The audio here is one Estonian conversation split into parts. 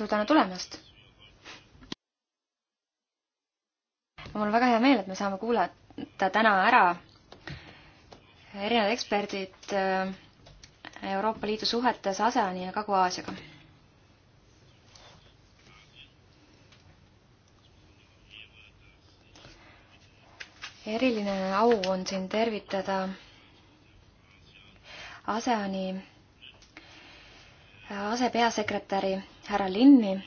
suur tänu tulemast! mul on väga hea meel, et me saame kuulata täna ära erinevad eksperdid äh, Euroopa Liidu suhetes ASEAN-i ja Kagu-Aasiaga. eriline au on siin tervitada ASEAN-i asepeasekretäri härra Linni.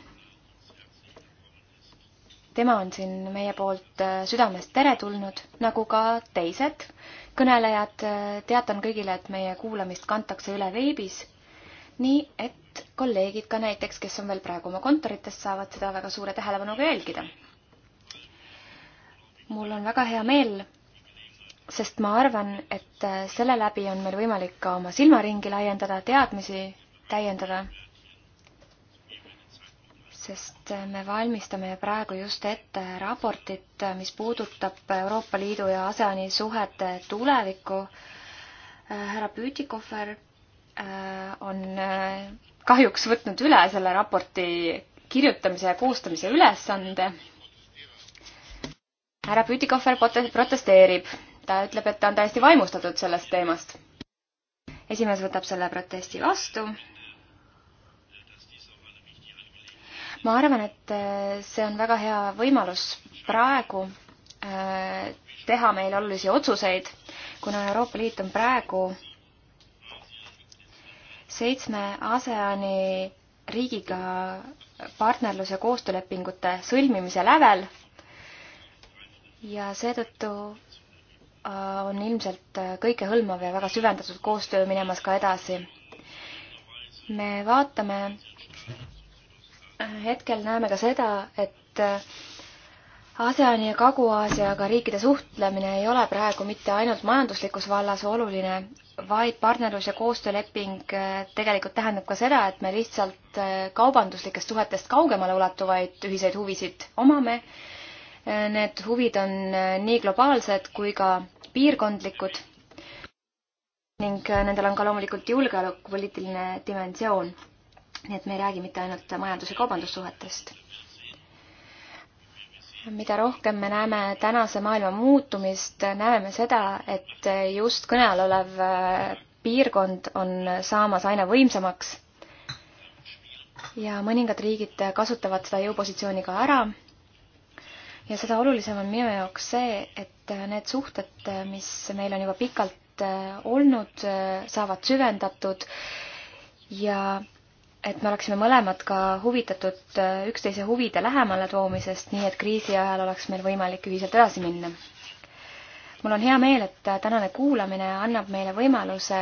tema on siin meie poolt äh, südamest teretulnud, nagu ka teised kõnelejad. Äh, teatan kõigile, et meie kuulamist kantakse üle veebis, nii et kolleegid ka näiteks, kes on veel praegu oma kontorites, saavad seda väga suure tähelepanuga jälgida. mul on väga hea meel sest ma arvan, et äh, selle läbi on meil võimalik ka oma silmaringi laiendada, teadmisi täiendada sest me valmistame praegu just ette raportit, mis puudutab Euroopa Liidu ja ASEAN-i suhete tulevikku. härra Püütikohver äh, on äh, kahjuks võtnud üle selle raporti kirjutamise ja koostamise ülesande. härra Püütikohver protesteerib, ta ütleb, et ta on täiesti vaimustatud sellest teemast. esimees võtab selle protesti vastu ma arvan, et äh, see on väga hea võimalus praegu äh, teha meil olulisi otsuseid, kuna Euroopa Liit on praegu seitsme ASEAN-i riigiga partnerlus- ja koostöölepingute sõlmimise lävel ja seetõttu äh, on ilmselt kõikehõlmav ja väga süvendatud koostöö minemas ka edasi. me vaatame hetkel näeme ka seda, et ASEAN-i ja Kagu-Aasiaga riikide suhtlemine ei ole praegu mitte ainult majanduslikus vallas oluline, vaid partnerlus- ja koostööleping äh, tegelikult tähendab ka seda, et me lihtsalt äh, kaubanduslikest suhetest kaugemale ulatuvaid ühiseid huvisid omame. Äh, need huvid on nii globaalsed kui ka piirkondlikud ning nendel on ka loomulikult julgeolekupoliitiline dimensioon nii et me ei räägi mitte ainult majandus- ja kaubandussuhetest. mida rohkem me näeme tänase maailma muutumist, näeme seda, et just kõne all olev äh, piirkond on saamas aina võimsamaks ja mõningad riigid kasutavad seda jõupositsiooni ka ära. ja seda olulisem on minu jaoks see, et need suhted, mis meil on juba pikalt äh, olnud, äh, saavad süvendatud ja et me oleksime mõlemad ka huvitatud äh, üksteise huvide lähemale toomisest, nii et kriisi ajal oleks meil võimalik ühiselt edasi minna. mul on hea meel, et äh, tänane kuulamine annab meile võimaluse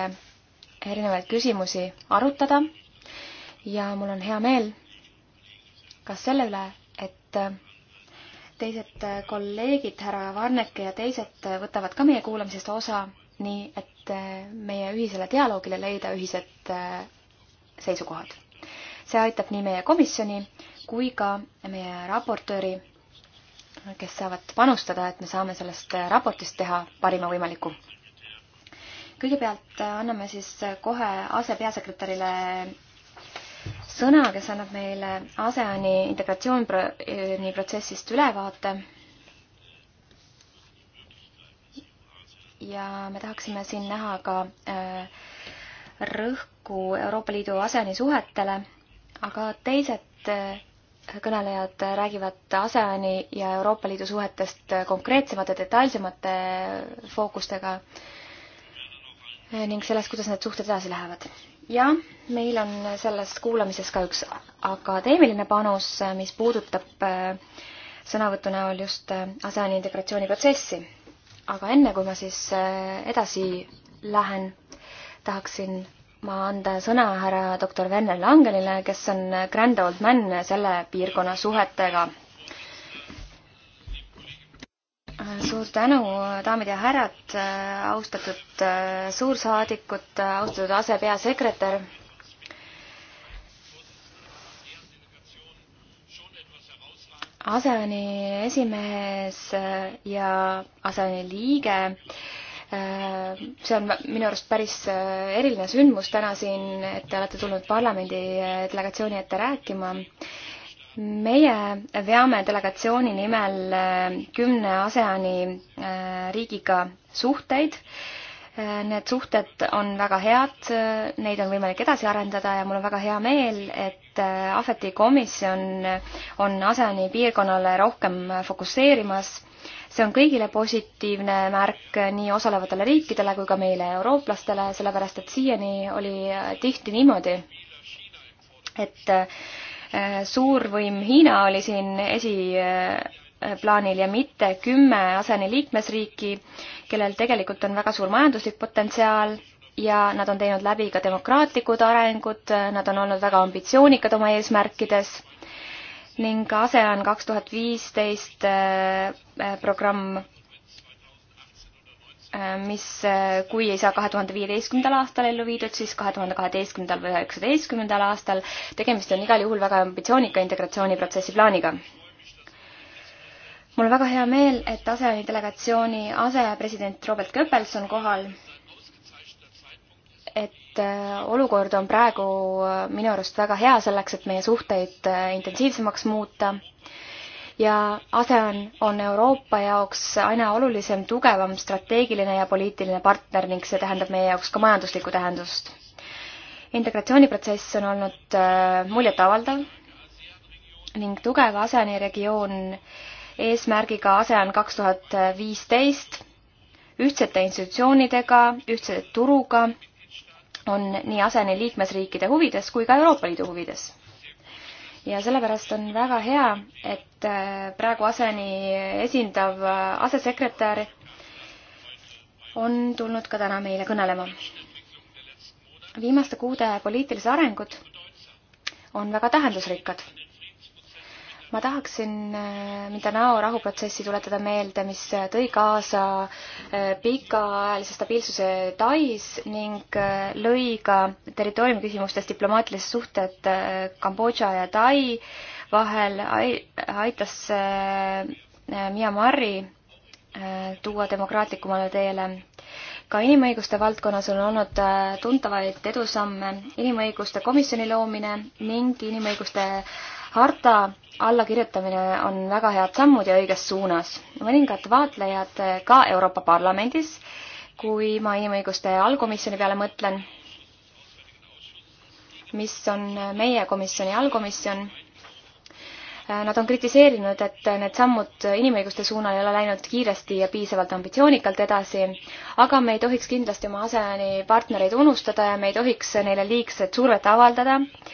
erinevaid küsimusi arutada ja mul on hea meel ka selle üle, et äh, teised kolleegid, härra Varneke ja teised võtavad ka meie kuulamisest osa, nii et meie ühisele dialoogile leida ühised seisukohad see aitab nii meie komisjoni kui ka meie raportööri, kes saavad panustada, et me saame sellest raportist teha parima võimaliku. kõigepealt anname siis kohe asepeasekretärile sõna, kes annab meile ASEAN-i integratsiooni protsessist ülevaate. ja me tahaksime siin näha ka äh, rõhku Euroopa Liidu ASEAN-i suhetele aga teised äh, kõnelejad räägivad ASEAN-i ja Euroopa Liidu suhetest konkreetsemate, detailsemate fookustega äh, ning sellest, kuidas need suhted edasi lähevad. ja meil on selles kuulamises ka üks akadeemiline panus, äh, mis puudutab sõnavõtu näol just ASEAN-i integratsiooniprotsessi. aga enne, kui ma siis edasi lähen, tahaksin ma anda sõna härra doktor Werner Langelile, kes on grand old man selle piirkonna suhetega. suur tänu, daamid ja härrad, austatud suursaadikud, austatud asepeasekretär ASEAN-i esimees ja ASEAN-i liige see on minu arust päris äh, eriline sündmus täna siin, et te olete tulnud parlamendi äh, delegatsiooni ette rääkima. meie veame delegatsiooni nimel äh, kümne ASEAN-i riigiga suhteid. Need suhted on väga head, neid on võimalik edasi arendada ja mul on väga hea meel, et Ahveti komisjon on ASEAN-i piirkonnale rohkem fokusseerimas see on kõigile positiivne märk nii osalevatele riikidele kui ka meile, eurooplastele, sellepärast et siiani oli tihti niimoodi, et äh, suurvõim Hiina oli siin esiplaanil ja mitte kümme aseni liikmesriiki, kellel tegelikult on väga suur majanduslik potentsiaal ja nad on teinud läbi ka demokraatlikud arengud, nad on olnud väga ambitsioonikad oma eesmärkides ning ASEAN kaks tuhat viisteist äh, äh, programm, äh, mis, kui ei saa kahe tuhande viieteistkümnendal aastal ellu viidud, siis kahe tuhande kaheteistkümnendal või üheksateistkümnendal aastal. tegemist on igal juhul väga ambitsioonika integratsiooniprotsessi plaaniga mul on väga hea meel, et ASEAN-i delegatsiooni asepresident Robert Goebbels on kohal Äh, olukord on praegu äh, minu arust väga hea selleks, et meie suhteid äh, intensiivsemaks muuta ja ASEAN on Euroopa jaoks aina olulisem, tugevam strateegiline ja poliitiline partner ning see tähendab meie jaoks ka majanduslikku tähendust. integratsiooniprotsess on olnud muljetavaldav ning tugev ASEAN-i regioon eesmärgiga ASEAN kaks tuhat viisteist ühtsete institutsioonidega, ühtse turuga on nii aseni liikmesriikide huvides kui ka Euroopa Liidu huvides. ja sellepärast on väga hea, et äh, praegu aseni esindav äh, asesekretär on tulnud ka täna meile kõnelema. viimaste kuude poliitilised arengud on väga tähendusrikkad ma tahaksin äh, Mindanao rahuprotsessi tuletada meelde, mis äh, tõi kaasa äh, pikaajalise stabiilsuse Tais ning lõi ka territooriumi küsimustes diplomaatilised suhted Kambodža ja Tai vahel, aitas Myanmari tuua demokraatlikumale teele ka inimõiguste valdkonnas on olnud tuntavaid edusamme inimõiguste komisjoni loomine ning inimõiguste harta allakirjutamine on väga head sammud ja õiges suunas. mõningad vaatlejad ka Euroopa Parlamendis, kui ma inimõiguste allkomisjoni peale mõtlen, mis on meie komisjoni allkomisjon, Nad on kritiseerinud, et need sammud inimõiguste suunal ei ole läinud kiiresti ja piisavalt ambitsioonikalt edasi, aga me ei tohiks kindlasti oma ASEAN-i partnereid unustada ja me ei tohiks neile liigset survet avaldada äh,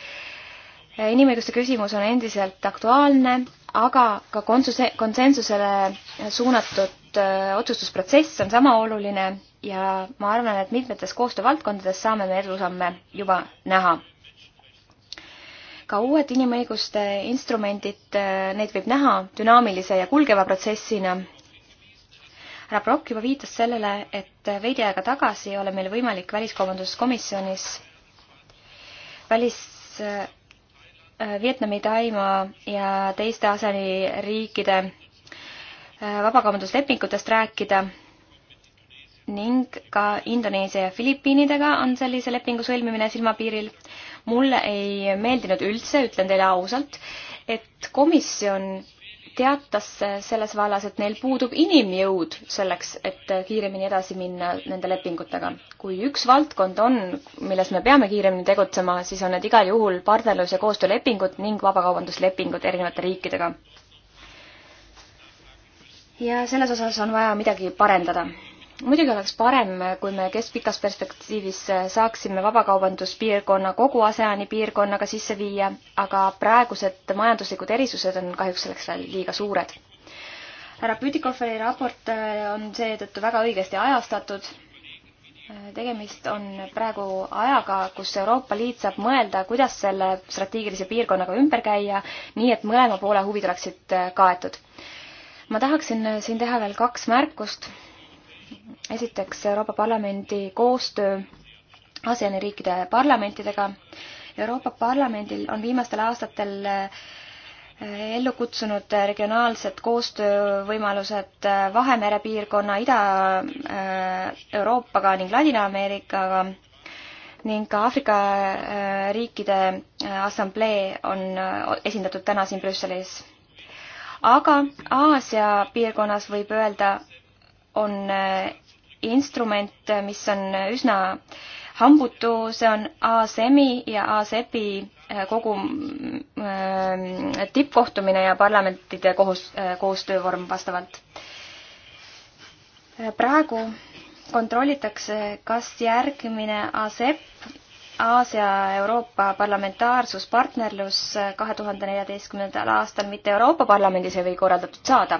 inimõiguste küsimus on endiselt aktuaalne, aga ka konsuse, konsensusele suunatud otsustusprotsess on sama oluline ja ma arvan, et mitmetes koostöövaldkondades saame me edusamme juba näha. ka uued inimõiguste instrumendid, neid võib näha dünaamilise ja kulgeva protsessina härra Brock juba viitas sellele, et veidi aega tagasi ei ole meil võimalik Väliskaubanduskomisjonis välis, Äh, Vietnami, Taimaa ja teiste ASEAN-i riikide äh, vabakaubanduslepingutest rääkida ning ka Indoneesia ja Filipiinidega on sellise lepingu sõlmimine silmapiiril. mulle ei meeldinud üldse, ütlen teile ausalt, et komisjon teatas selles vallas, et neil puudub inimjõud selleks, et kiiremini edasi minna nende lepingutega. kui üks valdkond on, milles me peame kiiremini tegutsema, siis on need igal juhul partnerlus- ja koostöölepingud ning vabakaubanduslepingud erinevate riikidega. ja selles osas on vaja midagi parendada muidugi oleks parem, kui me keskpikas perspektiivis saaksime vabakaubanduspiirkonna kogu ASEAN-i piirkonnaga sisse viia, aga praegused majanduslikud erisused on kahjuks selleks veel liiga suured. härra Pütikoferi raport äh, on seetõttu väga õigesti ajastatud. Äh, tegemist on praegu ajaga, kus Euroopa Liit saab mõelda, kuidas selle strateegilise piirkonnaga ümber käia, nii et mõlema poole huvid oleksid äh, kaetud. ma tahaksin siin teha veel kaks märkust esiteks Euroopa Parlamendi koostöö ASEAN-i riikide parlamentidega. Euroopa Parlamendil on viimastel aastatel eh, ellu kutsunud regionaalsed koostöövõimalused eh, Vahemere piirkonna Ida-Euroopaga eh, ning Ladina-Ameerikaga ning ka Aafrika riikide assamblee on esindatud täna siin Brüsselis. aga Aasia piirkonnas võib öelda, on äh, instrument, äh, mis on äh, üsna hambutu, see on ASEM-i ja ASEP-i kogu mm, tippkohtumine ja parlamentide kohus, koostöövorm vastavalt. praegu kontrollitakse, kas järgmine ASEP, Aasia-Euroopa parlamentaarsuspartnerlus kahe tuhande neljateistkümnendal aastal mitte Euroopa Parlamendis ei või korraldatud saada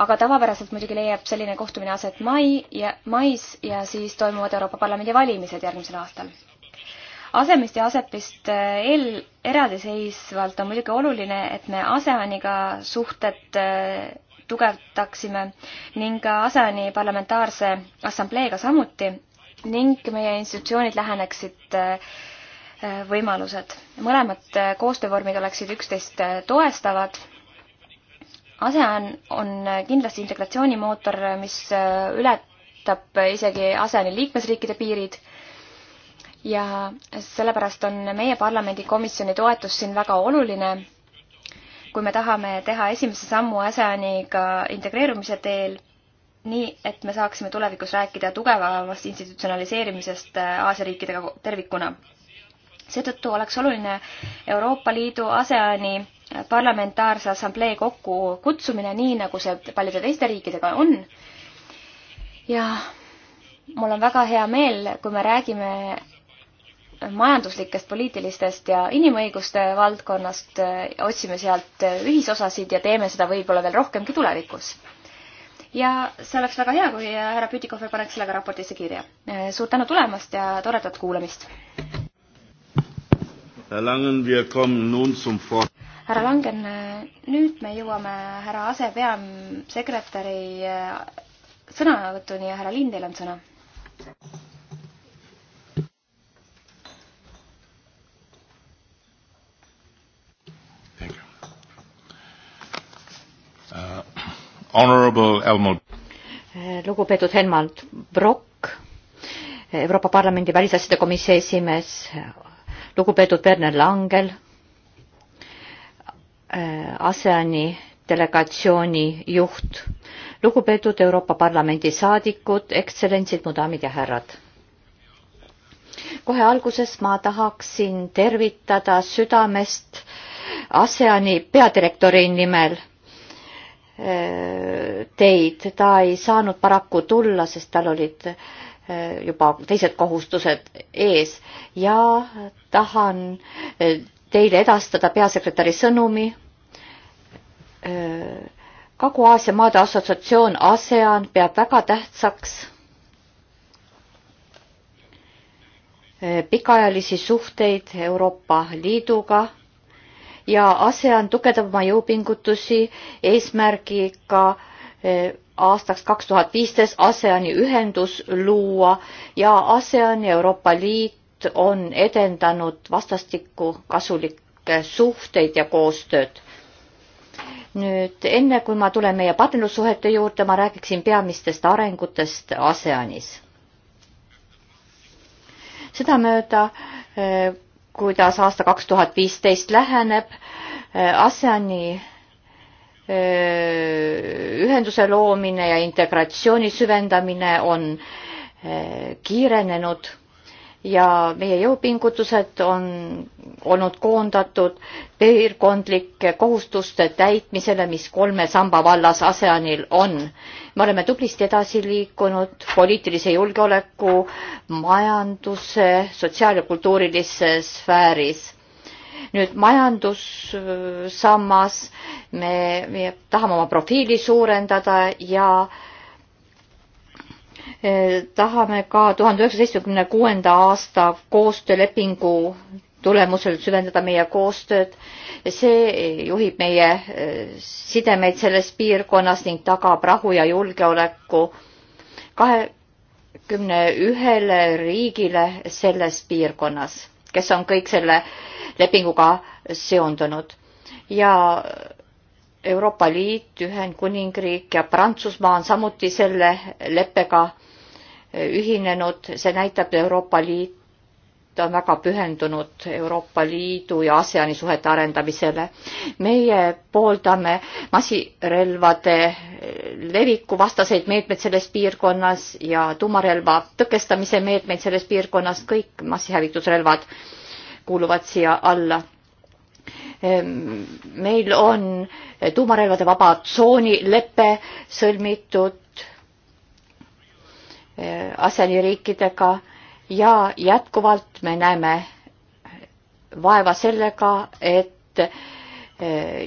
aga tavapäraselt muidugi leiab selline kohtumine aset mai ja mais ja siis toimuvad Euroopa Parlamendi valimised järgmisel aastal. asemist ja asepist eh, eel, eraldiseisvalt on muidugi oluline, et me ASEANiga suhted eh, tugevdaksime ning ka ASEANi parlamentaarse assambleega samuti ning meie institutsioonid läheneksid eh, võimalused. mõlemad koostöövormid oleksid üksteist toestavad ASEAN on kindlasti integratsioonimootor, mis äh, ületab isegi ASEAN-i liikmesriikide piirid ja sellepärast on meie parlamendikomisjoni toetus siin väga oluline, kui me tahame teha esimese sammu ASEAN-iga integreerumise teel, nii et me saaksime tulevikus rääkida tugevamast institutsionaliseerimisest äh, Aasia riikidega tervikuna. seetõttu oleks oluline Euroopa Liidu, ASEAN-i parlamentaarse assamblee kokkukutsumine, nii nagu see paljude teiste riikidega on. ja mul on väga hea meel, kui me räägime majanduslikest, poliitilistest ja inimõiguste valdkonnast, otsime sealt ühisosasid ja teeme seda võib-olla veel rohkemgi tulevikus. ja see oleks väga hea, kui härra Pütikofer paneks selle ka raportisse kirja. suur tänu tulemast ja toredat kuulamist! härra Langen, nüüd me jõuame härra asepeasekretäri äh, sõnavõtuni ja härra Lind, teil on sõna. Uh, honorable Elmar. lugupeetud Helmand Brock, Euroopa Parlamendi välisasjade komisjoni esimees, lugupeetud Werner Langel Äh, ASEAN-i delegatsiooni juht. lugupeetud Euroopa Parlamendi saadikud, ekstsellentsid, mu daamid ja härrad. kohe alguses ma tahaksin tervitada südamest ASEAN-i peadirektori nimel äh, teid. ta ei saanud paraku tulla, sest tal olid äh, juba teised kohustused ees ja tahan teile edastada peasekretäri sõnumi Kagu-Aasia maade assotsiatsioon ASEAN peab väga tähtsaks eh, pikaajalisi suhteid Euroopa Liiduga ja ASEAN tugevdab oma jõupingutusi eesmärgiga eh, aastaks kaks tuhat viisteist ASEANi ühendus luua ja ASEAN ja Euroopa Liit on edendanud vastastikku kasulikke suhteid ja koostööd nüüd enne, kui ma tulen meie partnerlussuhete juurde, ma räägiksin peamistest arengutest ASEANis. sedamööda, eh, kuidas aasta kaks tuhat viisteist läheneb, eh, ASEANi eh, ühenduse loomine ja integratsiooni süvendamine on kiirenenud ja meie jõupingutused on olnud koondatud piirkondlike kohustuste täitmisele, mis kolme samba vallas ASEANil on. me oleme tublisti edasi liikunud poliitilise julgeoleku, majanduse, sotsiaal- ja kultuurilises sfääris. nüüd majandussammas me, me tahame oma profiili suurendada ja äh, Eh, tahame ka tuhande üheksasaja seitsmekümne kuuenda aasta koostöölepingu tulemusel süvendada meie koostööd. see juhib meie eh, sidemeid selles piirkonnas ning tagab rahu ja julgeoleku kahekümne ühele riigile selles piirkonnas, kes on kõik selle lepinguga seondunud ja Euroopa Liit, Ühendkuningriik ja Prantsusmaa on samuti selle leppega ühinenud, see näitab, Euroopa Liit on väga pühendunud Euroopa Liidu ja ASEANi suhete arendamisele. meie pooldame masirelvade leviku vastaseid meetmeid selles piirkonnas ja tuumarelva tõkestamise meetmeid selles piirkonnas, kõik massihävitusrelvad kuuluvad siia alla ehm, meil on tuumarelvade vaba tsooni lepe sõlmitud Eh, ASEAN-i riikidega ja jätkuvalt me näeme vaeva sellega, et eh,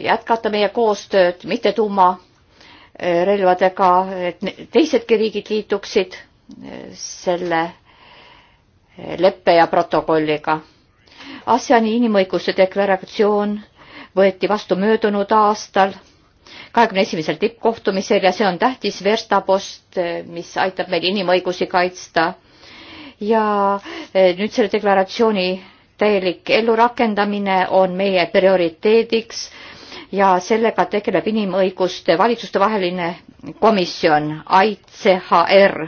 jätkata meie koostööd mitte tuumarelvadega, et teisedki riigid liituksid eh, selle leppe ja protokolliga. ASEAN-i inimõiguste deklaratsioon võeti vastu möödunud aastal kahekümne esimesel tippkohtumisel ja see on tähtis verstapost, mis aitab meil inimõigusi kaitsta. ja e, nüüd selle deklaratsiooni täielik ellurakendamine on meie prioriteediks ja sellega tegeleb inimõiguste valitsustevaheline komisjon ICHR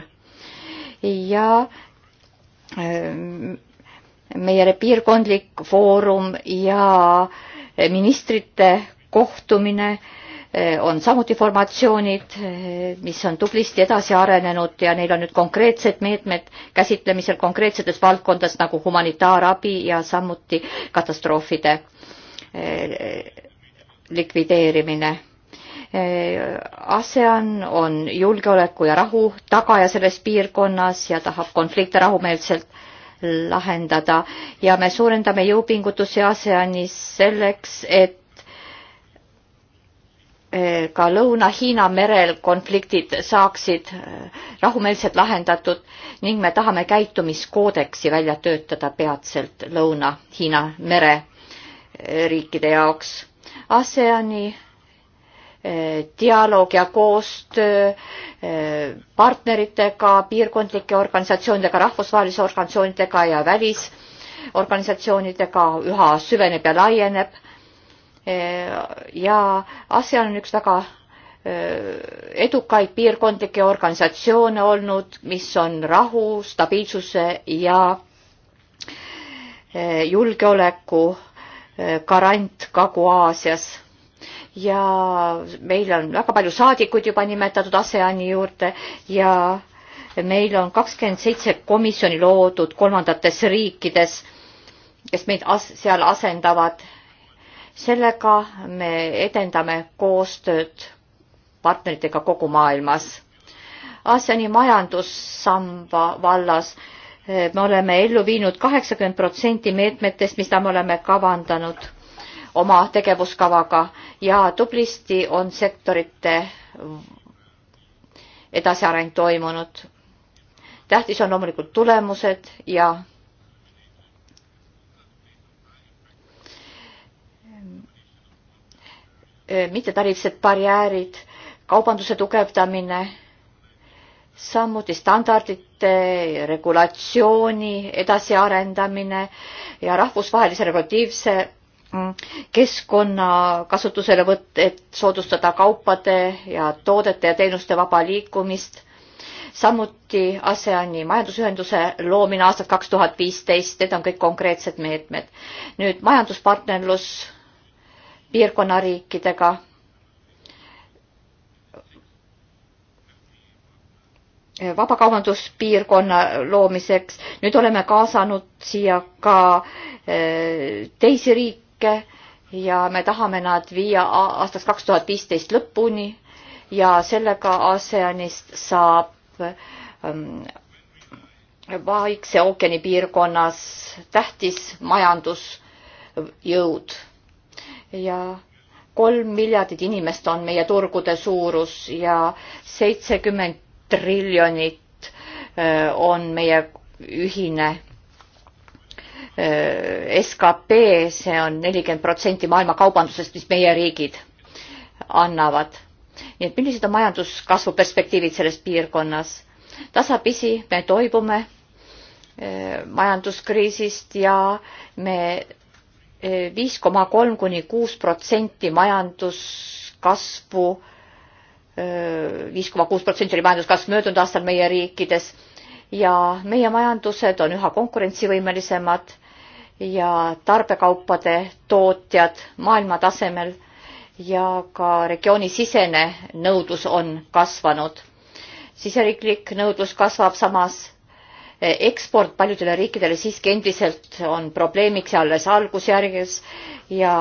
ja e, meie piirkondlik foorum ja ministrite kohtumine äh, Eh, on samuti formatsioonid, eh, mis on tublisti edasi arenenud ja neil on nüüd konkreetsed meetmed käsitlemisel konkreetsetes valdkondades nagu humanitaarabi ja samuti katastroofide eh, likvideerimine. ASEAN on julgeoleku ja rahu tagaja selles piirkonnas ja tahab konflikte rahumeelselt lahendada ja me suurendame jõupingutusi ASEANis selleks, et Eh, ka Lõuna-Hiina merel konfliktid saaksid eh, rahumeelselt lahendatud ning me tahame käitumiskoodeksi välja töötada peatselt Lõuna-Hiina mere eh, riikide jaoks. ASEAN-i dialoog ja koostöö partneritega, piirkondlike organisatsioonidega, rahvusvahelise organisatsioonidega ja välisorganisatsioonidega üha süveneb ja laieneb ja ASEAN on üks väga edukaid piirkondlikke organisatsioone olnud, mis on rahu, stabiilsuse ja julgeoleku garant Kagu-Aasias. ja meil on väga palju saadikuid juba nimetatud ASEAN-i juurde ja meil on kakskümmend seitse komisjoni loodud kolmandates riikides, kes meid as seal asendavad sellega me edendame koostööd partneritega kogu maailmas. ASEAN-i majandussamba vallas eh, me oleme ellu viinud kaheksakümmend protsenti meetmetest, mida me oleme kavandanud oma tegevuskavaga ja tublisti on sektorite edasiareng toimunud. tähtis on loomulikult tulemused ja Äh, mittetariifsed barjäärid, kaubanduse tugevdamine, samuti standardite regulatsiooni edasiarendamine ja rahvusvahelise regulatiivse mm, keskkonna kasutuselevõtt, et soodustada kaupade ja toodete ja teenuste vaba liikumist, samuti ASEAN-i majandusühenduse loomine aastast kaks tuhat viisteist, need on kõik konkreetsed meetmed. nüüd majanduspartnerlus piirkonna riikidega. vabakaubanduspiirkonna loomiseks, nüüd oleme kaasanud siia ka eh, teisi riike ja me tahame nad viia aastast kaks tuhat viisteist lõpuni ja sellega ASEANist saab ehm, Vaikse ookeani piirkonnas tähtis majandusjõud ja kolm miljardit inimest on meie turgude suurus ja seitsekümmend triljonit äh, on meie ühine äh, skp, see on nelikümmend protsenti maailma kaubandusest, mis meie riigid annavad. nii et millised on majanduskasvu perspektiivid selles piirkonnas? tasapisi me toibume äh, majanduskriisist ja me viis koma kolm kuni kuus protsenti majanduskasvu, viis koma kuus protsenti oli majanduskasv möödunud aastal meie riikides ja meie majandused on üha konkurentsivõimelisemad ja tarbekaupade tootjad maailma tasemel ja ka regioonisisene nõudlus on kasvanud. siseriiklik nõudlus kasvab, samas eksport paljudele riikidele siiski endiselt on probleemiks ja alles algusjärges ja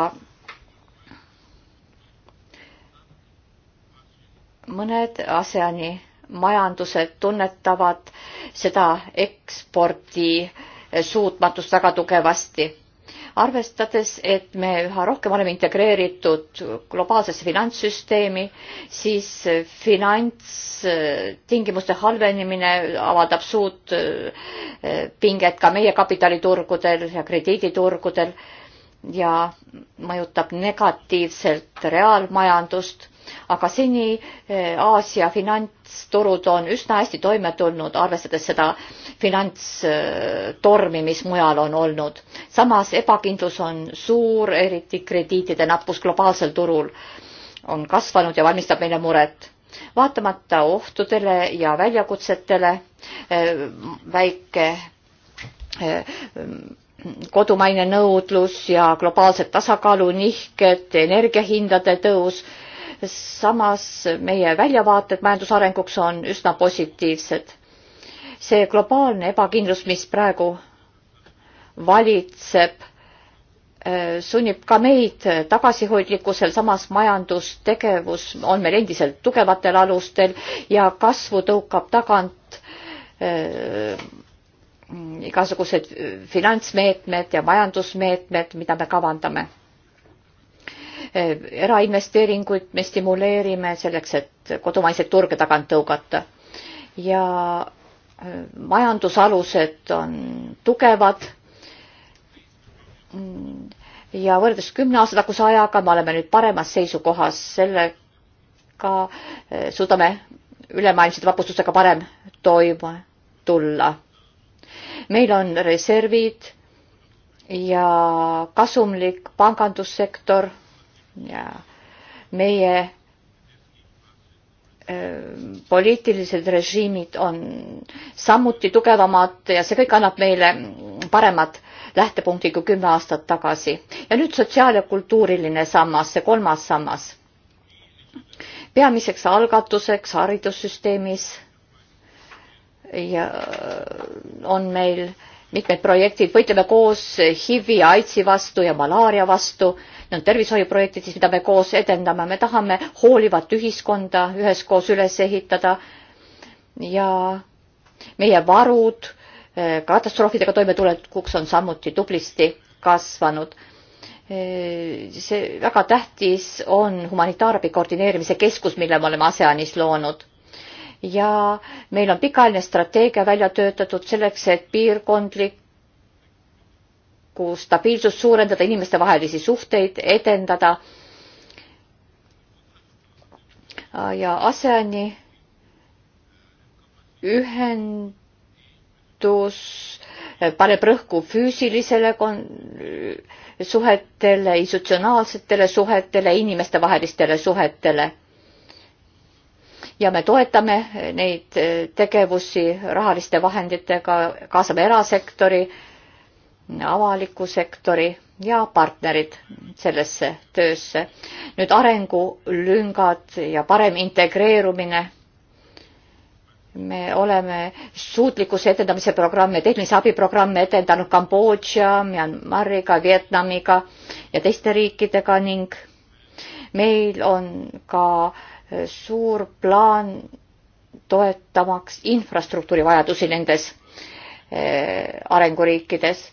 mõned ASEAN-i majandused tunnetavad seda ekspordi suutmatust väga tugevasti arvestades, et me üha rohkem oleme integreeritud globaalsesse finantssüsteemi, siis finantstingimuste halvenemine avaldab suurt äh, pinget ka meie kapitaliturgudel ja krediiditurgudel ja mõjutab negatiivselt reaalmajandust aga seni eh, Aasia finantsturud on üsna hästi toime tulnud, arvestades seda finantstormi, mis mujal on olnud. samas ebakindlus on suur, eriti krediitide nappus globaalsel turul on kasvanud ja valmistab meile muret vaatamata ohtudele ja väljakutsetele eh, väike eh, kodumaine nõudlus ja globaalsed tasakaalunihked, energiahindade tõus samas meie väljavaated majandusarenguks on üsna positiivsed. see globaalne ebakindlus, mis praegu valitseb, äh, sunnib ka meid tagasihoidlikkusel, samas majandustegevus on meil endiselt tugevatel alustel ja kasvu tõukab tagant äh, igasugused finantsmeetmed ja majandusmeetmed, mida me kavandame Eh, erainvesteeringuid me stimuleerime selleks, et kodumaised turge tagant tõugata. ja eh, majandusalused on tugevad. ja võrreldes kümne aasta taguse ajaga me oleme nüüd paremas seisukohas, sellega eh, suudame ülemaailmsete vapustustega parem toima tulla. meil on reservid ja kasumlik pangandussektor ja meie poliitilised režiimid on samuti tugevamad ja see kõik annab meile paremad lähtepunktid kui kümme aastat tagasi. ja nüüd sotsiaal- ja kultuuriline sammas, see kolmas sammas. peamiseks algatuseks haridussüsteemis ja on meil äh, mitmed projektid, võitleme koos HIV-i ja AIDSi vastu ja malaaria vastu. Need on tervishoiuprojektid siis, mida me koos edendame, me tahame hoolivat ühiskonda üheskoos üles ehitada ja meie varud eh, katastroofidega toimetulekuks on samuti tublisti kasvanud. Eh, see väga tähtis on humanitaarabi koordineerimise keskus, mille me oleme ASEANis loonud ja meil on pikaajaline strateegia välja töötatud selleks, et piirkondlikku stabiilsust suurendada, inimestevahelisi suhteid edendada. ja ASEAN-i ühendus paneb rõhku füüsilisele suhetele, institutsionaalsetele suhetele, inimestevahelistele suhetele ja me toetame neid eh, tegevusi rahaliste vahenditega, kaasame erasektori, avaliku sektori ja partnerid sellesse töösse. nüüd arengulüngad ja parem integreerumine. me oleme suutlikkuse edendamise programme, tehnilise abi programme edendanud Kambodža, Myanmariga, Vietnamiga ja teiste riikidega ning meil on ka äh, suur plaan toetamaks infrastruktuuri vajadusi nendes eh, arenguriikides.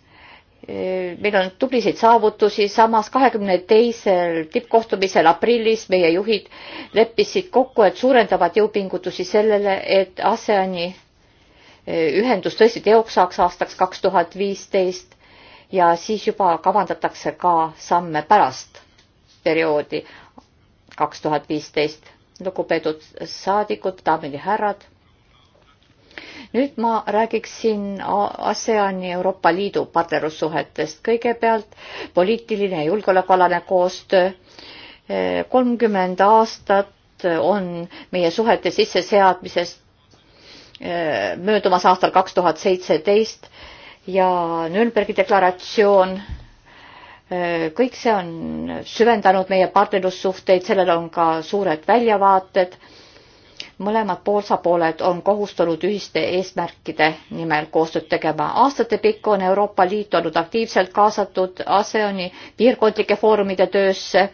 Eh, meil on tublisid saavutusi, samas kahekümne teisel tippkohtumisel aprillis meie juhid leppisid kokku, et suurendavad jõupingutusi sellele, et ASEAN-i eh, ühendus tõesti teoks saaks aastaks kaks tuhat viisteist ja siis juba kavandatakse ka samme pärast perioodi kaks tuhat viisteist lugupeetud saadikud, daamid ja härrad. nüüd ma räägiksin ASEAN-i Euroopa Liidu partnerlussuhetest. kõigepealt poliitiline ja julgeolekualane koostöö. kolmkümmend aastat on meie suhete sisseseadmisest möödumas aastal kaks tuhat seitseteist ja Nürnbergi deklaratsioon kõik see on süvendanud meie partnerlussuhteid, sellel on ka suured väljavaated. mõlemad osapooled on kohustunud ühiste eesmärkide nimel koostööd tegema. aastatepikku on Euroopa Liit olnud aktiivselt kaasatud ASEAN-i piirkondlike foorumide töösse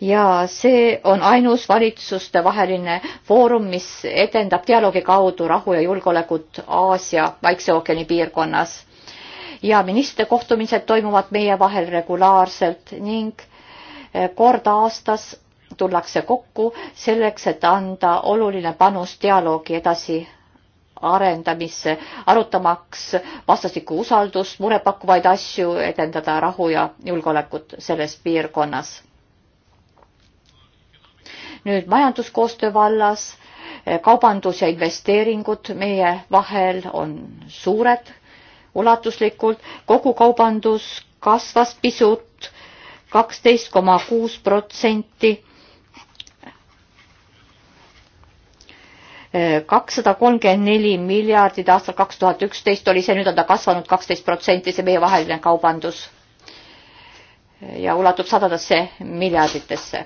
ja see on ainus valitsustevaheline foorum, mis edendab dialoogi kaudu rahu ja julgeolekut Aasia Vaikse ookeani piirkonnas ja ministrite kohtumised toimuvad meie vahel regulaarselt ning eh, kord aastas tullakse kokku selleks, et anda oluline panus dialoogi edasi arendamisse, arutamaks vastastikku usaldust, murepakkuvaid asju, edendada rahu ja julgeolekut selles piirkonnas. nüüd majanduskoostöö vallas eh, kaubandus ja investeeringud meie vahel on suured ulatuslikult, kogukaubandus kasvas pisut, kaksteist koma kuus protsenti. kakssada kolmkümmend neli miljardit aastal kaks tuhat üksteist oli see, nüüd on ta kasvanud kaksteist protsenti, see meievaheline kaubandus ja ulatub sadadesse miljarditesse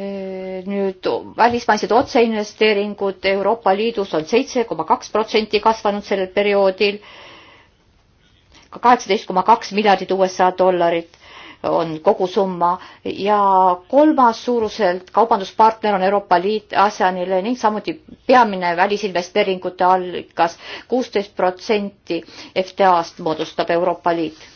Äh, nüüd välismaised otseinvesteeringud Euroopa Liidus on seitse koma kaks protsenti kasvanud sellel perioodil, kaheksateist koma kaks miljardit USA dollarit on kogusumma ja kolmas suuruselt kaubanduspartner on Euroopa Liit ASEANile ning samuti peamine välisinvesteeringute allikas, kuusteist protsenti FTA-st moodustab Euroopa Liit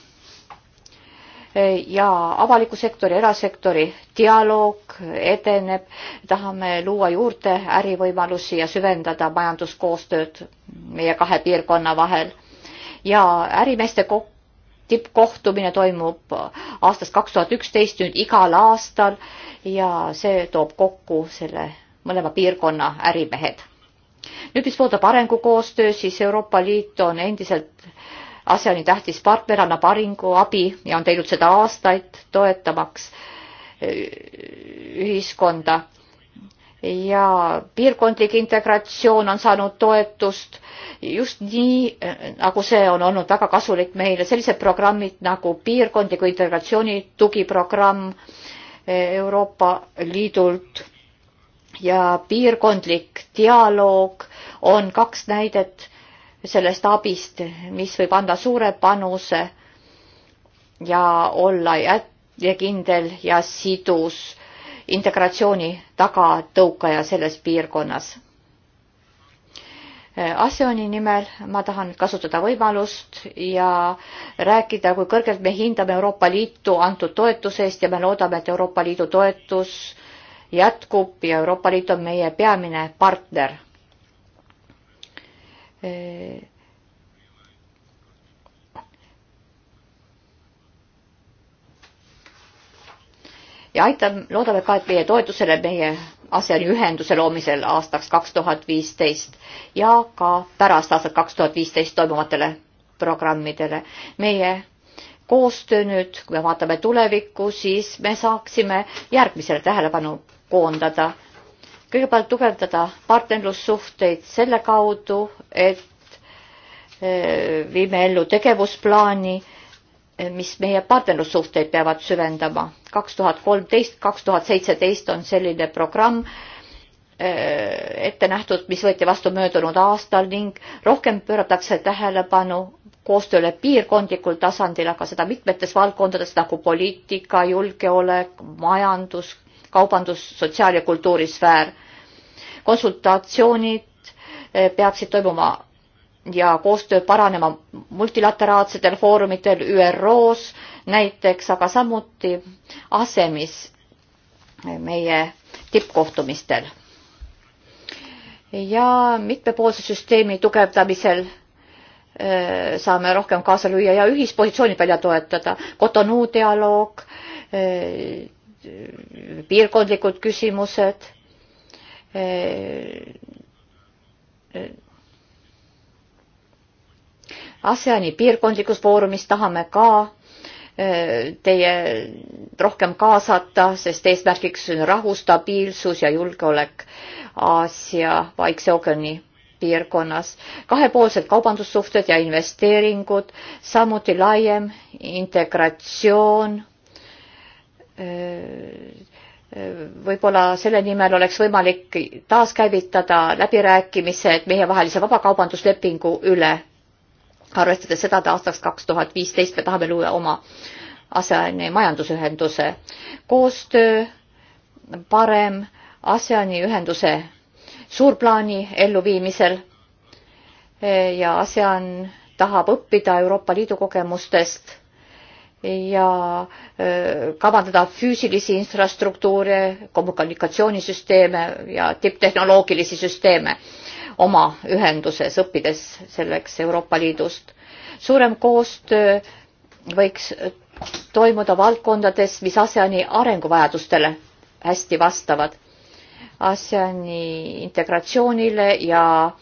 ja avaliku sektori, erasektori dialoog edeneb, tahame luua juurde ärivõimalusi ja süvendada majanduskoostööd meie kahe piirkonna vahel. ja ärimeeste kokku tippkohtumine toimub aastast kaks tuhat üksteist nüüd igal aastal ja see toob kokku selle mõlema piirkonna ärimehed. nüüd, mis puudutab arengukoostöö, siis Euroopa Liit on endiselt ASEAN-i tähtis partner annab arengu abi ja on teinud seda aastaid, toetamaks e, ühiskonda. ja piirkondlik integratsioon on saanud toetust just nii, e, nagu see on olnud väga kasulik meile, sellised programmid nagu piirkondliku integratsiooni tugiprogramm e, Euroopa Liidult ja piirkondlik dialoog on kaks näidet sellest abist, mis võib anda suure panuse ja olla järjekindel ja sidus integratsiooni tagatõukaja selles piirkonnas. ASEAN-i nimel ma tahan kasutada võimalust ja rääkida, kui kõrgelt me hindame Euroopa Liitu antud toetuse eest ja me loodame, et Euroopa Liidu toetus jätkub ja Euroopa Liit on meie peamine partner Äh, ja aitab, loodame ka, et meie toetusele, meie ASEAN-i ühenduse loomisel aastaks kaks tuhat viisteist ja ka pärast aastat kaks tuhat viisteist toimuvatele programmidele. meie koostöö nüüd, kui me vaatame tulevikku, siis me saaksime järgmisele tähelepanu koondada kõigepealt tugevdada partnerlussuhteid selle kaudu, et eh, viime ellu tegevusplaani, eh, mis meie partnerlussuhteid peavad süvendama. kaks tuhat kolmteist, kaks tuhat seitseteist on selline programm eh, ette nähtud, mis võeti vastu möödunud aastal ning rohkem pööratakse tähelepanu koostööle piirkondlikul tasandil, aga seda mitmetes valdkondades nagu poliitika, julgeolek, majandus, kaubandus, sotsiaal- ja kultuurisfäär konsultatsioonid eh, peaksid toimuma ja koostöö paranema multilateraalsetel foorumitel ÜRO-s näiteks, aga samuti ASEMis eh, meie tippkohtumistel. ja mitmepoolse süsteemi tugevdamisel eh, saame rohkem kaasa lüüa ja ühispositsioonid välja toetada. Cotonou dialoog, piirkondlikud küsimused Äh, äh, ASEAN-i piirkondlikus foorumis tahame ka äh, teie rohkem kaasata, sest eesmärgiks on rahu, stabiilsus ja julgeolek Aasia Vaikse ookeani piirkonnas, kahepoolsed kaubandussuhted ja investeeringud, samuti laiem integratsioon võib-olla selle nimel oleks võimalik taaskäivitada läbirääkimised meievahelise vabakaubanduslepingu üle. arvestades seda, et aastaks kaks tuhat viisteist me tahame luua oma ASEAN-i majandusühenduse. koostöö, parem ASEAN-i ühenduse suurplaani elluviimisel ja ASEAN tahab õppida Euroopa Liidu kogemustest ja kavandada füüsilisi infrastruktuure, kommunikatsioonisüsteeme ja tipptehnoloogilisi süsteeme oma ühenduses, õppides selleks Euroopa Liidust. suurem koostöö võiks toimuda valdkondades, mis ASEAN-i arenguvajadustele hästi vastavad. ASEAN-i integratsioonile ja äh,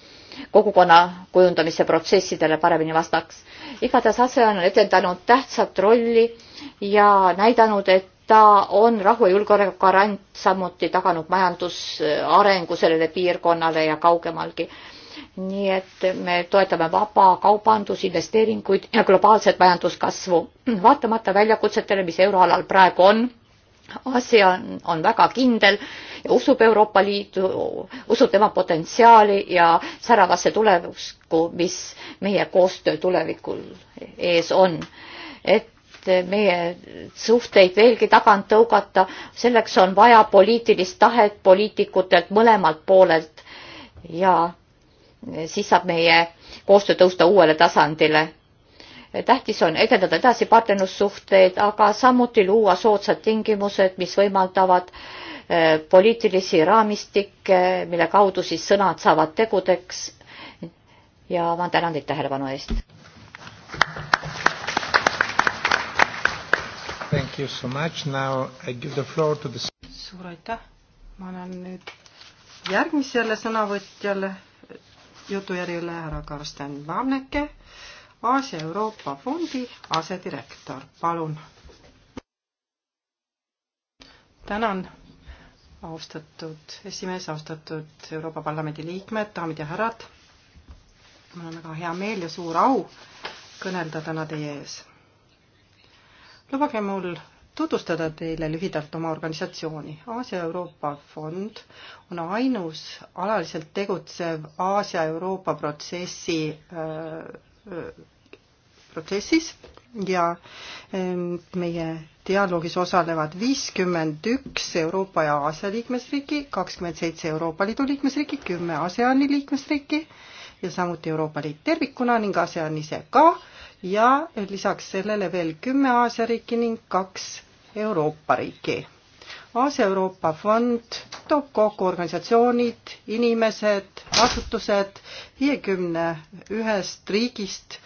kogukonna kujundamise protsessidele paremini vastaks. igatahes ASEAN on etendanud tähtsat rolli ja näidanud, et ta on rahu ja julgeoleku garant, samuti taganud majandusarengu sellele piirkonnale ja kaugemalgi. nii et me toetame vaba kaubandus, investeeringuid ja globaalset majanduskasvu. vaatamata väljakutsetele, mis euroalal praegu on Aasia on väga kindel ja usub Euroopa Liitu, usub tema potentsiaali ja säravasse tulevikku, mis meie koostöö tulevikul ees on. et meie suhteid veelgi tagant tõugata, selleks on vaja poliitilist tahet poliitikutelt mõlemalt poolelt ja siis saab meie koostöö tõusta uuele tasandile tähtis on edendada edasi partnerlussuhteid, aga samuti luua soodsad tingimused, mis võimaldavad äh, poliitilisi raamistikke, mille kaudu siis sõnad saavad tegudeks. ja ma tänan teid tähelepanu eest. suur aitäh, ma annan nüüd järgmisele sõnavõtjale jutujärjele härra Karsten Vamneke Aasia-Euroopa Fondi asedirektor, palun. tänan, austatud esimees, austatud Euroopa Parlamendi liikmed, daamid ja härrad. mul on väga hea meel ja suur au kõnelda täna teie ees. lubage mul tutvustada teile lühidalt oma organisatsiooni. Aasia-Euroopa Fond on ainus alaliselt tegutsev Aasia-Euroopa protsessi äh, protsessis ja ähm, meie dialoogis osalevad viiskümmend üks Euroopa ja Aasia liikmesriiki, kakskümmend seitse Euroopa Liidu liikmesriiki, kümme ASEAN-i liikmesriiki ja samuti Euroopa Liit tervikuna ning ASEAN ise ka ja lisaks sellele veel kümme Aasia riiki ning kaks Euroopa riiki. Aasia-Euroopa fond toob kokku organisatsioonid, inimesed, asutused viiekümne ühest riigist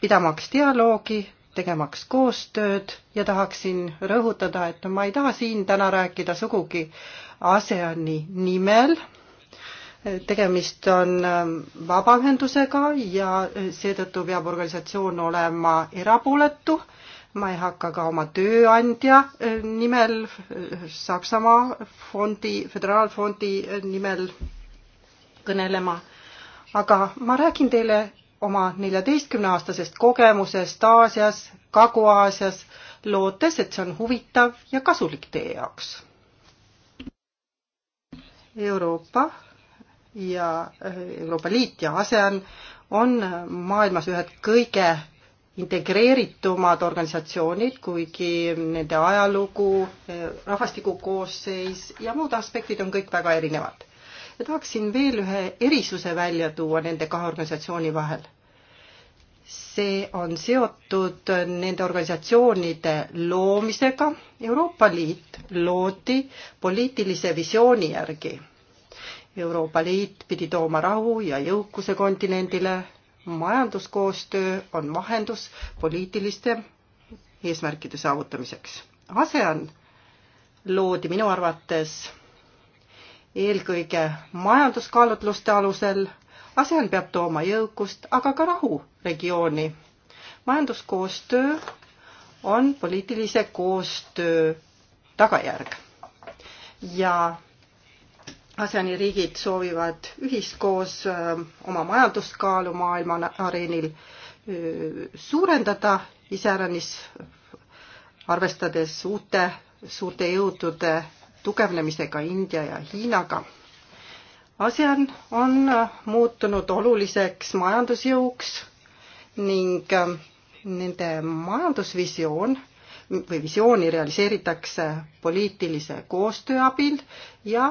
pidamaks dialoogi, tegemaks koostööd ja tahaksin rõhutada, et ma ei taha siin täna rääkida sugugi ASEAN-i nimel, tegemist on ähm, vabaühendusega ja seetõttu peab organisatsioon olema erapooletu ma ei hakka ka oma tööandja äh, nimel, äh, Saksamaa fondi, föderaalfondi äh, nimel kõnelema, aga ma räägin teile oma neljateistkümneaastasest kogemusest Aasias, Kagu-Aasias, lootes, et see on huvitav ja kasulik teie jaoks. Euroopa ja äh, Euroopa Liit ja ASEAN on maailmas ühed kõige integreeritumad organisatsioonid, kuigi nende ajalugu, äh, rahvastiku koosseis ja muud aspektid on kõik väga erinevad ja tahaksin veel ühe erisuse välja tuua nende kahe organisatsiooni vahel. see on seotud nende organisatsioonide loomisega. Euroopa Liit loodi poliitilise visiooni järgi. Euroopa Liit pidi tooma rahu ja jõukuse kontinendile. majanduskoostöö on vahendus poliitiliste eesmärkide saavutamiseks. ASEAN loodi minu arvates eelkõige majanduskaalutluste alusel. ASEAN peab tooma jõukust, aga ka rahu regiooni. majanduskoostöö on poliitilise koostöö tagajärg ja ASEAN-i riigid soovivad ühiskoos äh, oma majanduskaalu maailma areenil äh, suurendada, iseäranis arvestades uute suurte jõudude tugevnemisega India ja Hiinaga. ASEAN on äh, muutunud oluliseks majandusjõuks ning äh, nende majandusvisioon või visiooni realiseeritakse poliitilise koostöö abil ja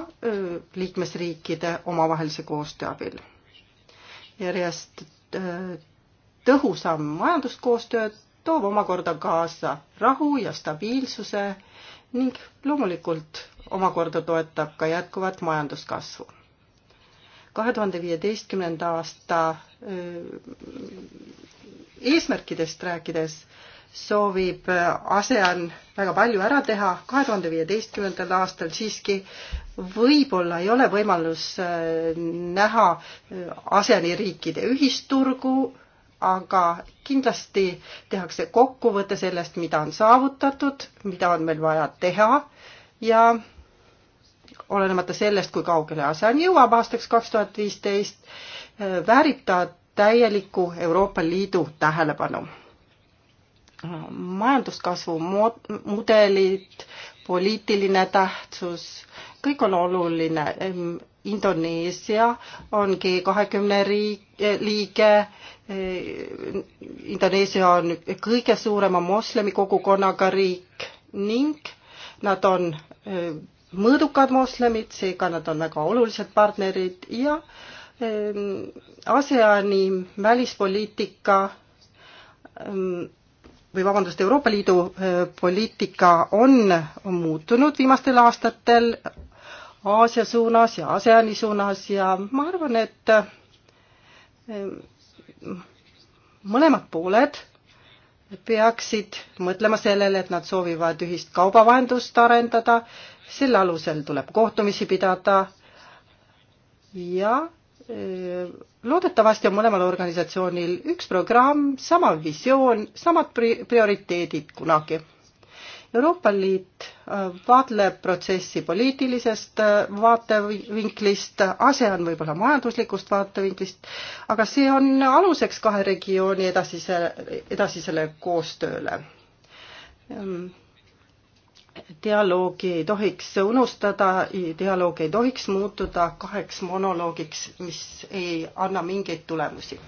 liikmesriikide omavahelise koostöö abil. järjest tõhusam majanduskoostöö toob omakorda kaasa rahu ja stabiilsuse ning loomulikult omakorda toetab ka jätkuvat majanduskasvu. kahe tuhande viieteistkümnenda aasta eesmärkidest rääkides soovib ASEAN väga palju ära teha, kahe tuhande viieteistkümnendal aastal siiski võib-olla ei ole võimalus näha ASEAN-i riikide ühisturgu, aga kindlasti tehakse kokkuvõte sellest, mida on saavutatud, mida on meil vaja teha ja olenemata sellest, kui kaugele ASEAN jõuab aastaks kaks tuhat viisteist, väärib ta täielikku Euroopa Liidu tähelepanu majanduskasvu mudelid, poliitiline tähtsus, kõik on oluline. Indoneesia on G kahekümne eh, liige. Eh, Indoneesia on kõige suurema moslemi kogukonnaga riik ning nad on eh, mõõdukad moslemid, seega nad on väga olulised partnerid ja ASEAN-i välispoliitika või vabandust, Euroopa Liidu äh, poliitika on muutunud viimastel aastatel Aasia suunas ja ASEAN-i suunas ja ma arvan, et äh, mõlemad pooled peaksid mõtlema sellele, et nad soovivad ühist kaubavahendust arendada, selle alusel tuleb kohtumisi pidada ja Äh, loodetavasti on mõlemal organisatsioonil üks programm, sama visioon, samad pri-, prioriteedid kunagi. Euroopa Liit äh, vaatleb protsessi poliitilisest äh, vaatevinklist, ASEAN võib-olla majanduslikust vaatevinklist, aga see on aluseks kahe regiooni edasise, edasisele koostööle ähm, dialoogi ei tohiks unustada, dialoog ei tohiks muutuda kaheks monoloogiks, mis ei anna mingeid tulemusi.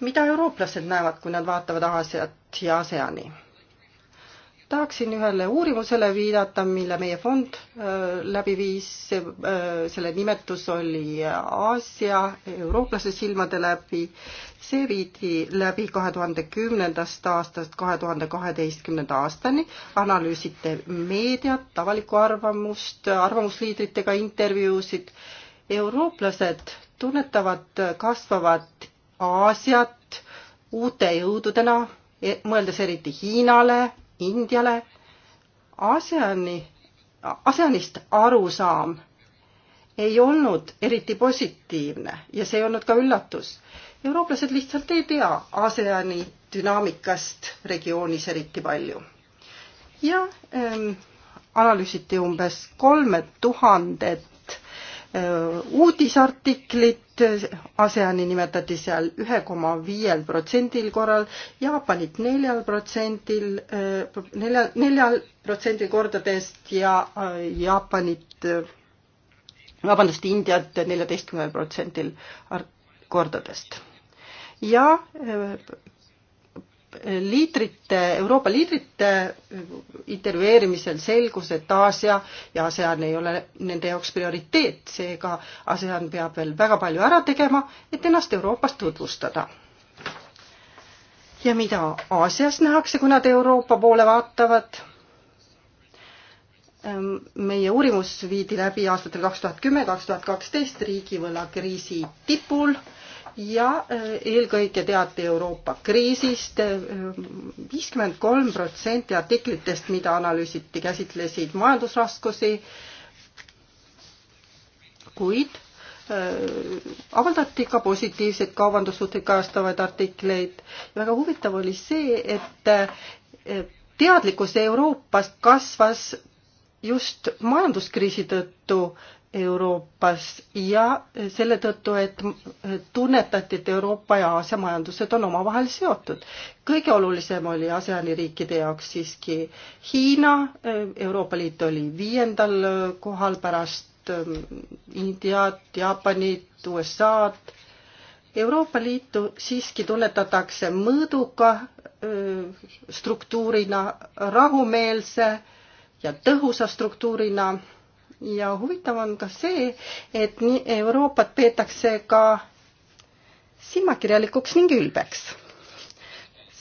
mida eurooplased näevad, kui nad vaatavad Aasiat ja ASEAN-i? tahaksin ühele uurimusele viidata, mille meie fond äh, läbi viis, äh, selle nimetus oli Aasia eurooplase silmade läbi. see viidi läbi kahe tuhande kümnendast aastast kahe tuhande kaheteistkümnenda aastani, analüüsiti meediat, avalikku arvamust, arvamusliidritega intervjuusid. eurooplased tunnetavad kasvavat Aasiat uute jõududena, e, mõeldes eriti Hiinale, Indiale. ASEAN-i, ASEAN-ist arusaam ei olnud eriti positiivne ja see ei olnud ka üllatus. eurooplased lihtsalt ei tea ASEAN-i dünaamikast regioonis eriti palju. ja ähm, analüüsiti umbes kolme tuhandet Äh, uudisartiklit, ASEAN-i nimetati seal ühe koma viiel protsendil korral, Jaapanit neljal protsendil, äh, nelja, neljal protsendil kordadest ja äh, Jaapanit, vabandust, Indiat neljateistkümnel protsendil kordadest. ja liidrite, Euroopa liidrite intervjueerimisel selgus, et Aasia ja ASEAN ei ole nende jaoks prioriteet, seega ASEAN peab veel väga palju ära tegema, et ennast Euroopas tutvustada. ja mida Aasias nähakse, kui nad Euroopa poole vaatavad? Ehm, meie uurimus viidi läbi aastatel kaks tuhat kümme, kaks tuhat kaksteist riigivõlakriisi tipul ja eh, eelkõige teati Euroopa kriisist. Eh, viiskümmend kolm protsenti artiklitest, mida analüüsiti, käsitlesid majandusraskusi, kuid eh, avaldati ka positiivseid kaubandussuhteid kajastavaid artikleid. väga huvitav oli see, et teadlikkus Euroopast kasvas just majanduskriisi tõttu Euroopas ja selle tõttu, et tunnetati, et Euroopa ja Aasia majandused on omavahel seotud. kõige olulisem oli ASEAN-i riikide jaoks siiski Hiina, Euroopa Liit oli viiendal kohal pärast ähm, Indiat, Jaapanit, USA-d. Euroopa Liitu siiski tunnetatakse mõõduka äh, struktuurina, rahumeelse ja tõhusa struktuurina ja huvitav on ka see, et nii Euroopat peetakse ka silmakirjalikuks ning ülbeks.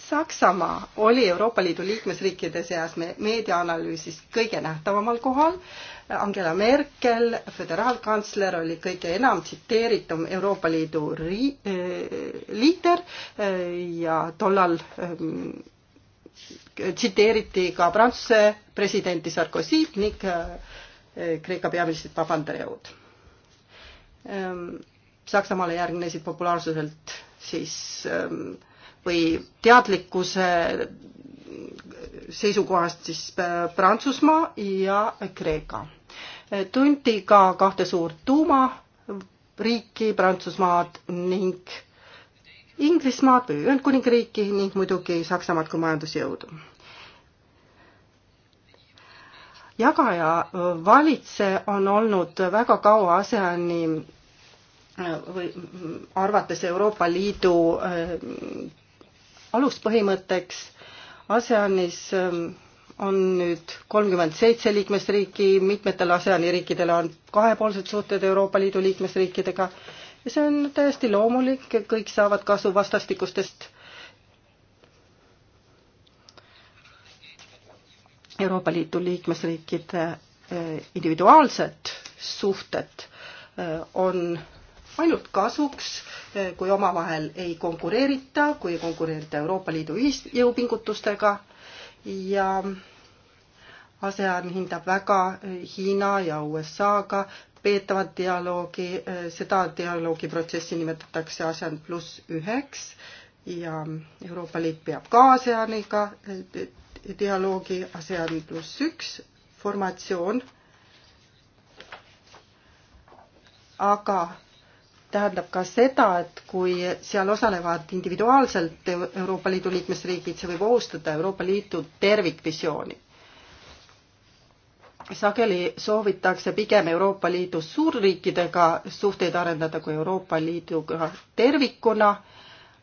Saksamaa oli Euroopa Liidu liikmesriikide seas meediaanalüüsis kõige nähtavamal kohal. Angela Merkel, föderaalkantsler, oli kõige enam tsiteeritum Euroopa Liidu ri-, eh, liider eh, ja tollal eh, tsiteeriti ka Prantsuse presidenti Sarkozy'd ning äh, Kreeka peaministrit Papandareud. Ehm, Saksamaale järgnesid populaarsuselt siis ehm, või teadlikkuse seisukohast siis äh, Prantsusmaa ja Kreeka. Äh, tunti ka kahte suurt tuumariiki, Prantsusmaad ning Inglismaad või Ühendkuningriiki ning muidugi Saksamaad kui majandusjõudu jagaja äh, valitse on olnud väga kaua ASEAN-i äh, või mm, arvates Euroopa Liidu äh, aluspõhimõtteks. ASEANis ähm, on nüüd kolmkümmend seitse liikmesriiki, mitmetel ASEANi riikidel on kahepoolsed suhted Euroopa Liidu liikmesriikidega ja see on täiesti loomulik, kõik saavad kasu vastastikustest Euroopa Liidu liikmesriikide eh, individuaalsed suhted eh, on ainult kasuks, eh, kui omavahel ei konkureerita, kui ei konkureerita Euroopa Liidu ühisjõupingutustega ja ASEAN hindab väga Hiina ja USA-ga peetavat dialoogi, seda dialoogiprotsessi nimetatakse ASEAN pluss üheks ja Euroopa Liit peab ka ASEANiga dialoogi ASEAN pluss üks formatsioon. aga tähendab ka seda, et kui seal osalevad individuaalselt Euroopa Liidu liikmesriigid, see võib ohustada Euroopa Liidu tervikvisiooni. sageli soovitakse pigem Euroopa Liidu suurriikidega suhteid arendada kui Euroopa Liiduga tervikuna,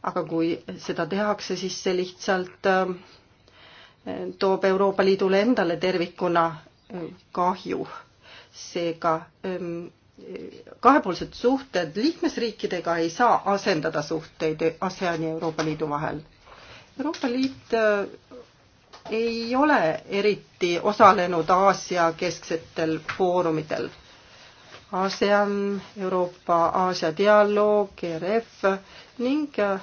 aga kui seda tehakse, siis see lihtsalt äh, toob Euroopa Liidule endale tervikuna äh, kahju. seega ähm, kahepoolsed suhted liikmesriikidega ei saa asendada suhteid ASEAN ja Euroopa Liidu vahel. Euroopa Liit äh, ei ole eriti osalenud Aasia kesksetel foorumitel. ASEAN, Euroopa Aasia dialoog, ERF ning äh,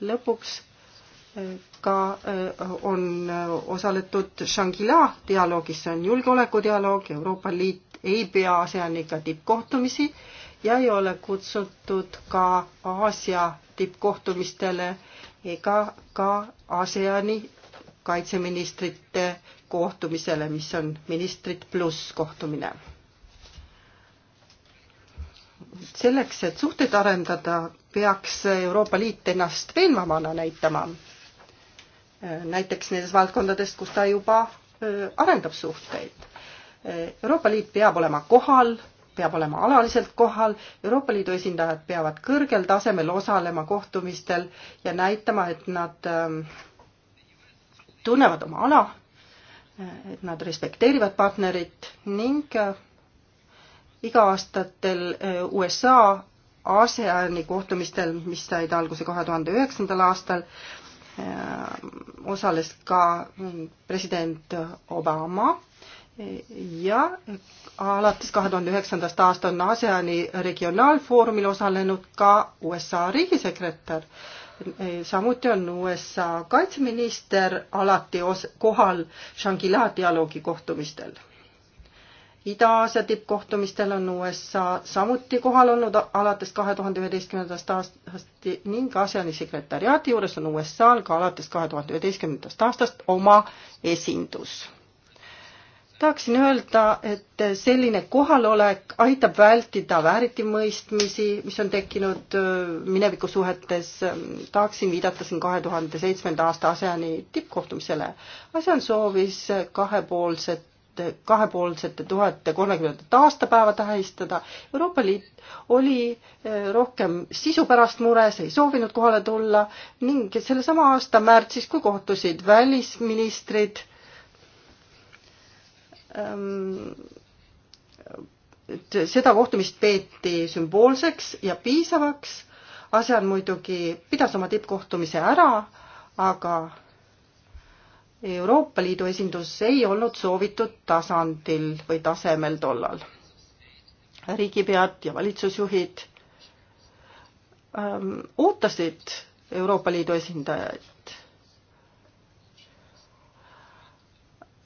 lõpuks ka äh, on äh, osaletud Shangri-La dialoogis, see on julgeolekudialoog, Euroopa Liit ei pea ASEANiga tippkohtumisi ja ei ole kutsutud ka Aasia tippkohtumistele ega ka ASEANi kaitseministrite kohtumisele, mis on ministrid pluss kohtumine. selleks, et suhteid arendada, peaks Euroopa Liit ennast veenvamana näitama näiteks nendes valdkondades, kus ta juba arendab suhteid. Euroopa Liit peab olema kohal, peab olema alaliselt kohal, Euroopa Liidu esindajad peavad kõrgel tasemel osalema kohtumistel ja näitama, et nad tunnevad oma ala, et nad respekteerivad partnerit ning iga-aastatel USA ASEAN-i kohtumistel, mis said alguse kahe tuhande üheksandal aastal, Äh, osales ka äh, president Obama ja alates kahe tuhande üheksandast aastast on ASEAN-i regionaalfoorumil osalenud ka USA riigisekretär. samuti on USA kaitseminister alati os-, kohal Shangri-La dialoogi kohtumistel Ida-Aasia tippkohtumistel on USA samuti kohal olnud alates kahe tuhande üheteistkümnendast aastast ning ASEAN-i sekretäriaadi juures on USA-l ka alates kahe tuhande üheteistkümnendast aastast oma esindus. tahaksin öelda, et selline kohalolek aitab vältida vääritimõistmisi, mis on tekkinud äh, minevikusuhetes. tahaksin viidata siin kahe tuhande seitsmenda aasta ASEAN-i tippkohtumisele. ASEAN soovis kahepoolset kahepoolsete tuhande kolmekümnendat aastapäeva tähistada. Euroopa Liit oli eh, rohkem sisu pärast mures, ei soovinud kohale tulla ning sellesama aasta märtsis, kui kohtusid välisministrid ähm, seda kohtumist peeti sümboolseks ja piisavaks. ASEAN muidugi pidas oma tippkohtumise ära, aga Euroopa Liidu esindus ei olnud soovitud tasandil või tasemel tollal. riigipead ja valitsusjuhid öö, ähm, ootasid Euroopa Liidu esindajaid.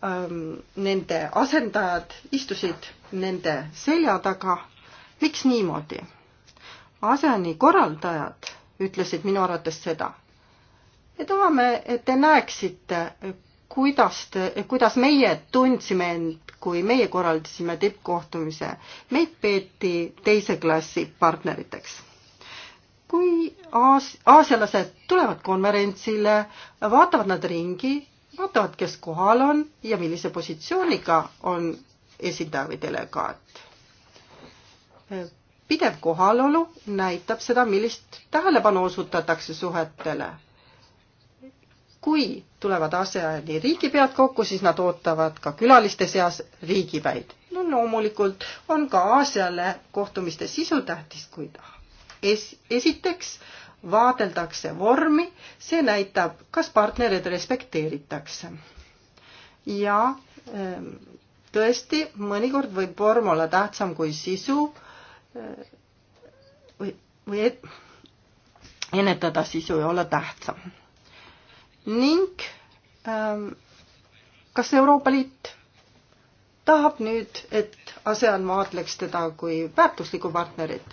Ähm, nende asendajad istusid nende selja taga. miks niimoodi? aseni korraldajad ütlesid minu arvates seda me tahame, et te näeksite, kuidas te, kuidas meie tundsime end, kui meie korraldasime tippkohtumise. meid peeti teise klassi partneriteks kui aas-, aasialased tulevad konverentsile, vaatavad nad ringi, vaatavad, kes kohal on ja millise positsiooniga on esindaja või delegaat. pidev kohalolu näitab seda, millist tähelepanu osutatakse suhetele kui tulevad asjaajad ja riigipead kokku, siis nad ootavad ka külaliste seas riigipäid. no loomulikult on ka Aasiale kohtumiste sisu tähtis, kuid es-, esiteks vaadeldakse vormi, see näitab, kas partnereid respekteeritakse. ja ehm, tõesti, mõnikord võib vorm olla tähtsam kui sisu eh, või, või ennetada sisu ja olla tähtsam ning ähm, kas Euroopa Liit tahab nüüd, et ASEAN vaatleks teda kui väärtuslikku partnerit.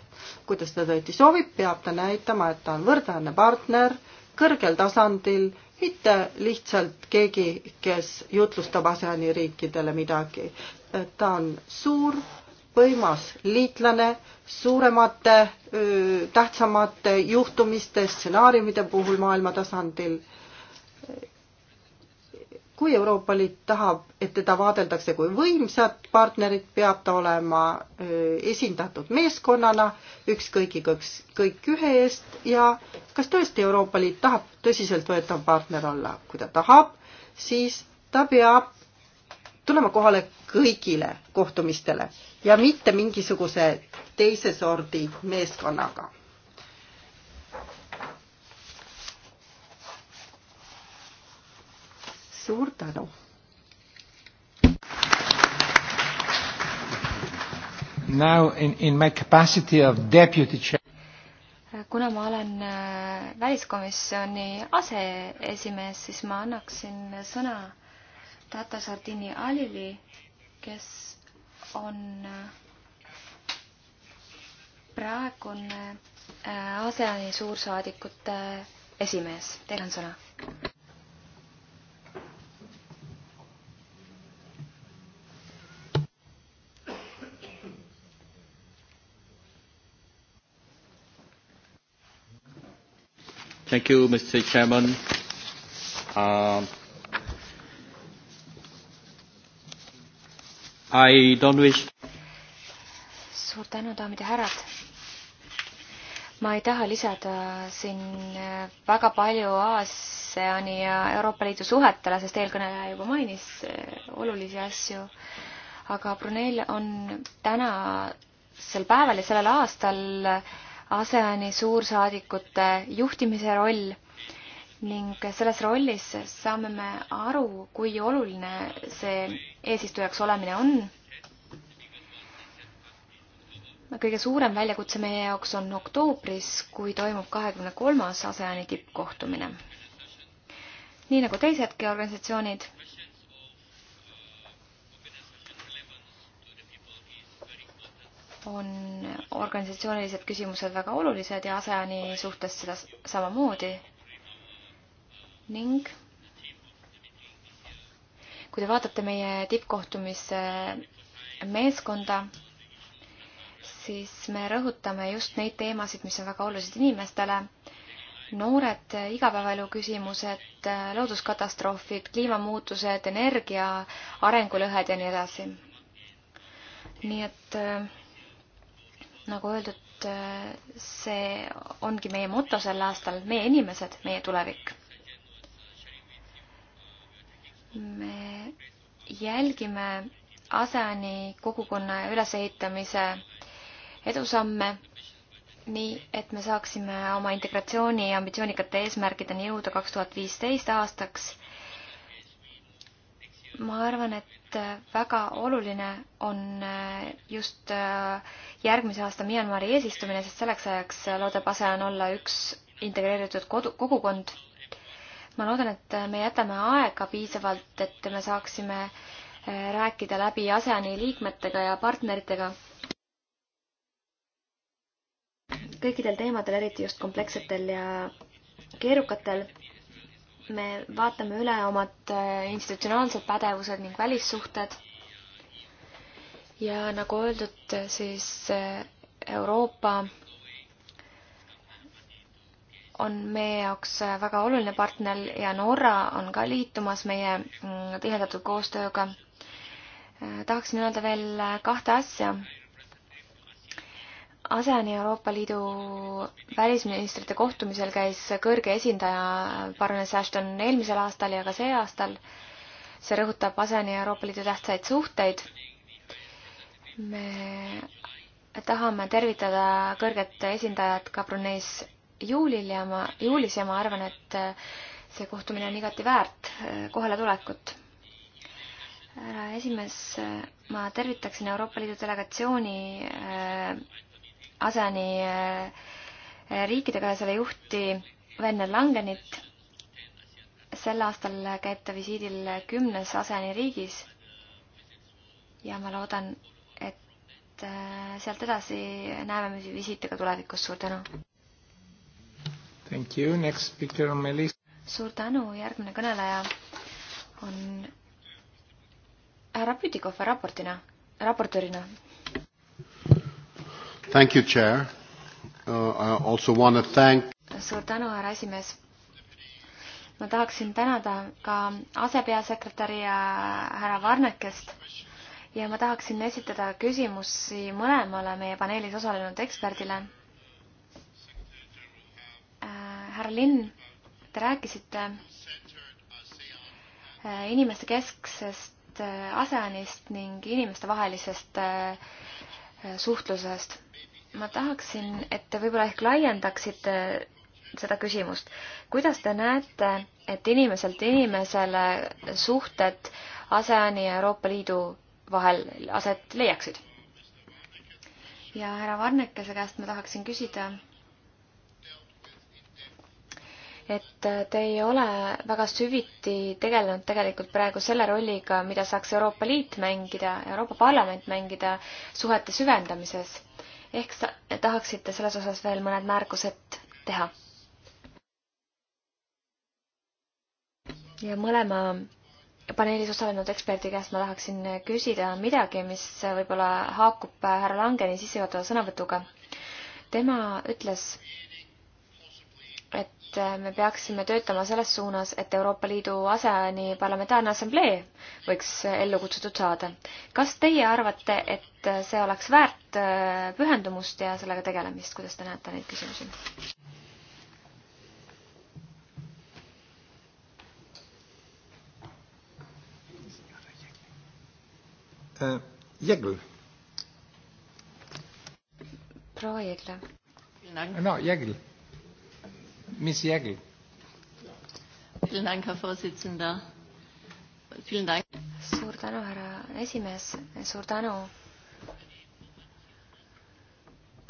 kuidas ta tõesti soovib, peab ta näitama, et ta on võrdväärne partner kõrgel tasandil, mitte lihtsalt keegi, kes jutlustab ASEAN-i riikidele midagi. ta on suur, võimas liitlane suuremate, tähtsamate juhtumiste, stsenaariumide puhul maailma tasandil kui Euroopa Liit tahab, et teda vaadeldakse kui võimsat partnerit, peab ta olema esindatud meeskonnana, üks kõigi kõks, kõik ühe eest ja kas tõesti Euroopa Liit tahab tõsiseltvõetav partner olla? kui ta tahab, siis ta peab tulema kohale kõigile kohtumistele ja mitte mingisuguse teise sordi meeskonnaga suur tänu. Now in, in my capacity of deputy chair kuna ma olen äh, väliskomisjoni aseesimees, siis ma annaksin sõna Tata Sardini Alili, kes on äh, praegune äh, ASEAN-i suursaadikute esimees. Teil on sõna Thank you, Mr. Chairman. Uh, I don't wish suur tänu, daamid ja härrad. ma ei taha lisada siin väga palju ASEAN-i ja Euroopa Liidu suhetele, sest eelkõneleja juba mainis eh, olulisi asju. aga Brunel on tänasel päeval ja sellel aastal äh, ASEAN-i suursaadikute juhtimise roll ning selles rollis saame me aru, kui oluline see eesistujaks olemine on. kõige suurem väljakutse meie jaoks on oktoobris, kui toimub kahekümne kolmas ASEAN-i tippkohtumine. nii nagu teisedki organisatsioonid on organisatsioonilised küsimused väga olulised ja ASEAN-i suhtes seda samamoodi. ning kui te vaatate meie tippkohtumise meeskonda, siis me rõhutame just neid teemasid, mis on väga olulised inimestele. noored igapäevaelu küsimused, looduskatastroofid, kliimamuutused, energia, arengulõhed ja nii edasi. nii et äh, nagu öeldud, see ongi meie moto sel aastal, meie inimesed, meie tulevik. me jälgime ASEAN-i kogukonna ülesehitamise edusamme nii, et me saaksime oma integratsiooni ambitsioonikate eesmärgideni jõuda kaks tuhat viisteist aastaks ma arvan, et äh, väga oluline on äh, just äh, järgmise aasta Myanmari eesistumine, sest selleks ajaks loodab ASEAN olla üks integreeritud kodu, kogukond. ma loodan, et me jätame aega piisavalt, et me saaksime rääkida läbi ASEAN-i liikmetega ja partneritega kõikidel teemadel, eriti just komplekssetel ja keerukatel me vaatame üle omad äh, institutsionaalsed pädevused ning välissuhted. ja nagu öeldud, siis äh, Euroopa on meie jaoks äh, väga oluline partner ja Norra on ka liitumas meie mm, tihedatud koostööga. tahaksin öelda veel kahte asja ASEAN-i Euroopa Liidu välisministrite kohtumisel käis kõrge esindaja Baroness Ashton eelmisel aastal ja ka see aastal. see rõhutab ASEAN-i ja Euroopa Liidu tähtsaid suhteid. me tahame tervitada kõrget esindajat ka Bruneis juulil ja ma, juulis ja ma arvan, et see kohtumine on igati väärt eh, kohaletulekut. härra esimees, ma tervitaksin Euroopa Liidu delegatsiooni eh, ASEAN-i äh, äh, riikidega ja selle juhti Venne Langenit. sel aastal käib ta visiidil kümnes ASEAN-i riigis ja ma loodan, et äh, sealt edasi näeme visiite ka tulevikus, suur tänu! Thank you, next speaker on Melis. suur tänu, järgmine kõneleja on härra Pütikofer raportina, raportöörina Thank you, chair uh,. I also wanna thank. suur tänu, härra esimees. ma tahaksin tänada ka asepeasekretäri ja härra Varnekest ja ma tahaksin esitada küsimusi mõlemale meie paneelis osalenud eksperdile. Äh, härra Linn, te rääkisite äh, inimeste kesksest äh, ASEANist ning inimestevahelisest suhtlusest ma tahaksin, et te võib-olla ehk laiendaksite seda küsimust. kuidas te näete, et inimeselt inimesele suhted ASEAN-i ja Euroopa Liidu vahel aset leiaksid? ja härra Varnekese käest ma tahaksin küsida, et te ei ole väga süviti tegelenud tegelikult praegu selle rolliga, mida saaks Euroopa Liit mängida, Euroopa Parlament mängida suhete süvendamises ehk sa tahaksite selles osas veel mõned märgused teha? ja mõlema paneelis osalenud eksperdi käest ma tahaksin küsida midagi, mis võib-olla haakub härra Langeni sissejuhatava sõnavõtuga. tema ütles, et äh, me peaksime töötama selles suunas, et Euroopa Liidu ASEAN-i parlamentaarne assamblee võiks äh, ellu kutsutud saada. kas teie arvate, et äh, see oleks väärt pühendumust ja sellega tegelemist, kuidas te näete neid küsimusi? Jägl. proua Jägla. no Jägl Miss Jägel. Vielen Dank, Herr Vorsitzender. Vielen Dank. suur tänu, härra esimees, suur tänu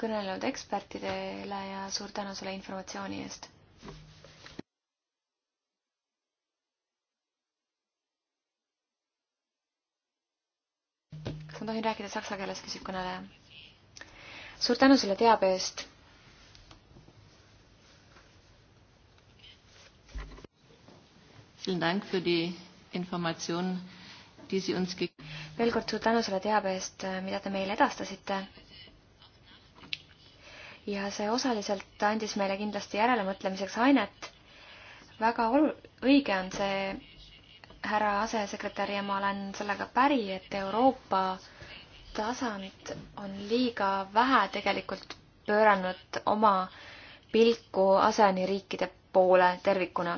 kõnelenud ekspertidele ja suur tänu selle informatsiooni eest. kas ma tohin rääkida saksa keeles, küsib kõneleja. suur tänu selle teabe eest Vielen Dank für die Informationen, die Sie uns ge-. veel kord suur tänu selle teabe eest, äh, mida te meile edastasite. ja see osaliselt andis meile kindlasti järelemõtlemiseks ainet. väga olu-, õige on see, härra asesekretär, ja ma olen sellega päri, et Euroopa tasand on liiga vähe tegelikult pööranud oma pilku ASEAN-i riikide poole tervikuna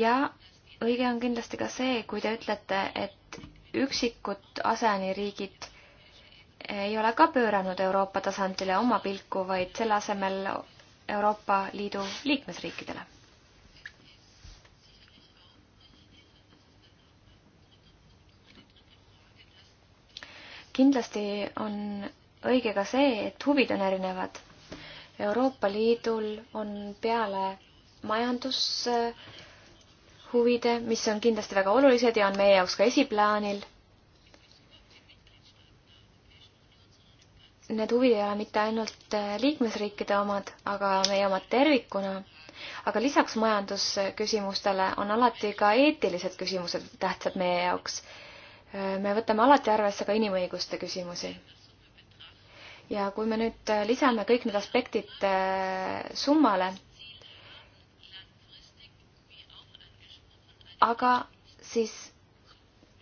ja õige on kindlasti ka see, kui te ütlete, et üksikud ASEAN-i riigid ei ole ka pööranud Euroopa tasandile oma pilku, vaid selle asemel Euroopa Liidu liikmesriikidele. kindlasti on õige ka see, et huvid on erinevad. Euroopa Liidul on peale majandus äh, huvide, mis on kindlasti väga olulised ja on meie jaoks ka esiplaanil. Need huvid ei ole mitte ainult äh, liikmesriikide omad, aga meie omad tervikuna. aga lisaks majandusküsimustele on alati ka eetilised küsimused tähtsad meie jaoks. Äh, me võtame alati arvesse ka inimõiguste küsimusi ja kui me nüüd äh, lisame kõik need aspektid summale, aga siis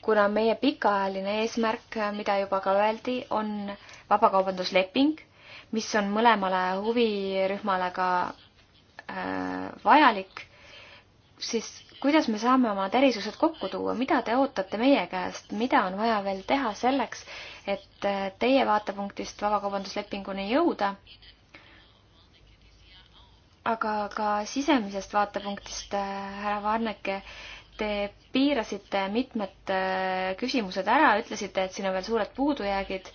kuna meie pikaajaline eesmärk, mida juba ka öeldi, on vabakaubandusleping, mis on mõlemale huvirühmale ka äh, vajalik, siis kuidas me saame oma erisused kokku tuua, mida te ootate meie käest, mida on vaja veel teha selleks, et äh, teie vaatepunktist vabakaubanduslepinguni jõuda? aga ka sisemisest vaatepunktist, äh, härra Varneke äh,, Te piirasite mitmed äh, küsimused ära, ütlesite, et siin on veel suured puudujäägid,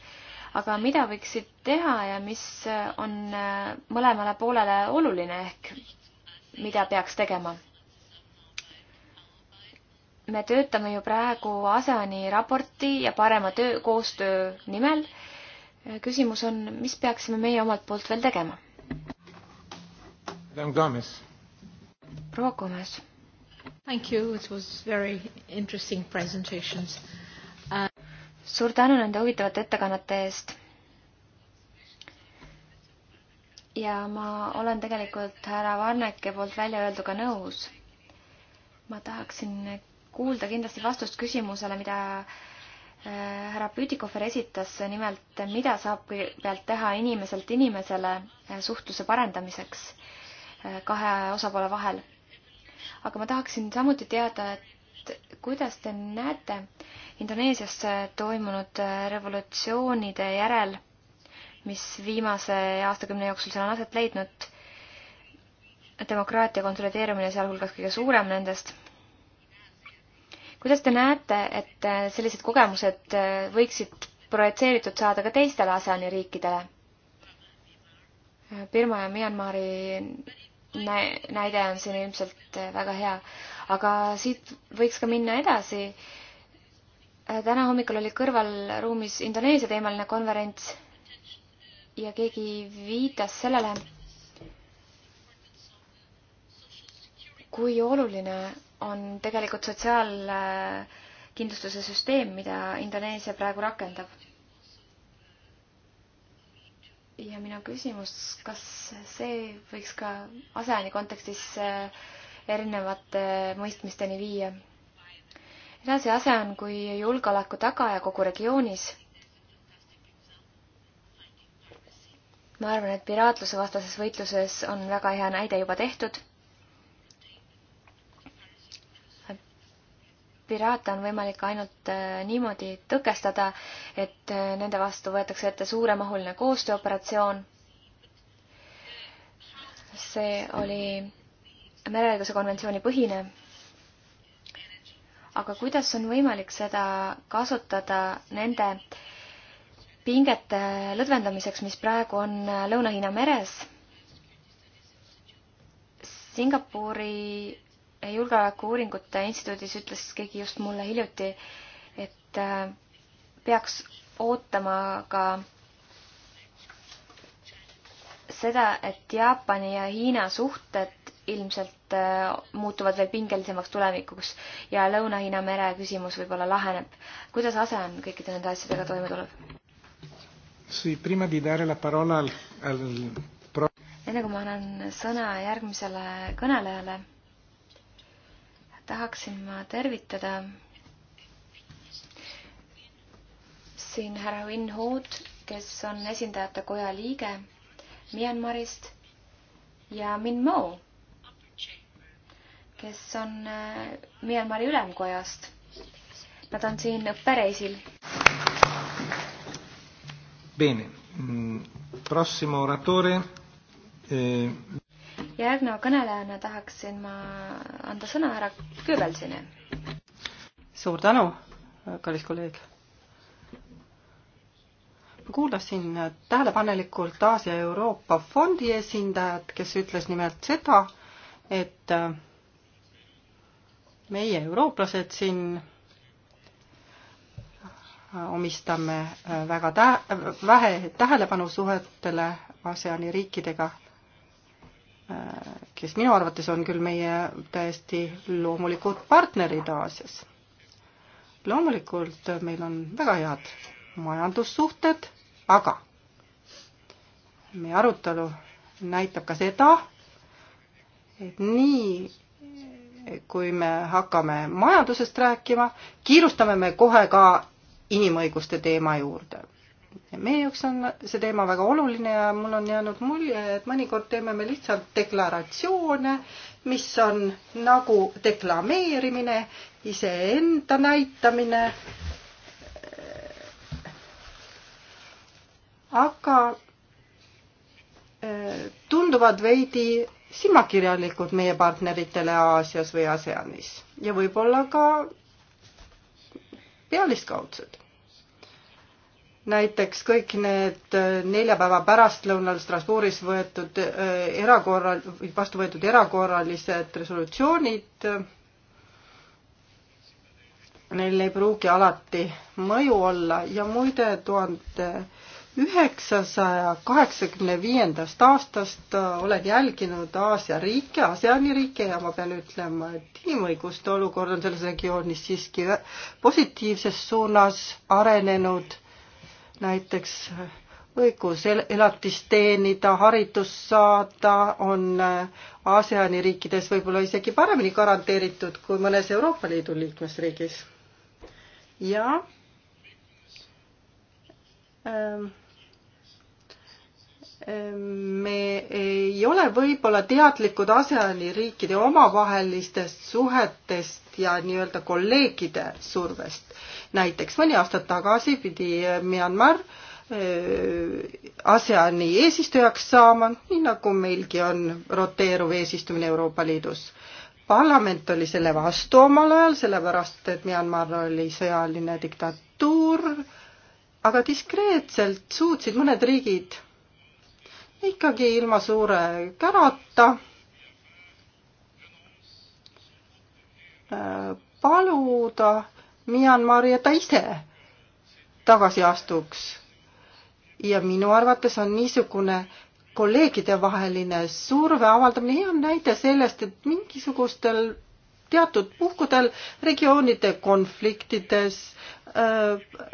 aga mida võiksid teha ja mis äh, on äh, mõlemale poolele oluline ehk mida peaks tegema? me töötame ju praegu ASEAN-i raporti ja parema töö, koostöö nimel. küsimus on, mis peaksime meie omalt poolt veel tegema? proua Gomes Thank you, it was very interesting presentations uh.... suur tänu nende huvitavate ettekannete eest. ja ma olen tegelikult härra Varneke poolt välja öelduga nõus. ma tahaksin kuulda kindlasti vastust küsimusele, mida äh, härra Püütikofer esitas nimelt, mida saab kõigepealt teha inimeselt inimesele äh, suhtluse parendamiseks äh, kahe osapoole vahel aga ma tahaksin samuti teada, et kuidas te näete Indoneesias toimunud revolutsioonide järel, mis viimase aastakümne jooksul seal on aset leidnud, demokraatia konsolideerumine sealhulgas kõige suurem nendest kuidas te näete, et sellised kogemused võiksid projitseeritud saada ka teistele ASEAN-i riikidele? Birma ja Myanmari näide on siin ilmselt äh, väga hea. aga siit võiks ka minna edasi. Äh, täna hommikul oli kõrvalruumis Indoneesia teemaline konverents ja keegi viitas sellele, kui oluline on tegelikult sotsiaalkindlustuse süsteem, mida Indoneesia praegu rakendab ja minu küsimus, kas see võiks ka ASEAN-i kontekstis erinevate mõistmisteni viia? edasi ASEAN kui julgeoleku tagaja kogu regioonis. ma arvan, et piraatluse vastases võitluses on väga hea näide juba tehtud piraate on võimalik ainult äh, niimoodi tõkestada, et äh, nende vastu võetakse ette suuremahuline koostööoperatsioon. see oli mereõiguse konventsiooni põhine. aga kuidas on võimalik seda kasutada nende pingete lõdvendamiseks, mis praegu on äh, Lõuna-Hiina meres? Singapuri julgeolekuuuringute instituudis ütles keegi just mulle hiljuti, et äh, peaks ootama ka seda, et Jaapani ja Hiina suhted ilmselt äh, muutuvad veel pingelisemaks tulevikuks ja Lõuna-Hiina mere küsimus võib-olla laheneb. kuidas ASEAN kõikide nende asjadega toime tuleb? enne kui ma annan sõna järgmisele kõnelejale tahaksin ma tervitada siin härra Win Hood, kes on esindajate koja liige Myanmarist ja Min Mo, kes on äh, Myanmari ülemkojast. Nad on siin õppereisil. Bene, mm, prossimo oratore eh järgneva kõnelejana tahaksin ma anda sõna härra Kööbelsini. suur tänu, kallis kolleeg. ma kuulasin tähelepanelikult Aasia Euroopa fondi esindajat, kes ütles nimelt seda, et meie, eurooplased siin omistame väga tä-, vähe tähelepanu suhetele ASEAN-i riikidega kes minu arvates on küll meie täiesti loomulikud partnerid Aasias. loomulikult meil on väga head majandussuhted, aga meie arutelu näitab ka seda, et nii kui me hakkame majandusest rääkima, kiirustame me kohe ka inimõiguste teema juurde meie jaoks on see teema väga oluline ja mul on jäänud mulje, et mõnikord teeme me lihtsalt deklaratsioone, mis on nagu deklameerimine, iseenda näitamine. aga eh, tunduvad veidi silmakirjalikud meie partneritele Aasias või ASEANis ja võib-olla ka pealiskaudsed näiteks kõik need äh, neljapäeva pärastlõunal Strasbourgis võetud äh, erakorral-, vastu võetud erakorralised resolutsioonid, neil ei pruugi alati mõju olla ja muide tuhande üheksasaja kaheksakümne viiendast aastast äh, olen jälginud Aasia riike, ASEAN-i riike ja ma pean ütlema, et inimõiguste olukord on selles regioonis siiski positiivses suunas arenenud näiteks õigus elatist teenida, haridust saada, on äh, ASEAN-i riikides võib-olla isegi paremini garanteeritud kui mõnes Euroopa Liidu liikmesriigis. ja ähm, me ei ole võib-olla teadlikud ASEAN-i riikide omavahelistest suhetest ja nii-öelda kolleegide survest. näiteks mõni aasta tagasi pidi Myanmar äh, ASEAN-i eesistujaks saama, nii nagu meilgi on roteeruv eesistumine Euroopa Liidus. parlament oli selle vastu omal ajal, sellepärast et Myanmar oli sõjaline diktatuur, aga diskreetselt suutsid mõned riigid ikkagi ilma suure kärata. paluda Myanmari, et ta ise tagasi astuks. ja minu arvates on niisugune kolleegidevaheline surve avaldamine hea näide sellest, et mingisugustel teatud puhkudel regioonide konfliktides Äh,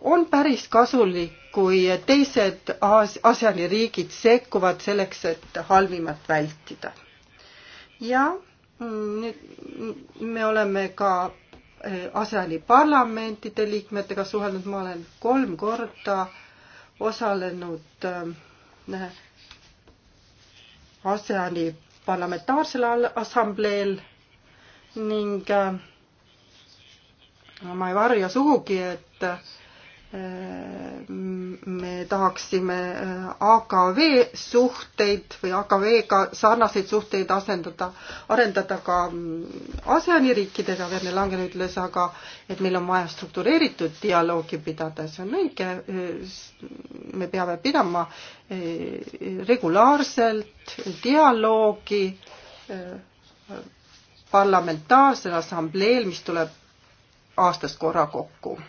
on päris kasulik, kui teised ASEAN-i riigid sekkuvad selleks, et halvimat vältida. ja nüüd me oleme ka äh, ASEAN-i parlamentide liikmetega suhelnud, ma olen kolm korda osalenud äh, ASEAN-i parlamentaarsel assambleel ning äh, ma ei varja sugugi, et äh, me tahaksime äh, AKV suhteid või AKV-ga sarnaseid suhteid asendada, arendada ka mm, ASEAN-i riikidega, Verne Langen ütles aga, et meil on vaja struktureeritud dialoogi pidada, see on õige, äh, me peame pidama regulaarselt dialoogi parlamentaarse assambleel, mis tuleb aastas korra kokku.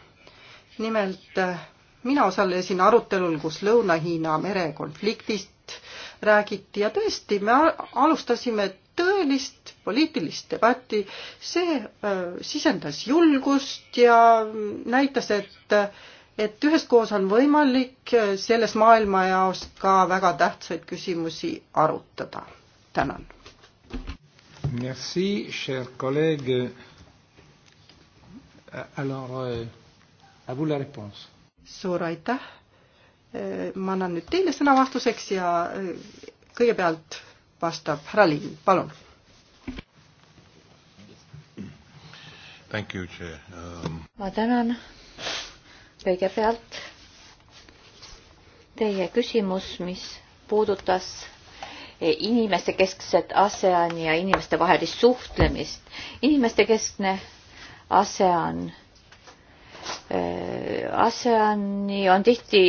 nimelt äh, mina osalesin arutelul, kus Lõuna-Hiina mere konfliktist räägiti ja tõesti, me alustasime tõelist poliitilist debatti, see äh, sisendas julgust ja näitas, et et üheskoos on võimalik äh, selles maailmajaos ka väga tähtsaid küsimusi arutada. tänan. Merci, cher kolleeg. Alors, euh, à vous la réponse. suur aitäh. Äh, ma annan nüüd teile sõna vastuseks ja äh, kõigepealt vastab härra Liiv, palun. Um... ma tänan. kõigepealt teie küsimus, mis puudutas eh, inimestekeskset ASEAN-i ja inimestevahelist suhtlemist. inimestekeskne ASEAN. Äh, ASEAN-i on tihti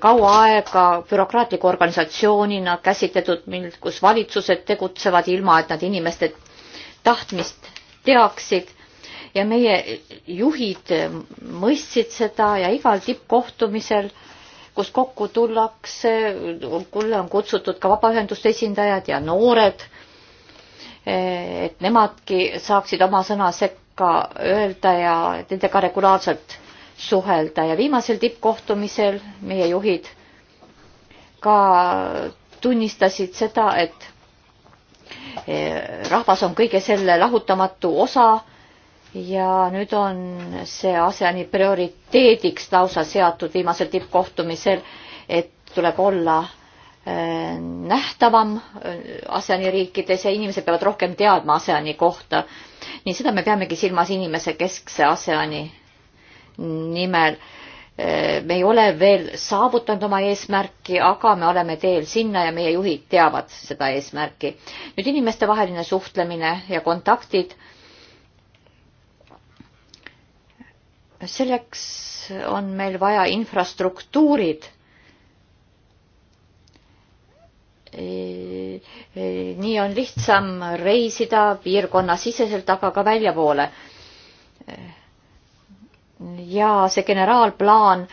kaua aega bürokraatliku organisatsioonina käsitletud, mil, kus valitsused tegutsevad ilma, et nad inimeste tahtmist teaksid ja meie juhid mõistsid seda ja igal tippkohtumisel, kus kokku tullakse, kulle on kutsutud ka vabaühenduste esindajad ja noored, äh, et nemadki saaksid oma sõna sekka ka öelda ja nendega regulaarselt suhelda ja viimasel tippkohtumisel meie juhid ka tunnistasid seda, et e, rahvas on kõige selle lahutamatu osa ja nüüd on see ASEAN-i prioriteediks lausa seatud viimasel tippkohtumisel, et tuleb olla nähtavam ASEAN-i riikides ja inimesed peavad rohkem teadma ASEAN-i kohta. nii seda me peamegi silmas inimese keskse ASEAN-i nimel. me ei ole veel saavutanud oma eesmärki, aga me oleme teel sinna ja meie juhid teavad seda eesmärki. nüüd inimestevaheline suhtlemine ja kontaktid. selleks on meil vaja infrastruktuurid nii on lihtsam reisida piirkonnasiseselt, aga ka väljapoole. ja see generaalplaan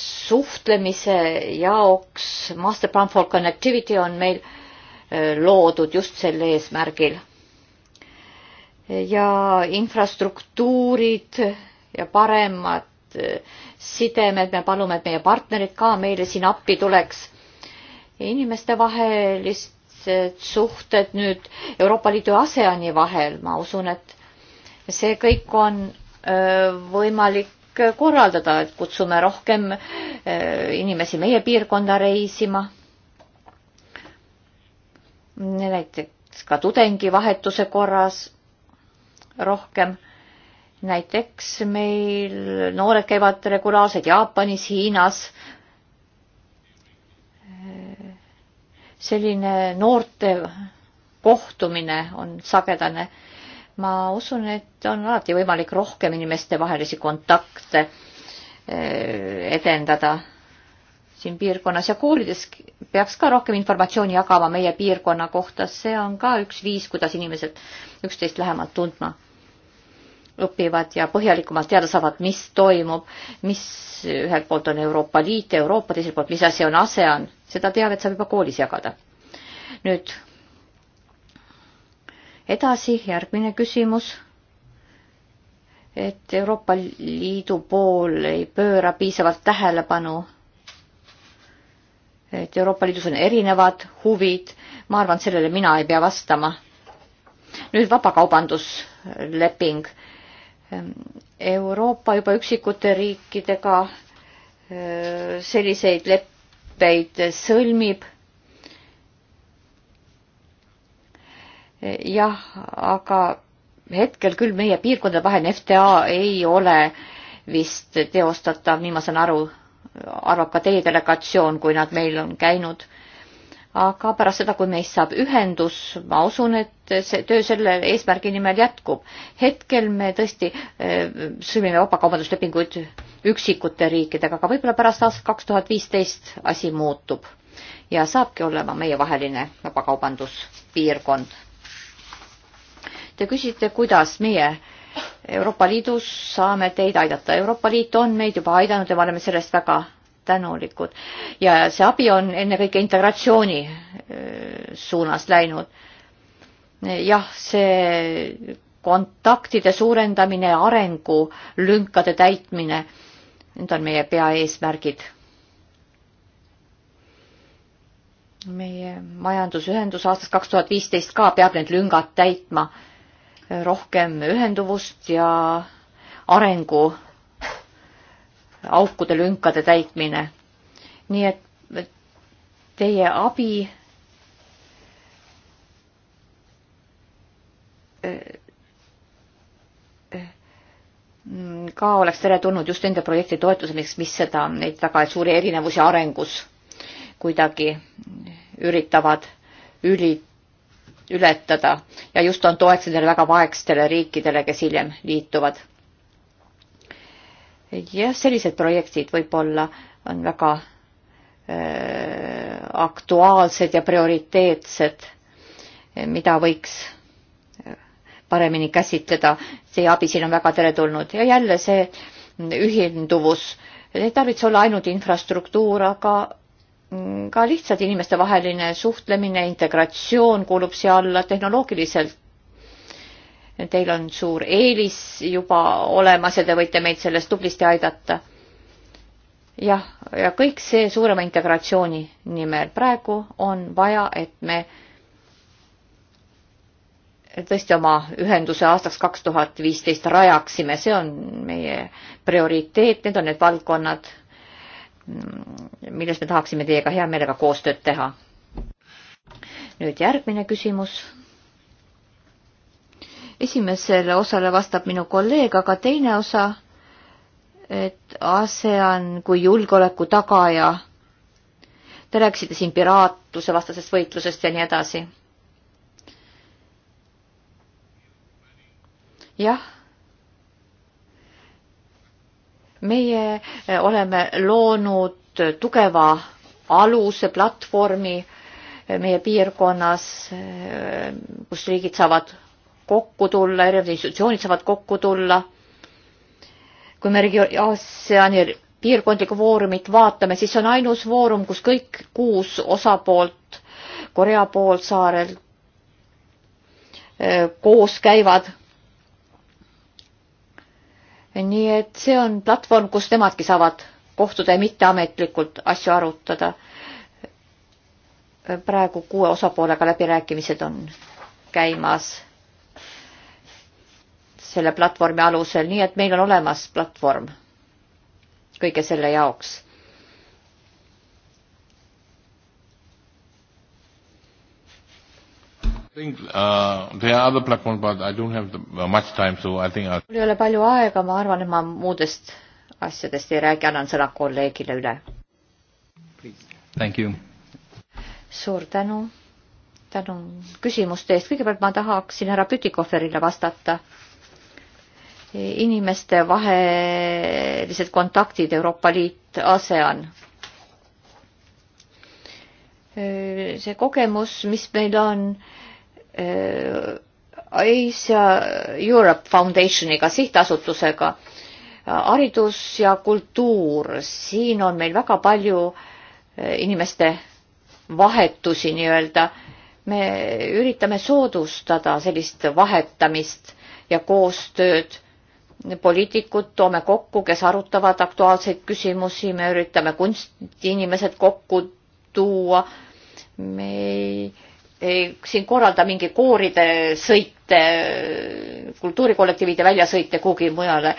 suhtlemise jaoks, master plan for connectivity on meil loodud just sel eesmärgil. ja infrastruktuurid ja paremad sidemed, me palume, et meie partnerid ka meile siin appi tuleks inimeste vahelised suhted nüüd Euroopa Liidu ASEAN-i vahel, ma usun, et see kõik on võimalik korraldada, et kutsume rohkem inimesi meie piirkonda reisima. näiteks ka tudengivahetuse korras rohkem. näiteks meil noored käivad regulaarselt Jaapanis, Hiinas selline noorte kohtumine on sagedane. ma usun, et on alati võimalik rohkem inimestevahelisi kontakte eh, edendada siin piirkonnas ja koolides peaks ka rohkem informatsiooni jagama meie piirkonna kohta, see on ka üks viis, kuidas inimesed üksteist lähemalt tundma õpivad ja põhjalikumalt teada saavad, mis toimub, mis ühelt poolt on Euroopa Liit, Euroopa, teiselt poolt, mis asi on ASEAN, seda teavet saab juba koolis jagada. nüüd edasi järgmine küsimus. et Euroopa Liidu pool ei pööra piisavalt tähelepanu. et Euroopa Liidus on erinevad huvid, ma arvan, sellele mina ei pea vastama. nüüd vabakaubandusleping Ehm, Euroopa juba üksikute riikidega ehm, selliseid leppeid sõlmib. E, jah, aga hetkel küll meie piirkondade vaheline FTA ei ole vist teostatav, nii ma saan aru, arvab ka teie delegatsioon, kui nad meil on käinud aga pärast seda, kui meist saab ühendus, ma usun, et see töö selle eesmärgi nimel jätkub. hetkel me tõesti eh, sõlmime vabakaubanduslepinguid üksikute riikidega, aga võib-olla pärast aastat kaks tuhat viisteist asi muutub ja saabki olema meievaheline vabakaubanduspiirkond. Te küsite, kuidas meie Euroopa Liidus saame teid aidata. Euroopa Liit on meid juba aidanud ja me oleme sellest väga tänulikud ja see abi on ennekõike integratsiooni äh, suunas läinud. jah, see kontaktide suurendamine, arengulünkade täitmine, need on meie peaeesmärgid. meie majandusühendus aastast kaks tuhat viisteist ka peab need lüngad täitma, rohkem ühenduvust ja arengu aukude, lünkade täitmine. nii et teie abi äh, äh, ka oleks teretulnud just nende projekti toetuseks, mis seda, neid väga suuri erinevusi arengus kuidagi üritavad üli, ületada ja just on toeks nendele väga vaegstele riikidele, kes hiljem liituvad jah, sellised projektid võib-olla on väga äh, aktuaalsed ja prioriteetsed, äh, mida võiks äh, paremini käsitleda. see abi siin on väga teretulnud ja jälle see ühilduvus, ei tarvitse olla ainult infrastruktuur, aga mm, ka lihtsalt inimestevaheline suhtlemine, integratsioon kuulub siia alla, tehnoloogiliselt Teil on suur eelis juba olemas ja te võite meid selles tublisti aidata. jah, ja kõik see suurema integratsiooni nimel. praegu on vaja, et me tõesti oma ühenduse aastaks kaks tuhat viisteist rajaksime, see on meie prioriteet, need on need valdkonnad, milles me tahaksime teiega hea meelega koostööd teha. nüüd järgmine küsimus esimesele osale vastab minu kolleeg, aga teine osa, et ASEAN kui julgeoleku tagaja. Te rääkisite siin piraatluse vastasest võitlusest ja nii edasi. jah. meie eh, oleme loonud tugeva aluse, platvormi eh, meie piirkonnas, eh, kus riigid saavad kokku tulla, erinevad institutsioonid saavad kokku tulla. kui me ASEAN-i piirkondlikku foorumit vaatame, siis on ainus foorum, kus kõik kuus osapoolt Korea poolsaarel eh, koos käivad. nii et see on platvorm, kus nemadki saavad kohtuda ja mitteametlikult asju arutada. praegu kuue osapoolega läbirääkimised on käimas selle platvormi alusel, nii et meil on olemas platvorm kõige selle jaoks. Uh, uh, mul ei ole palju aega, ma arvan, et ma muudest asjadest ei räägi, annan sõna kolleegile üle. suur tänu, tänu küsimuste eest, kõigepealt ma tahaksin härra Pütikoferile vastata inimeste vahelised kontaktid Euroopa Liit, ASEAN. see kogemus, mis meil on äh, Asia Europe Foundationiga, sihtasutusega, haridus ja kultuur, siin on meil väga palju äh, inimeste vahetusi nii-öelda. me üritame soodustada sellist vahetamist ja koostööd poliitikud toome kokku, kes arutavad aktuaalseid küsimusi, me üritame kunstiinimesed kokku tuua. me ei, ei siin korralda mingi kooride sõite, kultuurikollektiivide väljasõite kuhugi mujale,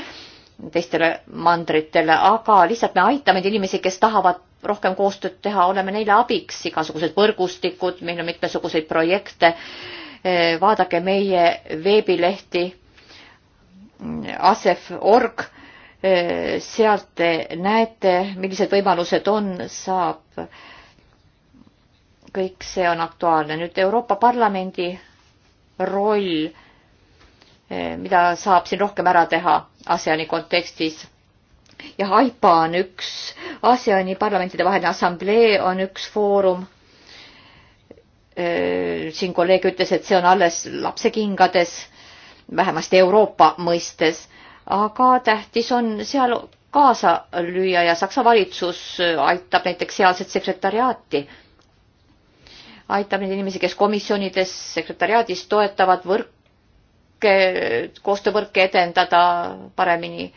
teistele mandritele, aga lihtsalt me aitame neid inimesi, kes tahavad rohkem koostööd teha, oleme neile abiks, igasugused võrgustikud, meil on mitmesuguseid projekte. vaadake meie veebilehti asef.org, eh, sealt te näete, millised võimalused on, saab, kõik see on aktuaalne. nüüd Euroopa Parlamendi roll, eh, mida saab siin rohkem ära teha ASEAN-i kontekstis. jah, AIPA on üks, ASEAN-i parlamentide vaheline assamblee on üks foorum eh, siin kolleeg ütles, et see on alles lapsekingades vähemasti Euroopa mõistes, aga tähtis on seal kaasa lüüa ja Saksa valitsus aitab näiteks sealset sekretariaati, aitab neid inimesi, kes komisjonides, sekretariaadis toetavad võrke, koostöövõrke edendada, paremini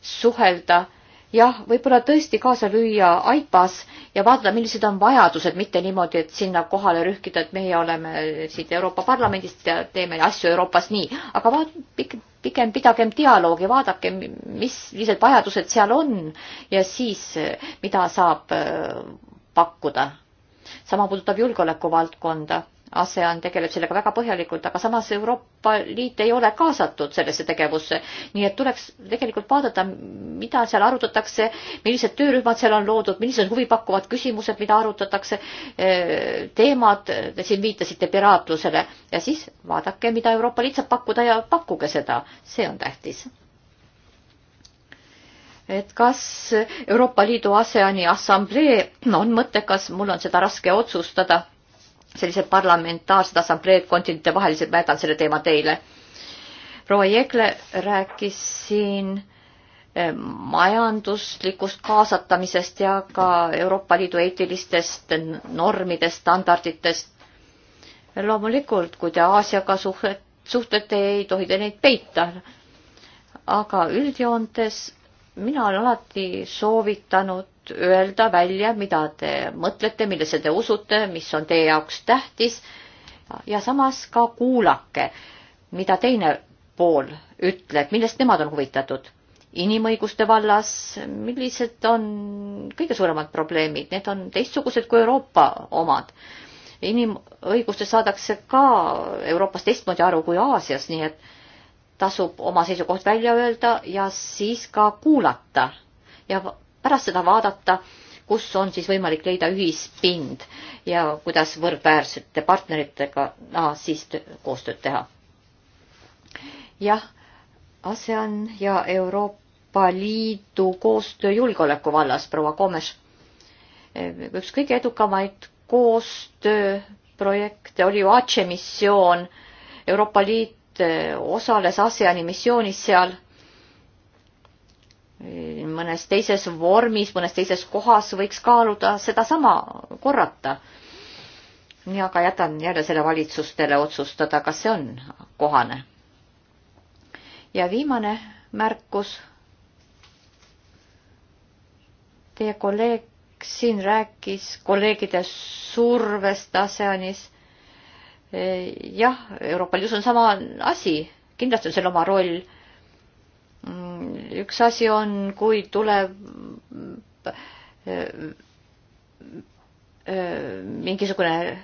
suhelda jah, võib-olla tõesti kaasa lüüa AIPAS ja vaadata, millised on vajadused, mitte niimoodi, et sinna kohale rühkida, et meie oleme siit Euroopa Parlamendist ja teeme asju Euroopas nii, aga vaat-, pigem pidagem dialoogi, vaadake, mis, millised vajadused seal on ja siis, mida saab äh, pakkuda. sama puudutab julgeolekuvaldkonda ASEAN tegeleb sellega väga põhjalikult, aga samas Euroopa Liit ei ole kaasatud sellesse tegevusse. nii et tuleks tegelikult vaadata, mida seal arutatakse, millised töörühmad seal on loodud, millised huvipakkuvad küsimused, mida arutatakse, eh, teemad, te siin viitasite piraatlusele ja siis vaadake, mida Euroopa Liit saab pakkuda ja pakkuge seda, see on tähtis et kas Euroopa Liidu ASEANi assamblee on mõttekas, mul on seda raske otsustada sellised parlamentaarsed assambleed kontinentide vahelised, ma jätan selle teema teile. proua Jekle rääkis siin eh, majanduslikust kaasatamisest ja ka Euroopa Liidu eetilistest normidest, standarditest. loomulikult, kui te Aasiaga suhet-, suhtlete, ei tohi te neid peita. aga üldjoontes mina olen alati soovitanud öelda välja, mida te mõtlete, millesse te usute, mis on teie jaoks tähtis ja samas ka kuulake, mida teine pool ütleb, millest nemad on huvitatud. inimõiguste vallas, millised on kõige suuremad probleemid, need on teistsugused kui Euroopa omad. inimõigustest saadakse ka Euroopas teistmoodi aru kui Aasias, nii et tasub oma seisukoht välja öelda ja siis ka kuulata ja pärast seda vaadata, kus on siis võimalik leida ühispind ja kuidas võrdväärsete partneritega ah, siis koostööd teha. jah, ASEAN ja Euroopa Liidu koostöö julgeoleku vallas, proua Komes, üks kõige edukamaid koostööprojekte oli ju Aceh missioon, Euroopa Liit eh, osales ASEAN-i missioonis seal mõnes teises vormis, mõnes teises kohas võiks kaaluda sedasama korrata. nii, aga jätan jälle selle valitsustele otsustada, kas see on kohane. ja viimane märkus. Teie kolleeg siin rääkis kolleegide survest ASEANis. Eh, jah, Euroopa Liidus on sama asi, kindlasti on seal oma roll üks asi on, kui tuleb äh, äh, mingisugune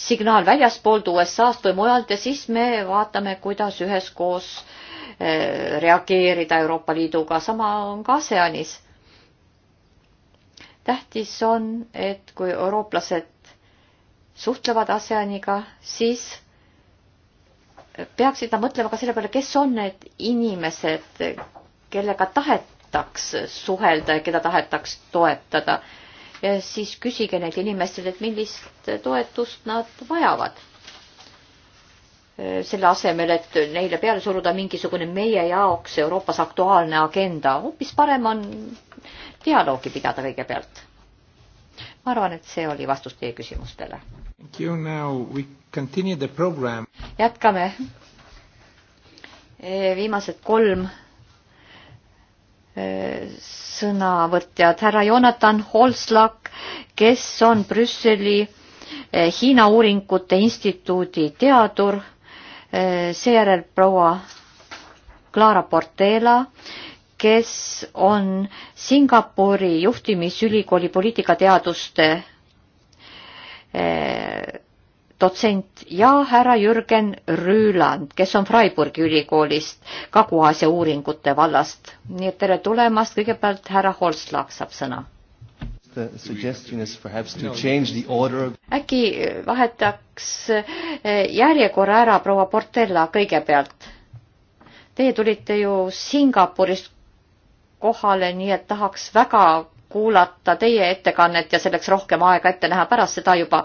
signaal väljaspoolt USA-st või mujalt ja siis me vaatame, kuidas üheskoos äh, reageerida Euroopa Liiduga, sama on ka ASEANis. tähtis on, et kui eurooplased suhtlevad ASEANiga, siis peaksid nad mõtlema ka selle peale, kes on need inimesed, kellega tahetaks suhelda ja keda tahetaks toetada. ja siis küsige neilt inimestelt, et millist toetust nad vajavad. selle asemel, et neile peale suruda mingisugune meie jaoks Euroopas aktuaalne agenda, hoopis parem on dialoogi pidada kõigepealt. ma arvan, et see oli vastus teie küsimustele. jätkame. viimased kolm sõnavõtjad, härra Jonathan Holslak, kes on Brüsseli eh, Hiina Uuringute Instituudi teadur, eh, seejärel proua Clara Portela, kes on Singapuri juhtimisülikooli poliitikateaduste eh, dotsent ja härra Jürgen Rüüland, kes on Freiburgi ülikoolist Kagu-Aasia uuringute vallast. nii et tere tulemast, kõigepealt härra Holslaak saab sõna. äkki vahetaks eh, järjekorra ära proua Portella kõigepealt. Teie tulite ju Singapurist kohale, nii et tahaks väga kuulata teie ettekannet ja selleks rohkem aega ette näha pärast seda juba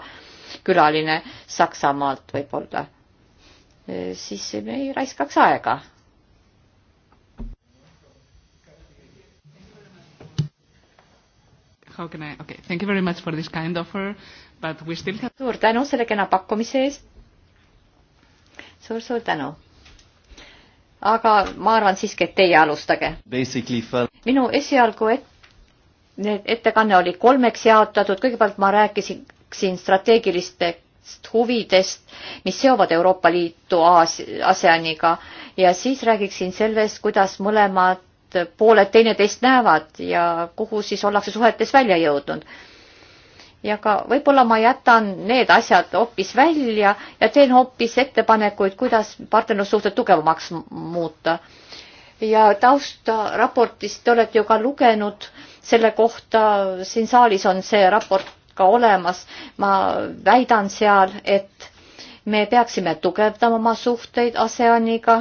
külaline Saksamaalt võib-olla, siis me ei raiskaks aega how can I, okay, thank you very much for this kind offer, but we still have. suur tänu selle kena pakkumise eest suur,. suur-suur tänu. aga ma arvan siiski, et teie alustage. minu esialgu et, ettekanne oli kolmeks jaotatud, kõigepealt ma rääkisin siin strateegilistest huvidest, mis seovad Euroopa Liitu ASEANiga ja siis räägiksin sellest, kuidas mõlemad pooled teineteist näevad ja kuhu siis ollakse suhetes välja jõudnud. ja ka võib-olla ma jätan need asjad hoopis välja ja teen hoopis ettepanekuid, kuidas partnerlussuhted tugevamaks muuta. ja tausta raportist te olete ju ka lugenud, selle kohta siin saalis on see raport ka olemas. ma väidan seal, et me peaksime tugevdama oma suhteid ASEANiga,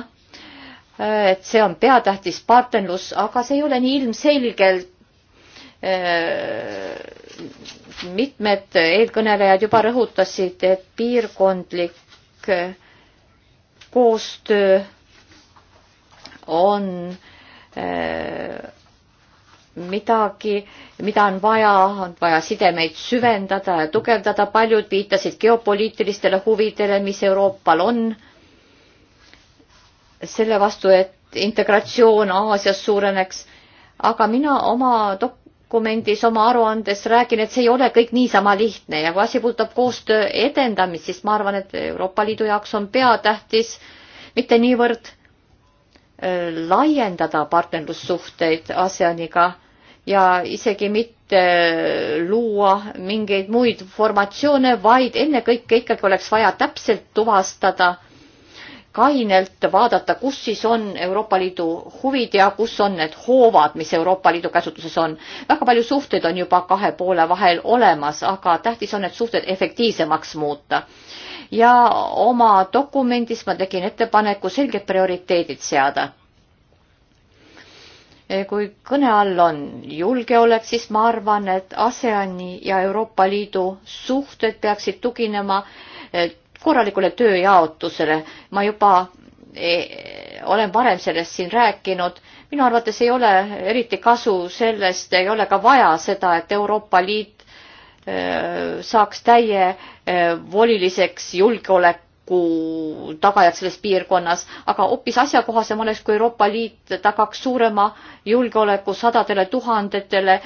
et see on peatähtis partnerlus, aga see ei ole nii ilmselgelt äh, mitmed eelkõnelejad juba rõhutasid, et piirkondlik äh, koostöö on äh, midagi, mida on vaja, on vaja sidemeid süvendada ja tugevdada, paljud viitasid geopoliitilistele huvidele, mis Euroopal on selle vastu, et integratsioon Aasias suureneks. aga mina oma dokumendis, oma aruandes räägin, et see ei ole kõik niisama lihtne ja kui asi puudutab koostöö edendamist, siis ma arvan, et Euroopa Liidu jaoks on peatähtis mitte niivõrd äh, laiendada partnerlussuhteid ASEANiga ja isegi mitte luua mingeid muid formatsioone, vaid ennekõike ikkagi oleks vaja täpselt tuvastada, kainelt vaadata, kus siis on Euroopa Liidu huvid ja kus on need hoovad, mis Euroopa Liidu käsutuses on. väga palju suhteid on juba kahe poole vahel olemas, aga tähtis on need suhted efektiivsemaks muuta. ja oma dokumendis ma tegin ettepaneku selged prioriteedid seada Eh, kui kõne all on julgeolek, siis ma arvan, et ASEAN-i ja Euroopa Liidu suhted peaksid tuginema eh, korralikule tööjaotusele. ma juba eh, olen varem sellest siin rääkinud. minu arvates ei ole eriti kasu sellest, ei ole ka vaja seda, et Euroopa Liit saaks täie voliliseks julgeolek arengu tagajad selles piirkonnas, aga hoopis asjakohasem oleks, kui Euroopa Liit tagaks suurema julgeoleku sadadele tuhandetele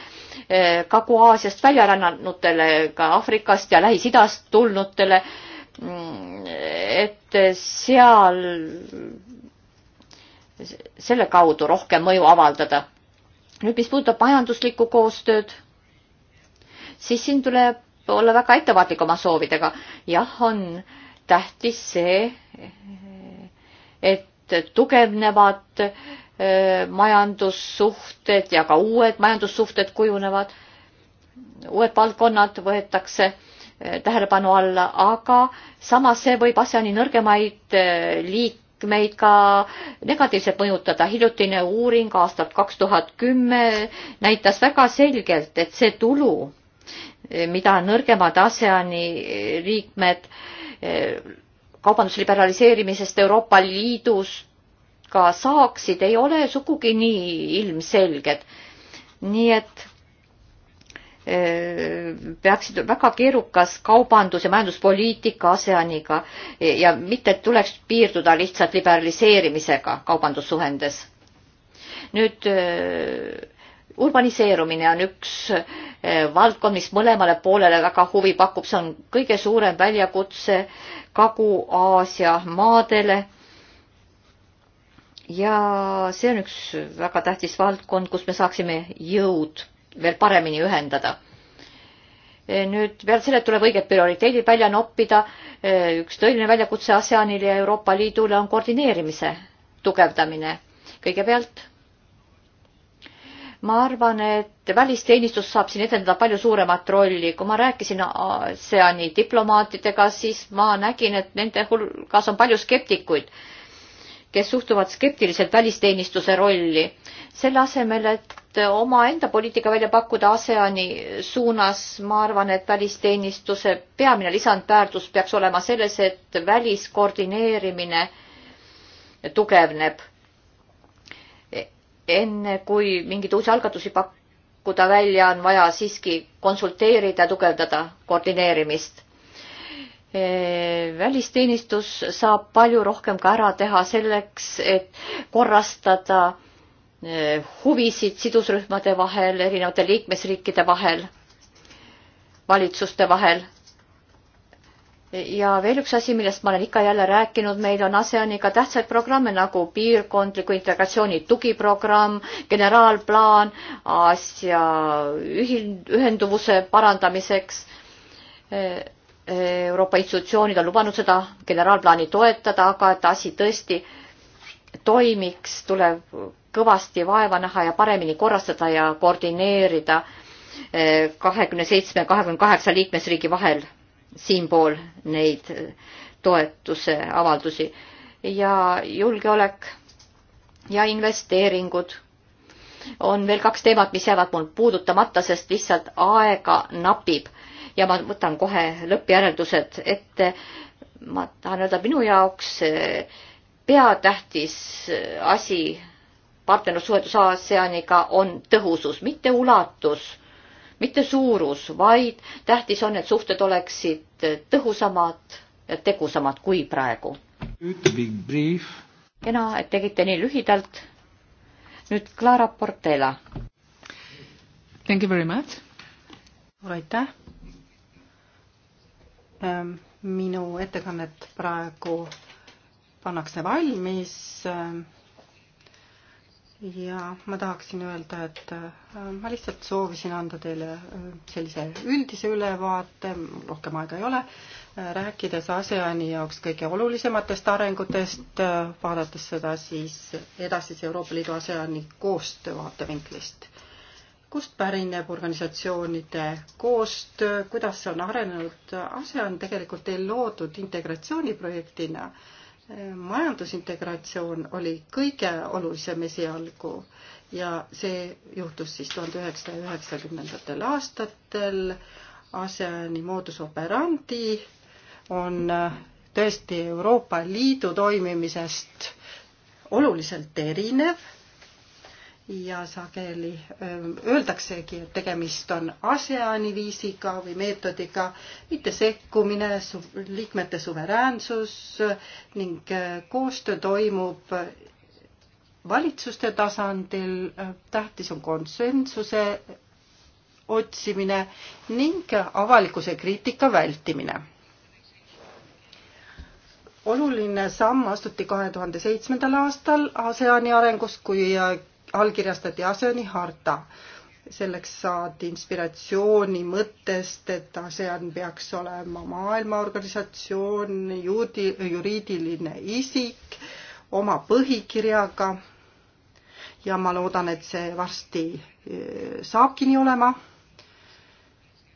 eh, Kagu-Aasiast välja rännanutele, ka Aafrikast ja Lähis-Idast tulnutele. Mm, et seal selle kaudu rohkem mõju avaldada. nüüd, mis puudutab majanduslikku koostööd, siis siin tuleb olla väga ettevaatlik oma soovidega. jah, on äh, tähtis see, et tugevnevad eh, majandussuhted ja ka uued majandussuhted kujunevad, uued valdkonnad võetakse eh, tähelepanu alla, aga samas see võib asjani nõrgemaid eh, liikmeid ka negatiivselt mõjutada. hiljutine uuring aastat kaks tuhat kümme näitas väga selgelt, et see tulu, mida nõrgemad ASEAN-i liikmed äh, Eh, kaubandusliberaliseerimisest Euroopa Liidus ka saaksid, ei ole sugugi nii ilmselged. nii et eh, peaksid väga keerukas kaubandus- ja majanduspoliitika ASEANiga eh, ja mitte, et tuleks piirduda lihtsalt liberaliseerimisega kaubandussuhendes. nüüd urbaniseerumine on üks eh, valdkond, mis mõlemale poolele väga huvi pakub, see on kõige suurem väljakutse Kagu-Aasia maadele. ja see on üks väga tähtis valdkond, kus me saaksime jõud veel paremini ühendada. Eh, nüüd peale selle tuleb õiged prioriteedid välja noppida. Eh, üks tõeline väljakutse ASEANile ja Euroopa Liidule on koordineerimise tugevdamine. kõigepealt ma arvan, et välisteenistus saab siin etendada palju suuremat rolli. kui ma rääkisin ASEAN-i diplomaatidega, siis ma nägin, et nende hulgas on palju skeptikuid, kes suhtuvad skeptiliselt välisteenistuse rolli. selle asemel, et omaenda poliitika välja pakkuda ASEAN-i suunas, ma arvan, et välisteenistuse peamine lisandväärtus peaks olema selles, et väliskoordineerimine tugevneb enne kui mingeid uusi algatusi pakkuda välja, on vaja siiski konsulteerida, tugevdada koordineerimist. E, välisteenistus saab palju rohkem ka ära teha selleks, et korrastada e, huvisid sidusrühmade vahel, erinevate liikmesriikide vahel, valitsuste vahel ja veel üks asi, millest ma olen ikka jälle rääkinud, meil on ASEANiga tähtsaid programme nagu piirkondliku integratsiooni tugiprogramm, generaalplaan Aasia ühenduvuse parandamiseks. E, e, Euroopa institutsioonid on lubanud seda generaalplaani toetada, aga et asi tõesti toimiks, tuleb kõvasti vaeva näha ja paremini korrastada ja koordineerida e, kahekümne seitsme, kahekümne kaheksa liikmesriigi vahel siinpool neid toetuse avaldusi ja julgeolek ja investeeringud on veel kaks teemat, mis jäävad mul puudutamata, sest lihtsalt aega napib ja ma võtan kohe lõppjäreldused ette. ma tahan öelda, minu jaoks peatähtis asi partnerlussuhetes ASEANiga on tõhusus, mitte ulatus mitte suurus, vaid tähtis on, et suhted oleksid tõhusamad ja tegusamad kui praegu. kena, et tegite nii lühidalt. nüüd Clara Portela. Thank you very much. suur aitäh ähm,. minu ettekannet praegu pannakse valmis ähm, ja ma tahaksin öelda, et äh, ma lihtsalt soovisin anda teile äh, sellise üldise ülevaate, rohkem aega ei ole, äh, rääkides ASEAN-i jaoks kõige olulisematest arengutest, vaadates seda siis edasise Euroopa Liidu ASEAN-i koostöö vaatevinklist. kust pärineb organisatsioonide koostöö, kuidas see on arenenud, ASEAN tegelikult ei loodud integratsiooniprojektina äh, majandusintegratsioon oli kõige olulisem esialgu ja see juhtus siis tuhande üheksasaja üheksakümnendatel aastatel. ASEAN-i moodus operandi on tõesti Euroopa Liidu toimimisest oluliselt erinev ja sageli ähm, öeldaksegi, et tegemist on ASEAN-i viisiga või meetodiga, mitte sekkumine, liikmete suveräänsus ning äh, koostöö toimub äh, valitsuste tasandil, äh, tähtis on konsensuse otsimine ning avalikkuse kriitika vältimine. oluline samm astuti kahe tuhande seitsmendal aastal ASEAN-i arengus, kui allkirjastati ASEAN-i harta. selleks saadi inspiratsiooni mõttest, et ASEAN peaks olema maailmaorganisatsioon, juudi, juriidiline isik oma põhikirjaga. ja ma loodan, et see varsti eh, saabki nii olema.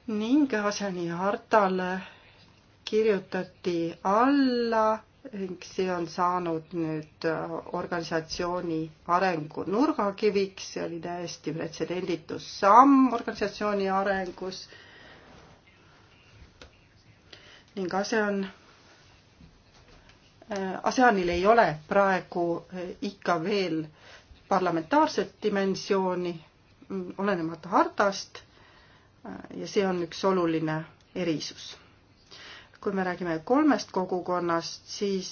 ning ASEAN-i hartale kirjutati alla see on saanud nüüd äh, organisatsiooni arengu nurgakiviks, see oli täiesti pretsedenditu samm organisatsiooni arengus. ning ASEAN, äh, ASEANil ei ole praegu äh, ikka veel parlamentaarset dimensiooni, mm, olenemata hartast ja see on üks oluline erisus kui me räägime kolmest kogukonnast, siis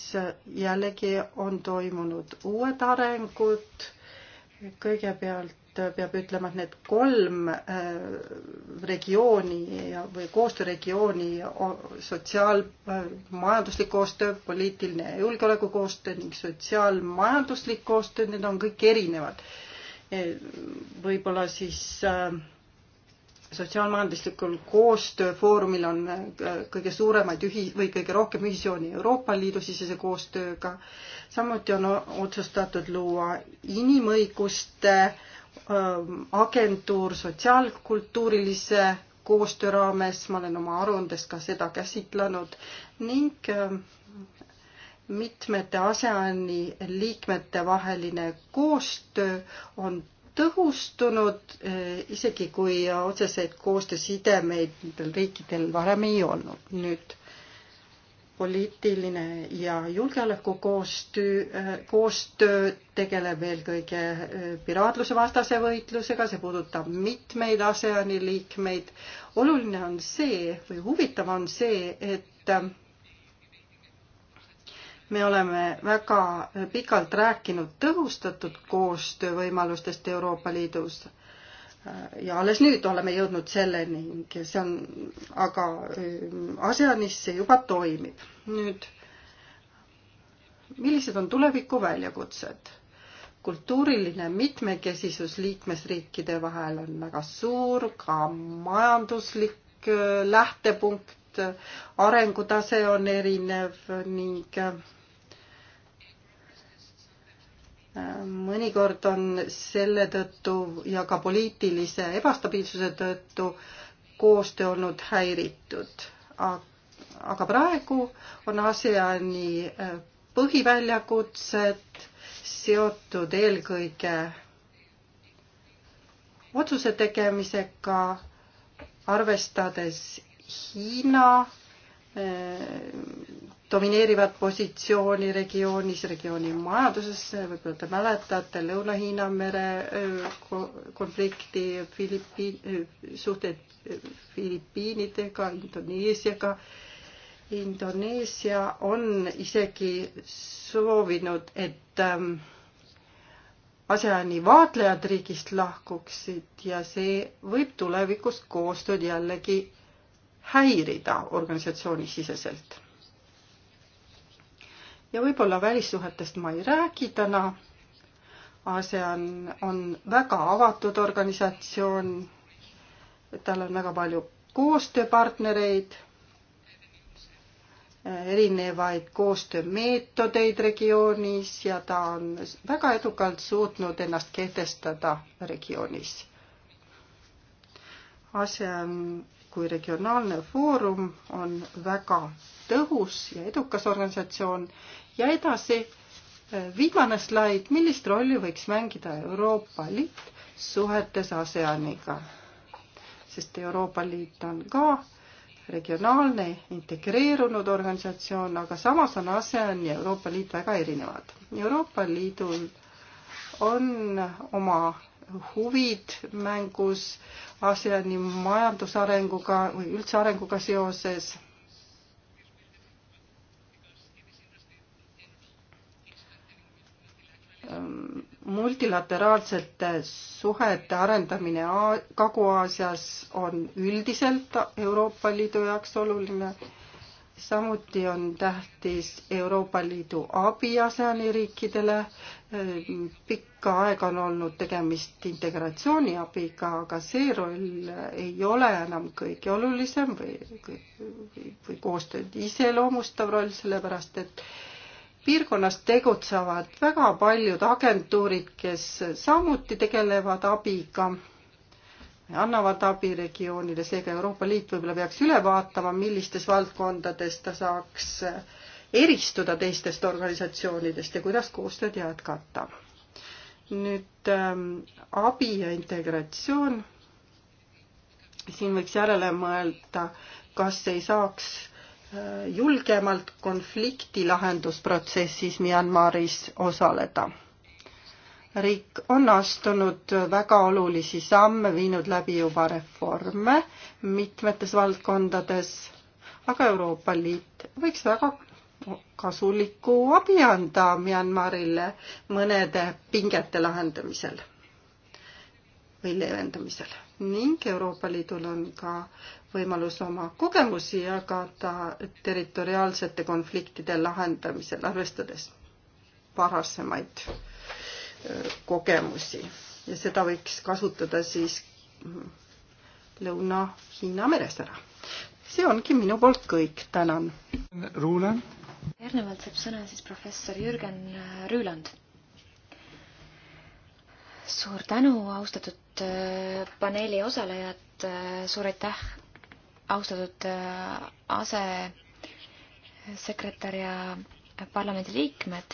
jällegi on toimunud uued arengud. kõigepealt peab ütlema, et need kolm äh, regiooni ja, või koostööregiooni, sotsiaal, äh, majanduslik koostöö, poliitiline ja julgeolekukoostöö ning sotsiaalmajanduslik koostöö, need on kõik erinevad. Äh, võib-olla siis äh, sotsiaalmajanduslikul koostööfoorumil on äh, kõige suuremaid ühi- või kõige rohkem ühisjooni Euroopa Liidu sisese koostööga. samuti on otsustatud luua inimõiguste ähm, agentuur sotsiaalkultuurilise koostöö raames, ma olen oma aruandes ka seda käsitlenud ning ähm, mitmete ASEAN-i liikmete vaheline koostöö on tõhustunud, eh, isegi kui otseseid koostöösidemeid nendel riikidel varem ei olnud. nüüd poliitiline ja julgeolekukoostöö, eh, koostöö tegeleb eelkõige eh, piraatluse vastase võitlusega, see puudutab mitmeid ASEAN-i liikmeid. oluline on see või huvitav on see, et me oleme väga pikalt rääkinud tõhustatud koostöövõimalustest Euroopa Liidus ja alles nüüd oleme jõudnud selleni, see on, aga äh, ASEANis see juba toimib. nüüd, millised on tuleviku väljakutsed? kultuuriline mitmekesisus liikmesriikide vahel on väga suur, ka majanduslik äh, lähtepunkt, arengutase on erinev ning äh, mõnikord on selle tõttu ja ka poliitilise ebastabiilsuse tõttu koostöö olnud häiritud. aga praegu on ASEAN-i äh, põhiväljakutsed seotud eelkõige otsuse tegemisega, arvestades Hiina äh, domineerivat positsiooni regioonis, regiooni majanduses, võib-olla te mäletate Lõuna-Hiina mere konflikti, Filipiin, suhted Filipiinidega, Indoneesiaga. Indoneesia on isegi soovinud, et ähm, ASEAN-i vaatlejad riigist lahkuksid ja see võib tulevikus koostööd jällegi häirida organisatsiooni siseselt ja võib-olla välissuhetest ma ei räägi täna. ASEAN on väga avatud organisatsioon, tal on väga palju koostööpartnereid, erinevaid koostöömeetodeid regioonis ja ta on väga edukalt suutnud ennast kehtestada regioonis. ASEAN kui regionaalne foorum on väga tõhus ja edukas organisatsioon ja edasi, eh, viimane slaid, millist rolli võiks mängida Euroopa Liit suhetes ASEANiga? sest Euroopa Liit on ka regionaalne integreerunud organisatsioon, aga samas on ASEAN ja Euroopa Liit väga erinevad. Euroopa Liidul on oma huvid mängus ASEAN-i majandusarenguga või üldse arenguga seoses multilateraalsete suhete arendamine Kagu-Aasias on üldiselt Euroopa Liidu jaoks oluline. samuti on tähtis Euroopa Liidu abi ASEAN-i riikidele. pikka aega on olnud tegemist integratsiooniabiga, aga see roll ei ole enam kõige olulisem või, või, või koostööd iseloomustav roll, sellepärast et piirkonnas tegutsevad väga paljud agentuurid, kes samuti tegelevad abiga, annavad abi regioonile, seega Euroopa Liit võib-olla peaks üle vaatama, millistes valdkondades ta saaks eristuda teistest organisatsioonidest ja kuidas koostööd jätkata. nüüd ähm, abi ja integratsioon. siin võiks järele mõelda, kas ei saaks Äh, julgemalt konflikti lahendusprotsessis Myanmaris osaleda. riik on astunud väga olulisi samme, viinud läbi juba reforme mitmetes valdkondades, aga Euroopa Liit võiks väga kasulikku abi anda Myanmarile mõnede pingete lahendamisel või leevendamisel ning Euroopa Liidul on ka võimalus oma kogemusi jagada territoriaalsete konfliktide lahendamisel, arvestades varasemaid kogemusi ja seda võiks kasutada siis mm, Lõuna-Hiina meres ära. see ongi minu poolt kõik, tänan. Ruuland. järgnevalt saab sõna siis professor Jürgen Rüüland suur tänu, austatud paneeli osalejad, suur aitäh austatud äh, asesekretär ja parlamendiliikmed.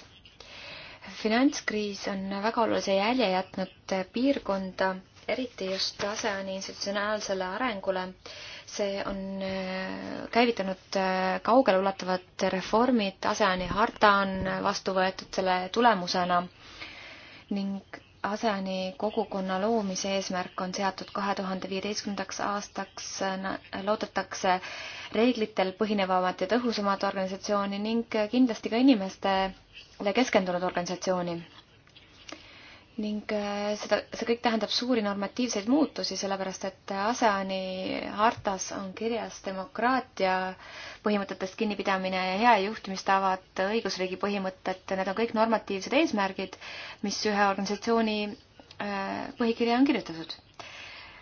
finantskriis on väga olulise jälje jätnud piirkonda, eriti just ASEAN-i institutsionaalsele arengule. see on äh, käivitanud äh, kaugeleulatuvad reformid, ASEAN-i harta on vastu võetud selle tulemusena ning ASEAN-i kogukonna loomise eesmärk on seatud kahe tuhande viieteistkümnendaks aastaks, loodetakse reeglitel põhinevamat ja tõhusamat organisatsiooni ning kindlasti ka inimestele keskendunud organisatsiooni ning äh, seda, see kõik tähendab suuri normatiivseid muutusi, sellepärast et ASEAN-i hartas on kirjas demokraatia põhimõtetest kinnipidamine ja hea juhtimistavad, õigusriigi põhimõtted, need on kõik normatiivsed eesmärgid, mis ühe organisatsiooni äh, põhikirja on kirjutatud.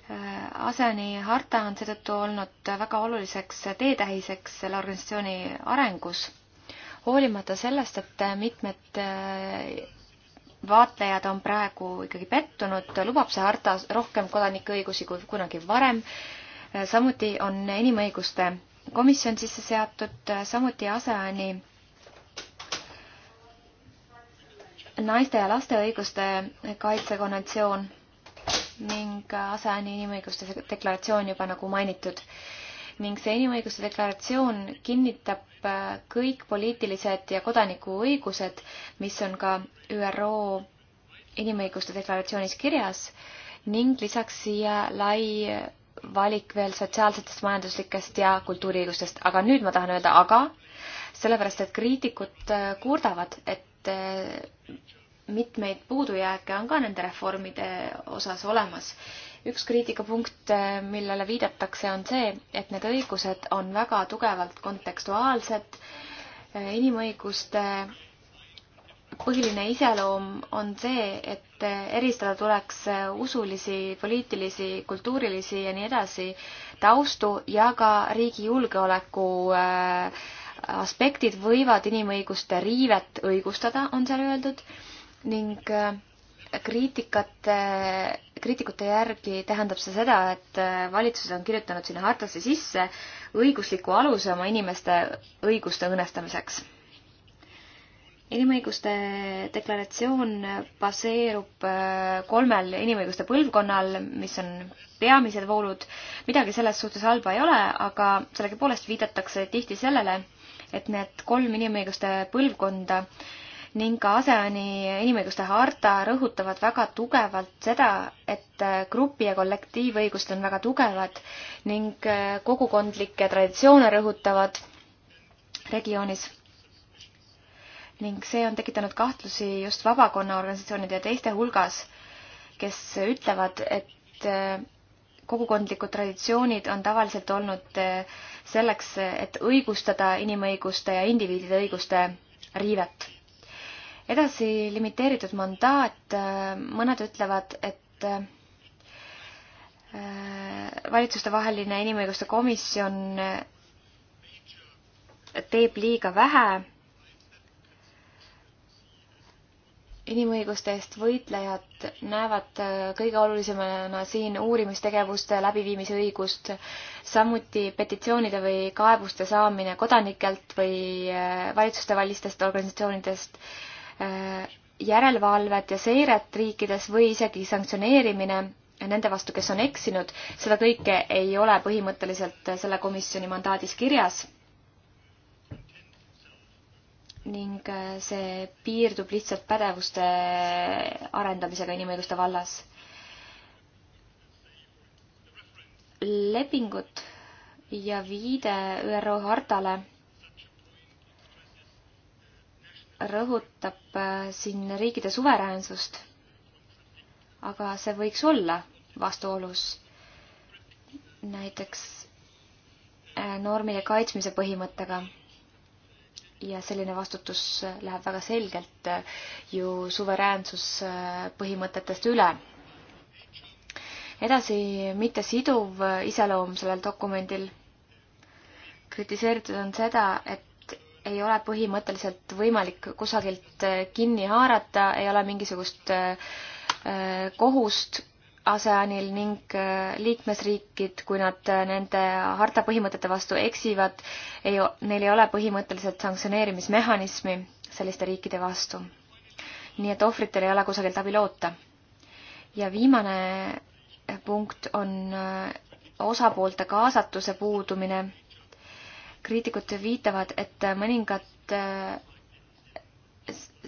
Äh, ASEAN-i harta on seetõttu olnud väga oluliseks teetähiseks selle organisatsiooni arengus, hoolimata sellest, et mitmed vaatlejad on praegu ikkagi pettunud, lubab see harta rohkem kodanikuõigusi kui kunagi varem. samuti on inimõiguste komisjon sisse seatud, samuti ASEAN-i naiste ja laste õiguste kaitsekonventsioon ning ASEAN-i inimõiguste deklaratsioon juba nagu mainitud ning see inimõiguste deklaratsioon kinnitab äh, kõik poliitilised ja kodanikuõigused, mis on ka ÜRO inimõiguste deklaratsioonis kirjas ning lisaks siia lai valik veel sotsiaalsetest, majanduslikest ja kultuuriõigustest, aga nüüd ma tahan öelda aga, sellepärast et kriitikud äh, kurdavad, et äh, mitmeid puudujääke on ka nende reformide osas olemas üks kriitikapunkt, äh, millele viidatakse, on see, et need õigused on väga tugevalt kontekstuaalsed. Äh, inimõiguste põhiline iseloom on see, et äh, eristada tuleks usulisi, poliitilisi, kultuurilisi ja nii edasi taustu ja ka riigi julgeoleku aspektid võivad inimõiguste riivet õigustada, on seal öeldud, ning kriitikat kriitikute järgi tähendab see seda, et äh, valitsus on kirjutanud sinna hartasse sisse õigusliku aluse oma inimeste õiguste õõnestamiseks. inimõiguste deklaratsioon baseerub äh, kolmel inimõiguste põlvkonnal, mis on peamised voolud. midagi selles suhtes halba ei ole, aga sellegipoolest viidatakse tihti sellele, et need kolm inimõiguste põlvkonda äh, ning ka ASEAN-i inimõiguste harta rõhutavad väga tugevalt seda, et äh, grupi- ja kollektiivõigused on väga tugevad ning äh, kogukondlikke traditsioone rõhutavad regioonis. ning see on tekitanud kahtlusi just vabakonnaorganisatsioonide ja teiste hulgas, kes ütlevad, et äh, kogukondlikud traditsioonid on tavaliselt olnud selleks, et õigustada inimõiguste ja indiviidide õiguste riivet edasi limiteeritud mandaat, mõned ütlevad, et äh, valitsustevaheline inimõiguste komisjon äh, teeb liiga vähe inimõiguste eest võitlejad näevad äh, kõige olulisemana siin uurimistegevuste läbiviimise õigust, samuti petitsioonide või kaebuste saamine kodanikelt või valitsustevalistest organisatsioonidest järelevalvet ja seiret riikides või isegi sanktsioneerimine nende vastu, kes on eksinud, seda kõike ei ole põhimõtteliselt selle komisjoni mandaadis kirjas. ning äh, see piirdub lihtsalt pädevuste arendamisega inimõiguste vallas. lepingud ja viide ÜRO hartale rõhutab äh, siin riikide suveräänsust, aga see võiks olla vastuolus näiteks äh, normide kaitsmise põhimõttega. ja selline vastutus läheb väga selgelt äh, ju suveräänsuspõhimõtetest üle. edasi, mittesiduv iseloom sellel dokumendil. kritiseeritud on seda, et ei ole põhimõtteliselt võimalik kusagilt äh, kinni haarata, ei ole mingisugust äh, äh, kohust ASEANil ning liikmesriikid, kui nad nende harta põhimõtete vastu eksivad, ei, neil ei ole põhimõtteliselt sanktsioneerimismehhanismi selliste riikide vastu. nii et ohvritel ei ole kusagilt abi loota. ja viimane punkt on osapoolte kaasatuse puudumine kriitikud viitavad, et mõningad äh,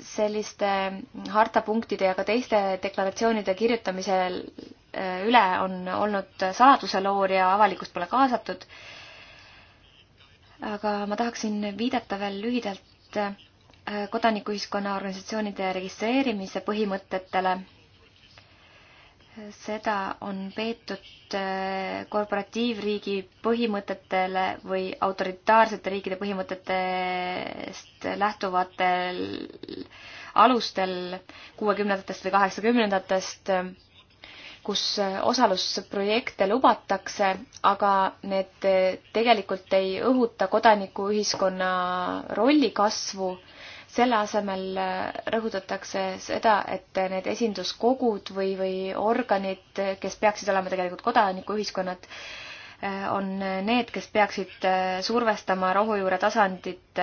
selliste hartapunktide ja ka teiste deklaratsioonide kirjutamisel äh, üle on olnud saladuseloor ja avalikkust pole kaasatud. aga ma tahaksin viidata veel lühidalt äh, kodanikuühiskonna organisatsioonide registreerimise põhimõtetele seda on peetud äh, korporatiivriigi põhimõtetele või autoritaarsete riikide põhimõtetest lähtuvatel alustel kuuekümnendatest või kaheksakümnendatest, kus osalusprojekte lubatakse, aga need tegelikult ei õhuta kodanikuühiskonna rolli kasvu selle asemel äh, rõhutatakse seda, et need esinduskogud või, või organid, kes peaksid olema tegelikult kodanikuühiskonnad, äh, on need, kes peaksid äh, survestama rohujuure tasandit,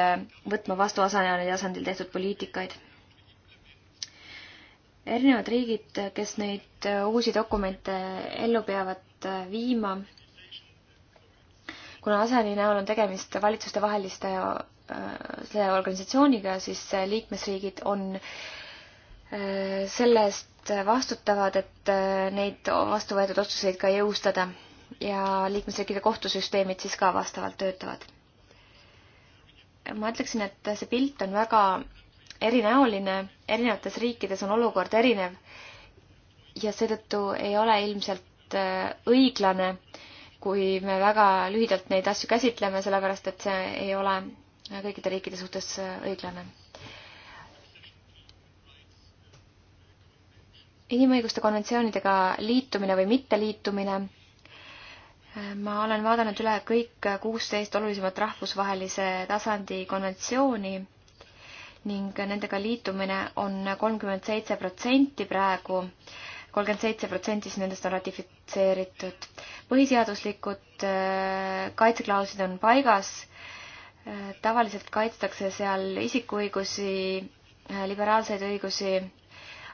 võtma vastu asajani tasandil tehtud poliitikaid erinevad riigid, kes neid uusi dokumente ellu peavad viima, kuna Asani näol on tegemist valitsustevaheliste Äh, selle organisatsiooniga, siis äh, liikmesriigid on äh, selle eest vastutavad, et neid vastu võetud otsuseid ka jõustada ja liikmesriikide kohtusüsteemid siis ka vastavalt töötavad. ma ütleksin, et see pilt on väga erinäoline, erinevates riikides on olukord erinev ja seetõttu ei ole ilmselt õiglane, kui me väga lühidalt neid asju käsitleme, sellepärast et see ei ole kõikide riikide suhtes äh, õiglane. inimõiguste konventsioonidega liitumine või mitteliitumine. Äh, ma olen vaadanud üle kõik kuusteist olulisemat rahvusvahelise tasandi konventsiooni ning nendega liitumine on kolmkümmend seitse protsenti praegu kolmkümmend seitse protsenti siis nendest on ratifitseeritud. põhiseaduslikud äh, kaitseklauslid on paigas tavaliselt kaitstakse seal isikuõigusi, liberaalseid õigusi,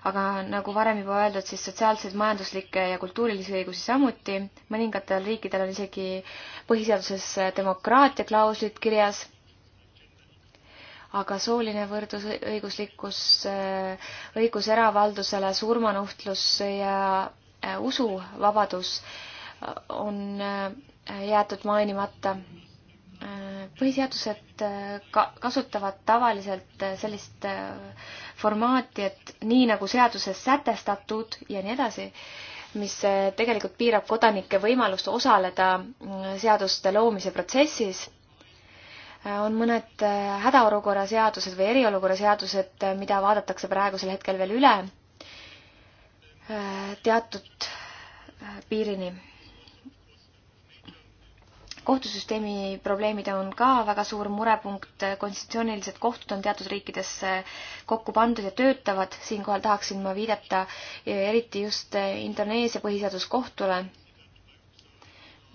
aga nagu varem juba öeldud, siis sotsiaalseid, majanduslikke ja kultuurilisi õigusi samuti. mõningatel riikidel on isegi põhiseaduses demokraatia klauslid kirjas. aga sooline võrdusõiguslikkus, õigus eravaldusele, surmanuhtlus ja äh, usuvabadus on äh, jäetud mainimata põhiseadused äh, ka-, kasutavad tavaliselt äh, sellist äh, formaati, et nii nagu seaduses sätestatud ja nii edasi, mis tegelikult piirab kodanike võimalust osaleda seaduste loomise protsessis, on mõned hädaolukorra seadused või eriolukorra seadused, mida vaadatakse praegusel hetkel veel üle teatud piirini kohtusüsteemi probleemid on ka väga suur murepunkt, konstitutsioonilised kohtud on teatud riikides kokku pandud ja töötavad, siinkohal tahaksin ma viidata eriti just Indoneesia põhiseaduskohtule,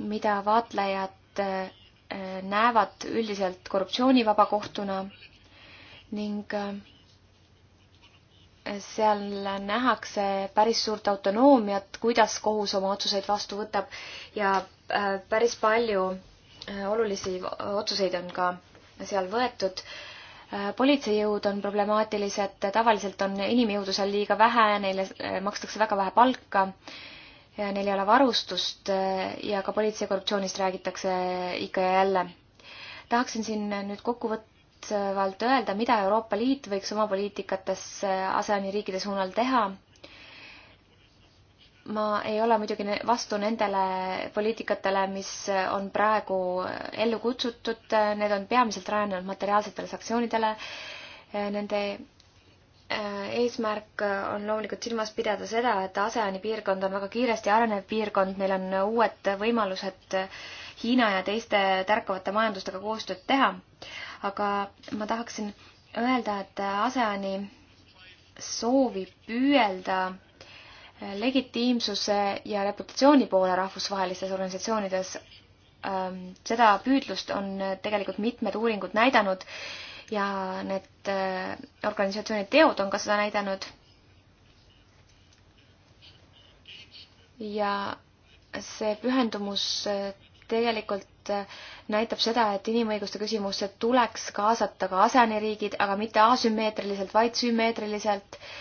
mida vaatlejad äh, näevad üldiselt korruptsioonivaba kohtuna ning äh, seal nähakse päris suurt autonoomiat, kuidas kohus oma otsuseid vastu võtab ja Äh, päris palju äh, olulisi otsuseid on ka seal võetud. Äh, politseijõud on problemaatilised, tavaliselt on inimjõudu seal liiga vähe, neile makstakse väga vähe palka, neil ei ole varustust ja ka politseikorruptsioonist räägitakse ikka ja jälle. tahaksin siin nüüd kokkuvõtvalt öelda, mida Euroopa Liit võiks oma poliitikates ASEAN-i riikide suunal teha ma ei ole muidugi vastu nendele poliitikatele, mis on praegu ellu kutsutud, need on peamiselt rajanenud materiaalsetele sanktsioonidele. Nende äh, eesmärk on loomulikult silmas pidada seda, et ASEAN-i piirkond on väga kiiresti arenev piirkond, meil on uued võimalused Hiina ja teiste tärkavate majandustega koostööd teha. aga ma tahaksin öelda, et ASEAN-i soovi püüelda legitiimsuse ja reputatsiooni poole rahvusvahelistes organisatsioonides. Ähm, seda püüdlust on tegelikult mitmed uuringud näidanud ja need äh, organisatsiooni teod on ka seda näidanud. ja see pühendumus äh, tegelikult äh, näitab seda, et inimõiguste küsimusse tuleks kaasata ka aseneriigid, aga mitte asümmeetriliselt, vaid sümmeetriliselt äh,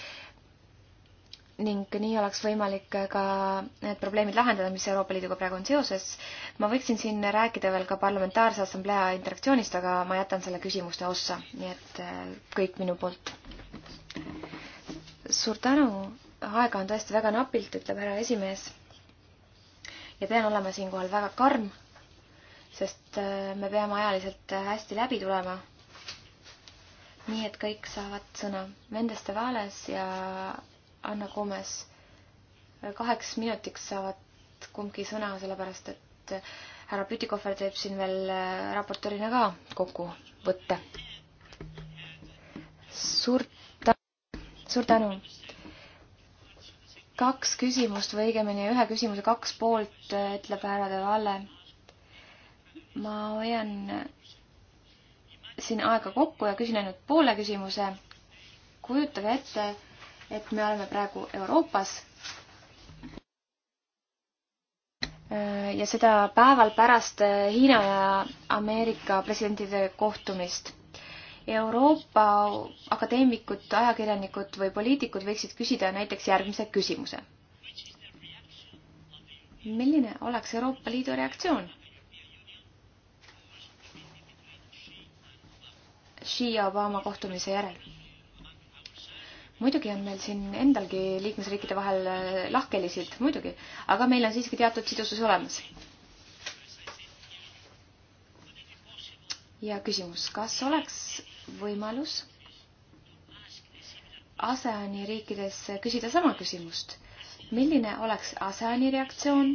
ning nii oleks võimalik ka need probleemid lahendada, mis Euroopa Liiduga praegu on seoses. ma võiksin siin rääkida veel ka parlamentaarse assamblee interaktsioonist, aga ma jätan selle küsimuste ossa, nii et äh, kõik minu poolt. suur tänu, aega on tõesti väga napilt, ütleb härra esimees. ja pean olema siinkohal väga karm, sest äh, me peame ajaliselt äh, hästi läbi tulema nii et kõik saavad sõna. Mendes de Vales ja Anna Gomes. kaheks minutiks saavad kumbki sõna, sellepärast et äh, härra Pütikohver teeb siin veel äh, raportöörina ka kokkuvõtte. suur tänu, suur tänu kaks küsimust või õigemini ühe küsimuse kaks poolt, äh, ütleb härra De Valle. ma hoian siin aega kokku ja küsin ainult poole küsimuse. kujutage ette, et me oleme praegu Euroopas. Äh, ja seda päeval pärast äh, Hiina ja Ameerika presidentide kohtumist. Euroopa akadeemikud, ajakirjanikud või poliitikud võiksid küsida näiteks järgmise küsimuse. milline oleks Euroopa Liidu reaktsioon? Xi ja Obama kohtumise järel muidugi on meil siin endalgi liikmesriikide vahel äh, lahkhelisid, muidugi, aga meil on siiski teatud sidusus olemas. ja küsimus, kas oleks võimalus ASEAN-i riikides küsida sama küsimust? milline oleks ASEAN-i reaktsioon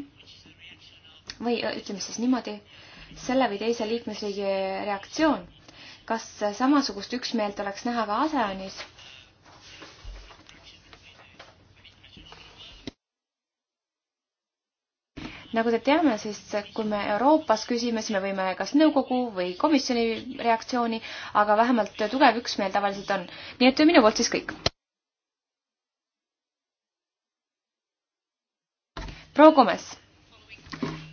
või äh, ütleme siis niimoodi, selle või teise liikmesriigi reaktsioon? kas samasugust üksmeelt oleks näha ka ASEAN-is? nagu te teame, siis kui me Euroopas küsime, siis me võime kas nõukogu või komisjoni reaktsiooni, aga vähemalt tugev üksmeel tavaliselt on. nii et minu poolt siis kõik. proua Komes,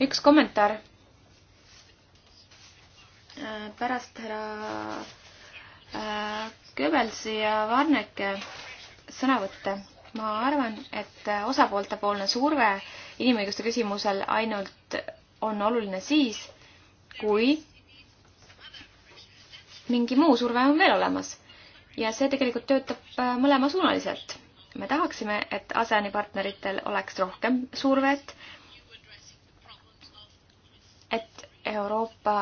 üks kommentaar. pärast härra äh, Goebbelsi ja Varneke sõnavõtte ma arvan, et osapooltepoolne surve inimõiguste küsimusel ainult on oluline siis, kui mingi muu surve on veel olemas ja see tegelikult töötab mõlemasuunaliselt. me tahaksime, et ASEAN-i partneritel oleks rohkem survet, et Euroopa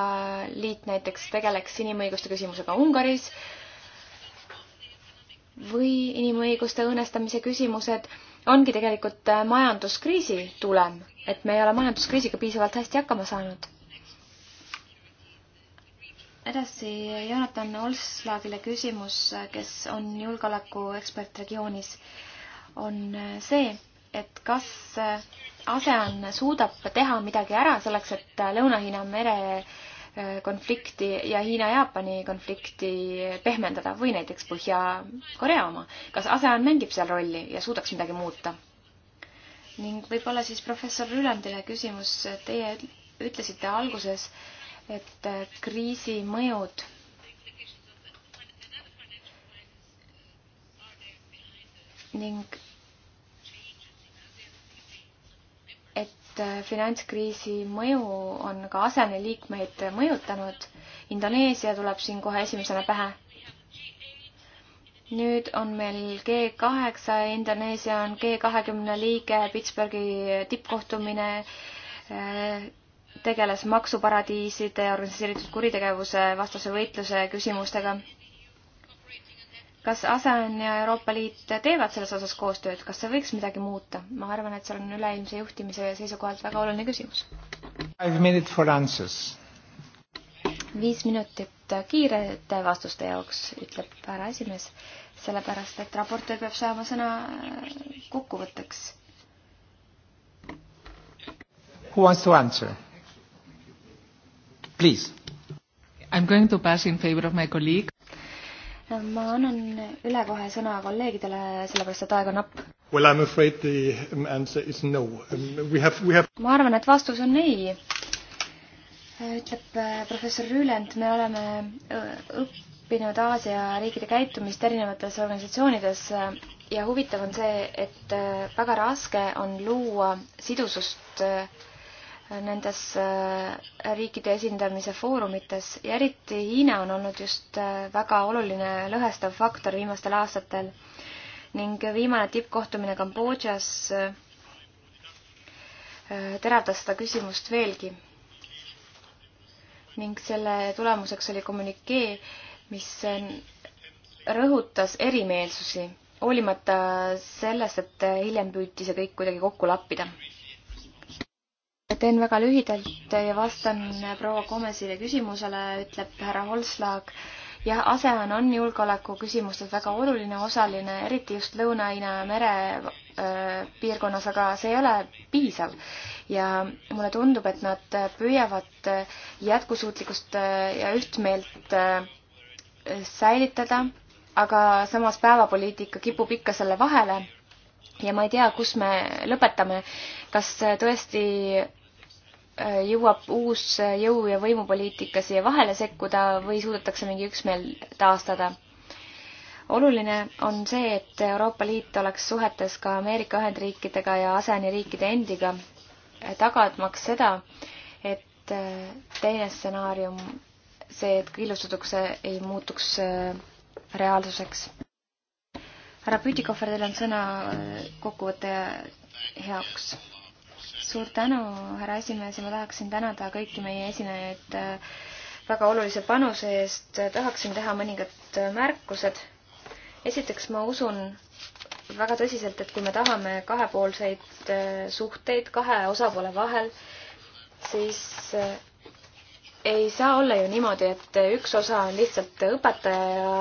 Liit näiteks tegeleks inimõiguste küsimusega Ungaris äh,, või inimõiguste õõnestamise küsimused ongi tegelikult äh, majanduskriisi tulem, et me ei ole majanduskriisiga piisavalt hästi hakkama saanud. edasi Jonathan Olslaagile küsimus, kes on julgeolekuekspert regioonis, on äh, see, et kas äh, ASEAN suudab teha midagi ära selleks, et Lõuna-Hiina mere Äh, konflikti ja Hiina-Jaapani konflikti pehmendada või näiteks Põhja-Korea oma. kas ASEAN mängib seal rolli ja suudaks midagi muuta? ning võib-olla siis professor Rülandile küsimus, teie ütlesite alguses, et äh, kriisi mõjud ning et äh, finantskriisi mõju on ka ASEAN-i liikmeid mõjutanud. Indoneesia tuleb siin kohe esimesena pähe. nüüd on meil G kaheksa, Indoneesia on G kahekümne liige, Pittsburghi tippkohtumine äh, tegeles maksuparadiiside ja organiseeritud kuritegevuse vastase võitluse küsimustega kas ASEAN ja Euroopa Liit teevad selles osas koostööd, kas see võiks midagi muuta? ma arvan, et see on üleilmse juhtimise seisukohalt väga oluline küsimus. viis minutit kiirete vastuste jaoks, ütleb härra esimees, sellepärast et raportöör peab saama sõna äh, kokkuvõtteks. Who wants to answer? Please. I am going to pass in favor of my colleague ma annan üle kohe sõna kolleegidele, sellepärast et aeg on napp. Well, I am afraid the um, answer is no. Um, we have, we have ma arvan, et vastus on ei. ütleb äh, professor Rüülend, me oleme äh, õppinud Aasia riikide käitumist erinevates organisatsioonides äh, ja huvitav on see, et väga raske on luua sidusust nendes äh, riikide esindamise foorumites ja eriti Hiina on olnud just äh, väga oluline lõhestav faktor viimastel aastatel ning viimane tippkohtumine Kambodžas äh, teravdas seda küsimust veelgi. ning selle tulemuseks oli kommünikee, mis rõhutas erimeelsusi, hoolimata sellest, et hiljem püüti see kõik kuidagi kokku lappida teen väga lühidalt ja vastan proua Komesile küsimusele, ütleb härra Holslag. jah, ASEAN on julgeoleku küsimustes väga oluline osaline, eriti just Lõuna-Hiina mere äh, piirkonnas, aga see ei ole piisav. ja mulle tundub, et nad püüavad jätkusuutlikkust äh, ja ühtmeelt äh, säilitada, aga samas päevapoliitika kipub ikka selle vahele ja ma ei tea, kus me lõpetame, kas tõesti äh, jõuab uus jõu- ja võimupoliitika siia vahele sekkuda või suudetakse mingi üksmeel taastada. oluline on see, et Euroopa Liit oleks suhetes ka Ameerika Ühendriikidega ja ASEAN-i riikide endiga, äh, tagamaks seda, et äh, teine stsenaarium, see, et killustatuks ei muutuks reaalsuseks härra Pütikofer, teil on sõna äh, kokkuvõtte heaks. suur tänu, härra esimees, ja ma tahaksin tänada kõiki meie esinejaid äh, väga olulise panuse eest. tahaksin teha mõningad äh, märkused. esiteks ma usun väga tõsiselt, et kui me tahame kahepoolseid suhteid kahe osapoole vahel, siis ei saa olla ju niimoodi, et üks osa on lihtsalt õpetaja ja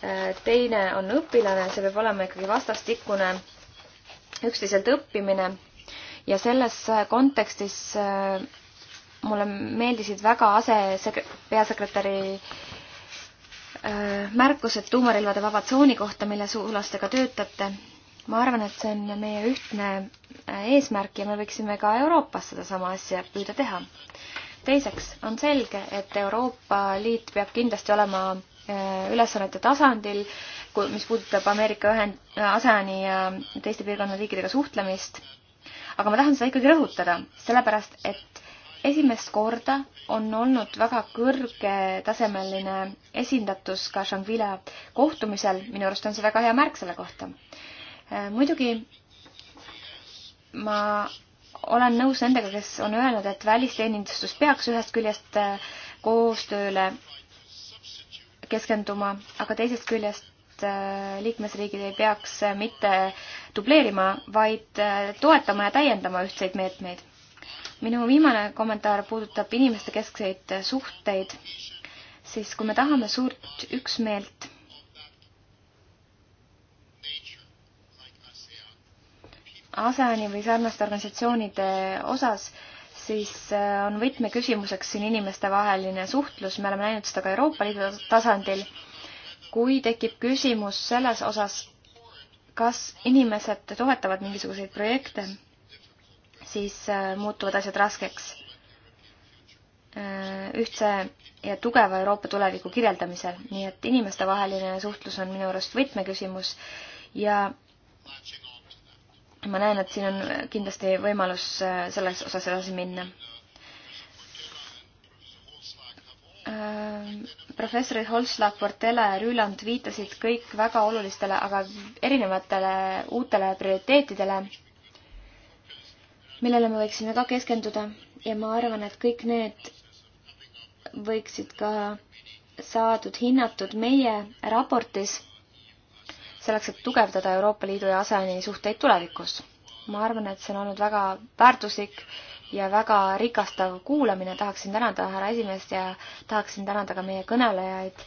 Äh, teine on õpilane, see peab olema ikkagi vastastikune üksteiselt õppimine ja selles äh, kontekstis äh, mulle meeldisid väga ase-, peasekretäri märkused tuumarelvade vaba tsooni kohta, mille suunas te ka töötate. ma arvan, et see on meie ühtne eesmärk ja me võiksime ka Euroopas sedasama asja püüda teha. teiseks on selge, et Euroopa Liit peab kindlasti olema Äh, ülesannete tasandil, mis puudutab Ameerika ühend-, ASEAN-i ja teiste piirkondade riikidega suhtlemist. aga ma tahan seda ikkagi rõhutada, sellepärast et esimest korda on olnud väga kõrgetasemeline esindatus ka Shangri-La kohtumisel, minu arust on see väga hea märk selle kohta. Äh, muidugi ma olen nõus nendega, kes on öelnud, et välisteenistus peaks ühest küljest äh, koostööle keskenduma, aga teisest küljest äh, liikmesriigid ei peaks äh, mitte dubleerima, vaid äh, toetama ja täiendama ühtseid meetmeid. minu viimane kommentaar puudutab inimeste keskseid suhteid, siis kui me tahame suurt üksmeelt, ASEAN-i või sarnaste organisatsioonide osas, siis äh, on võtmeküsimuseks siin inimestevaheline suhtlus, me oleme näinud seda ka Euroopa Liidu tasandil. kui tekib küsimus selles osas, kas inimesed toetavad mingisuguseid projekte, siis äh, muutuvad asjad raskeks. Äh, ühtse ja tugeva Euroopa tuleviku kirjeldamisel, nii et inimestevaheline suhtlus on minu arust võtmeküsimus ja ma näen, et siin on kindlasti võimalus äh, selles osas edasi minna. Ähm, professorid Holslag, Portela ja Rüland viitasid kõik väga olulistele, aga erinevatele uutele prioriteetidele, millele me võiksime ka keskenduda ja ma arvan, et kõik need võiksid ka saadud hinnatud meie raportis selleks, et tugevdada Euroopa Liidu ja ASEAN-i suhteid tulevikus. ma arvan, et see on olnud väga väärtuslik ja väga rikastav kuulamine, tahaksin tänada härra esimeest ja tahaksin tänada ka meie kõnelejaid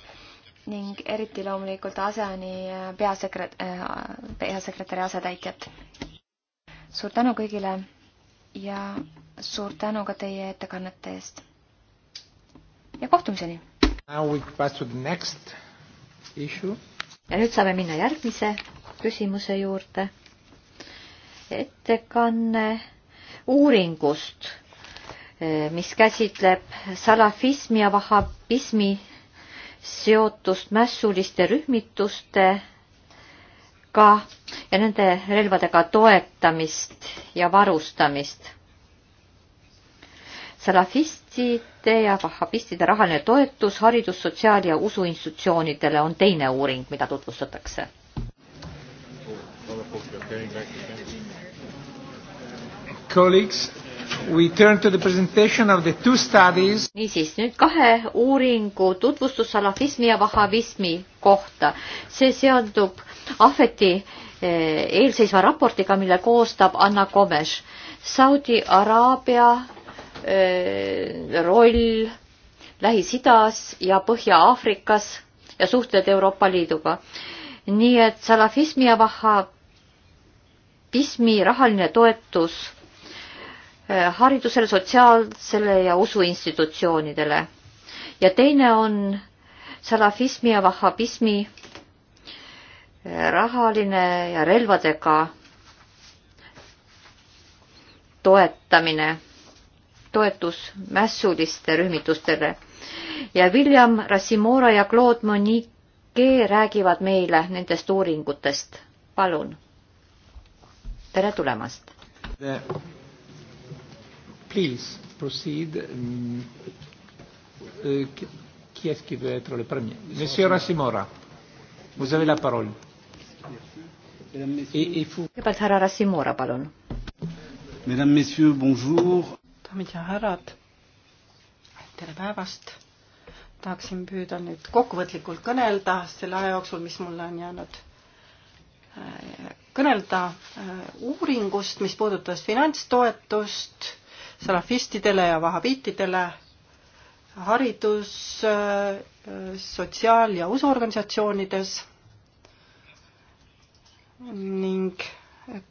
ning eriti loomulikult ASEAN-i äh, peasekret-, äh, peasekretäri asetäitjat. suur tänu kõigile ja suur tänu ka teie ettekannete eest. ja kohtumiseni! Now we pass to the next issue ja nüüd saame minna järgmise küsimuse juurde. ettekanne uuringust, eh, mis käsitleb salafismi ja vahabismi seotust mässuliste rühmitustega ja nende relvadega toetamist ja varustamist salafistide ja vahhabistide rahaline toetus haridus, sotsiaal- ja usuinstitutsioonidele on teine uuring, mida tutvustatakse. Colleagues, we turn to the presentation of the two studies. niisiis, nüüd kahe uuringu tutvustus salafismi ja vahhabismi kohta. see seondub Ahveti eh, eelseisva raportiga, mille koostab Anna Komes. Saudi Araabia Äh, roll Lähis-Idas ja Põhja-Aafrikas ja suhted Euroopa Liiduga. nii et salafismi ja vahhabismi rahaline toetus äh, haridusele, sotsiaalsele ja usuinstitutsioonidele. ja teine on salafismi ja vahhabismi äh, rahaline ja relvadega toetamine toetus mässuliste rühmitustele. ja William Rassimora ja Claude Monique räägivad meile nendest uuringutest. palun. tere tulemast. Please proceed um,. Uh, qui est-ce qui veut être le premier Monsieur Rassimora, vous avez la parole. E, e kõigepealt härra Rassimora, palun. Mesdames, Messieurs, bonjour daamid ja härrad, tere päevast! tahaksin püüda nüüd kokkuvõtlikult kõnelda selle aja jooksul, mis mulle on jäänud äh, kõnelda äh, uuringust, mis puudutas finantstoetust salafistidele ja vahabiitidele, haridus, äh, sotsiaal- ja usuorganisatsioonides ning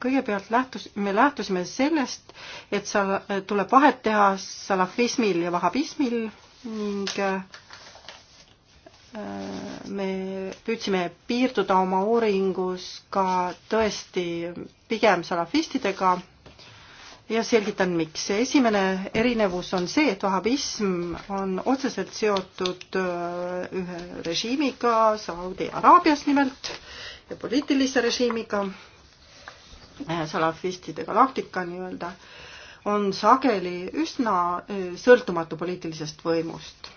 kõigepealt lähtus, me lähtusime sellest, et sa, tuleb vahet teha salafismil ja vahabismil ning äh, me püüdsime piirduda oma uuringus ka tõesti pigem salafistidega ja selgitan, miks. esimene erinevus on see, et vahabism on otseselt seotud äh, ühe režiimiga, Saudi Araabias nimelt, ja poliitilise režiimiga Äh, salafistide galaktika nii-öelda, on sageli üsna äh, sõltumatu poliitilisest võimust.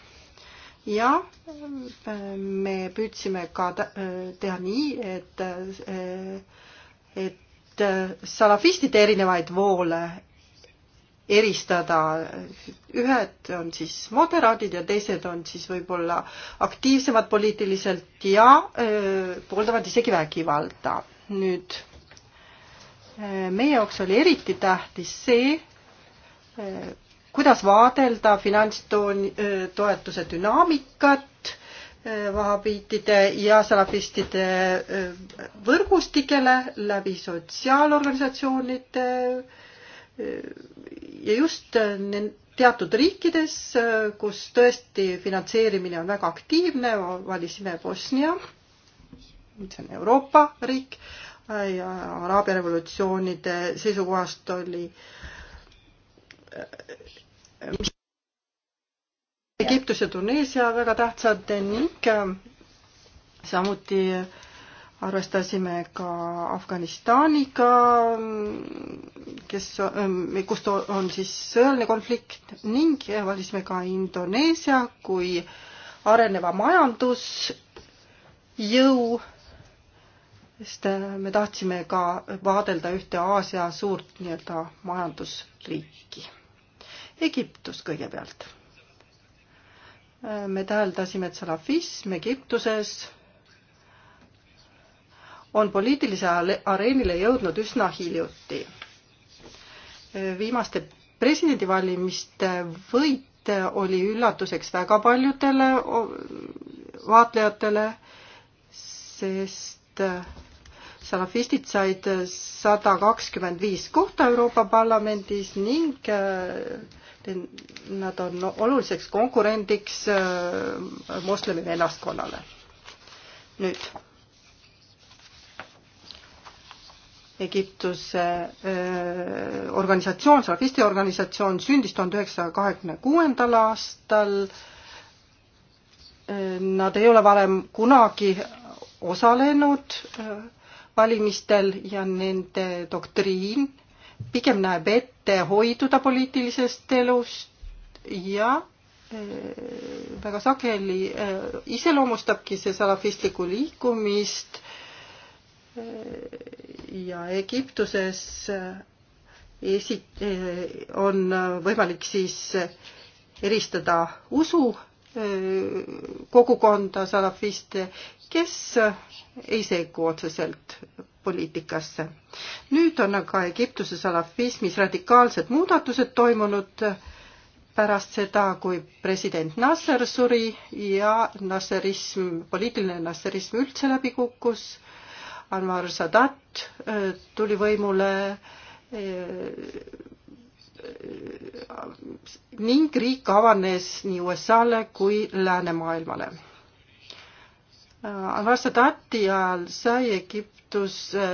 ja äh, me püüdsime ka teha nii, et et salafistide erinevaid voole eristada, ühed on siis moderaadid ja teised on siis võib-olla aktiivsemad poliitiliselt ja öö, pooldavad isegi vägivalda. nüüd meie jaoks oli eriti tähtis see, eh, kuidas vaadelda finantstoetuse eh, dünaamikat eh, vahabiitide ja salafistide võrgustikele läbi sotsiaalorganisatsioonide ja just teatud riikides, kus tõesti finantseerimine on väga aktiivne, valisime Bosnia, see on Euroopa riik, ja Araabia revolutsioonide seisukohast oli äh, Egiptus ja Tuneesia väga tähtsad ning äh, samuti arvestasime ka Afganistaniga, kes, äh, kus on siis sõjaline konflikt ning valisime ka Indoneesia kui areneva majandusjõu sest äh, me tahtsime ka vaadelda ühte Aasia suurt nii-öelda majandusriiki. Egiptus kõigepealt. Äh, me täheldasime, et salafism Egiptuses on poliitilise areenile jõudnud üsna hiljuti. Äh, viimaste presidendivalimiste võit oli üllatuseks väga paljudele vaatlejatele, sest salafistid said sada kakskümmend viis kohta Euroopa Parlamendis ning eh, nad on oluliseks konkurendiks eh, moslemi vennaskonnale. nüüd Egiptuse eh, organisatsioon, salafisti organisatsioon sündis tuhande üheksasaja kahekümne kuuendal aastal. Nad ei ole varem kunagi osalenud valimistel ja nende doktriin pigem näeb ette hoiduda poliitilisest elust ja eh, väga sageli eh, iseloomustabki see salafistlikku liikumist eh, ja Egiptuses esi-, on võimalik siis eristada usu kogukonda salafiste kes ei segu otseselt poliitikasse. nüüd on aga Egiptuse salafismis radikaalsed muudatused toimunud pärast seda, kui president Nasser suri ja nasserism, poliitiline nasserism üldse läbi kukkus. Anwar Sadat äh, tuli võimule äh, äh, ning riik avanes nii USA-le kui läänemaailmale Al-Assadati äh, ajal sai Egiptus äh,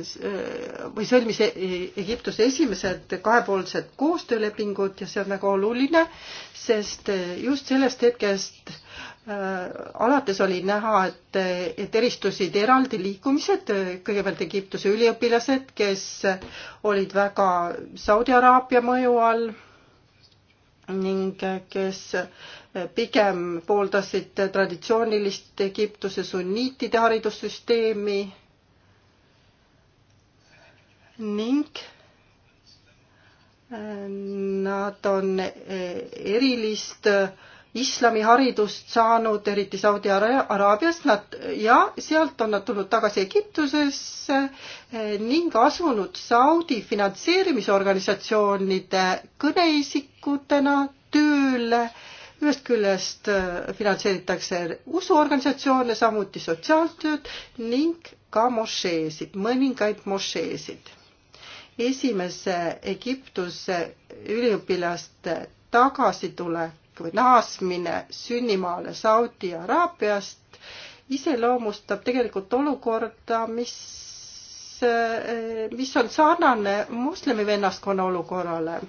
äh, või sõlmis e-, e-, Egiptus esimesed kahepoolsed koostöölepingud ja see on väga oluline, sest just sellest hetkest alates oli näha, et, et eristusid eraldi liikumised, kõigepealt Egiptuse üliõpilased, kes olid väga Saudi Araabia mõju all ning kes pigem pooldasid traditsioonilist Egiptuse sunniitide haridussüsteemi ning äh, nad on äh, erilist äh, islamiharidust saanud, eriti Saudi Araabiast nad ja sealt on nad tulnud tagasi Egiptusesse ning asunud Saudi finantseerimisorganisatsioonide kõneisikutena tööle äh, ühest küljest äh, finantseeritakse usuorganisatsioone, samuti sotsiaaltööd ning ka mošeesid, mõningaid mošeesid. esimese Egiptuse üliõpilaste tagasitulek või naasmine sünnimaale Saudi Araabiast iseloomustab tegelikult olukorda, mis, äh, mis on sarnane moslemi vennaskonna olukorrale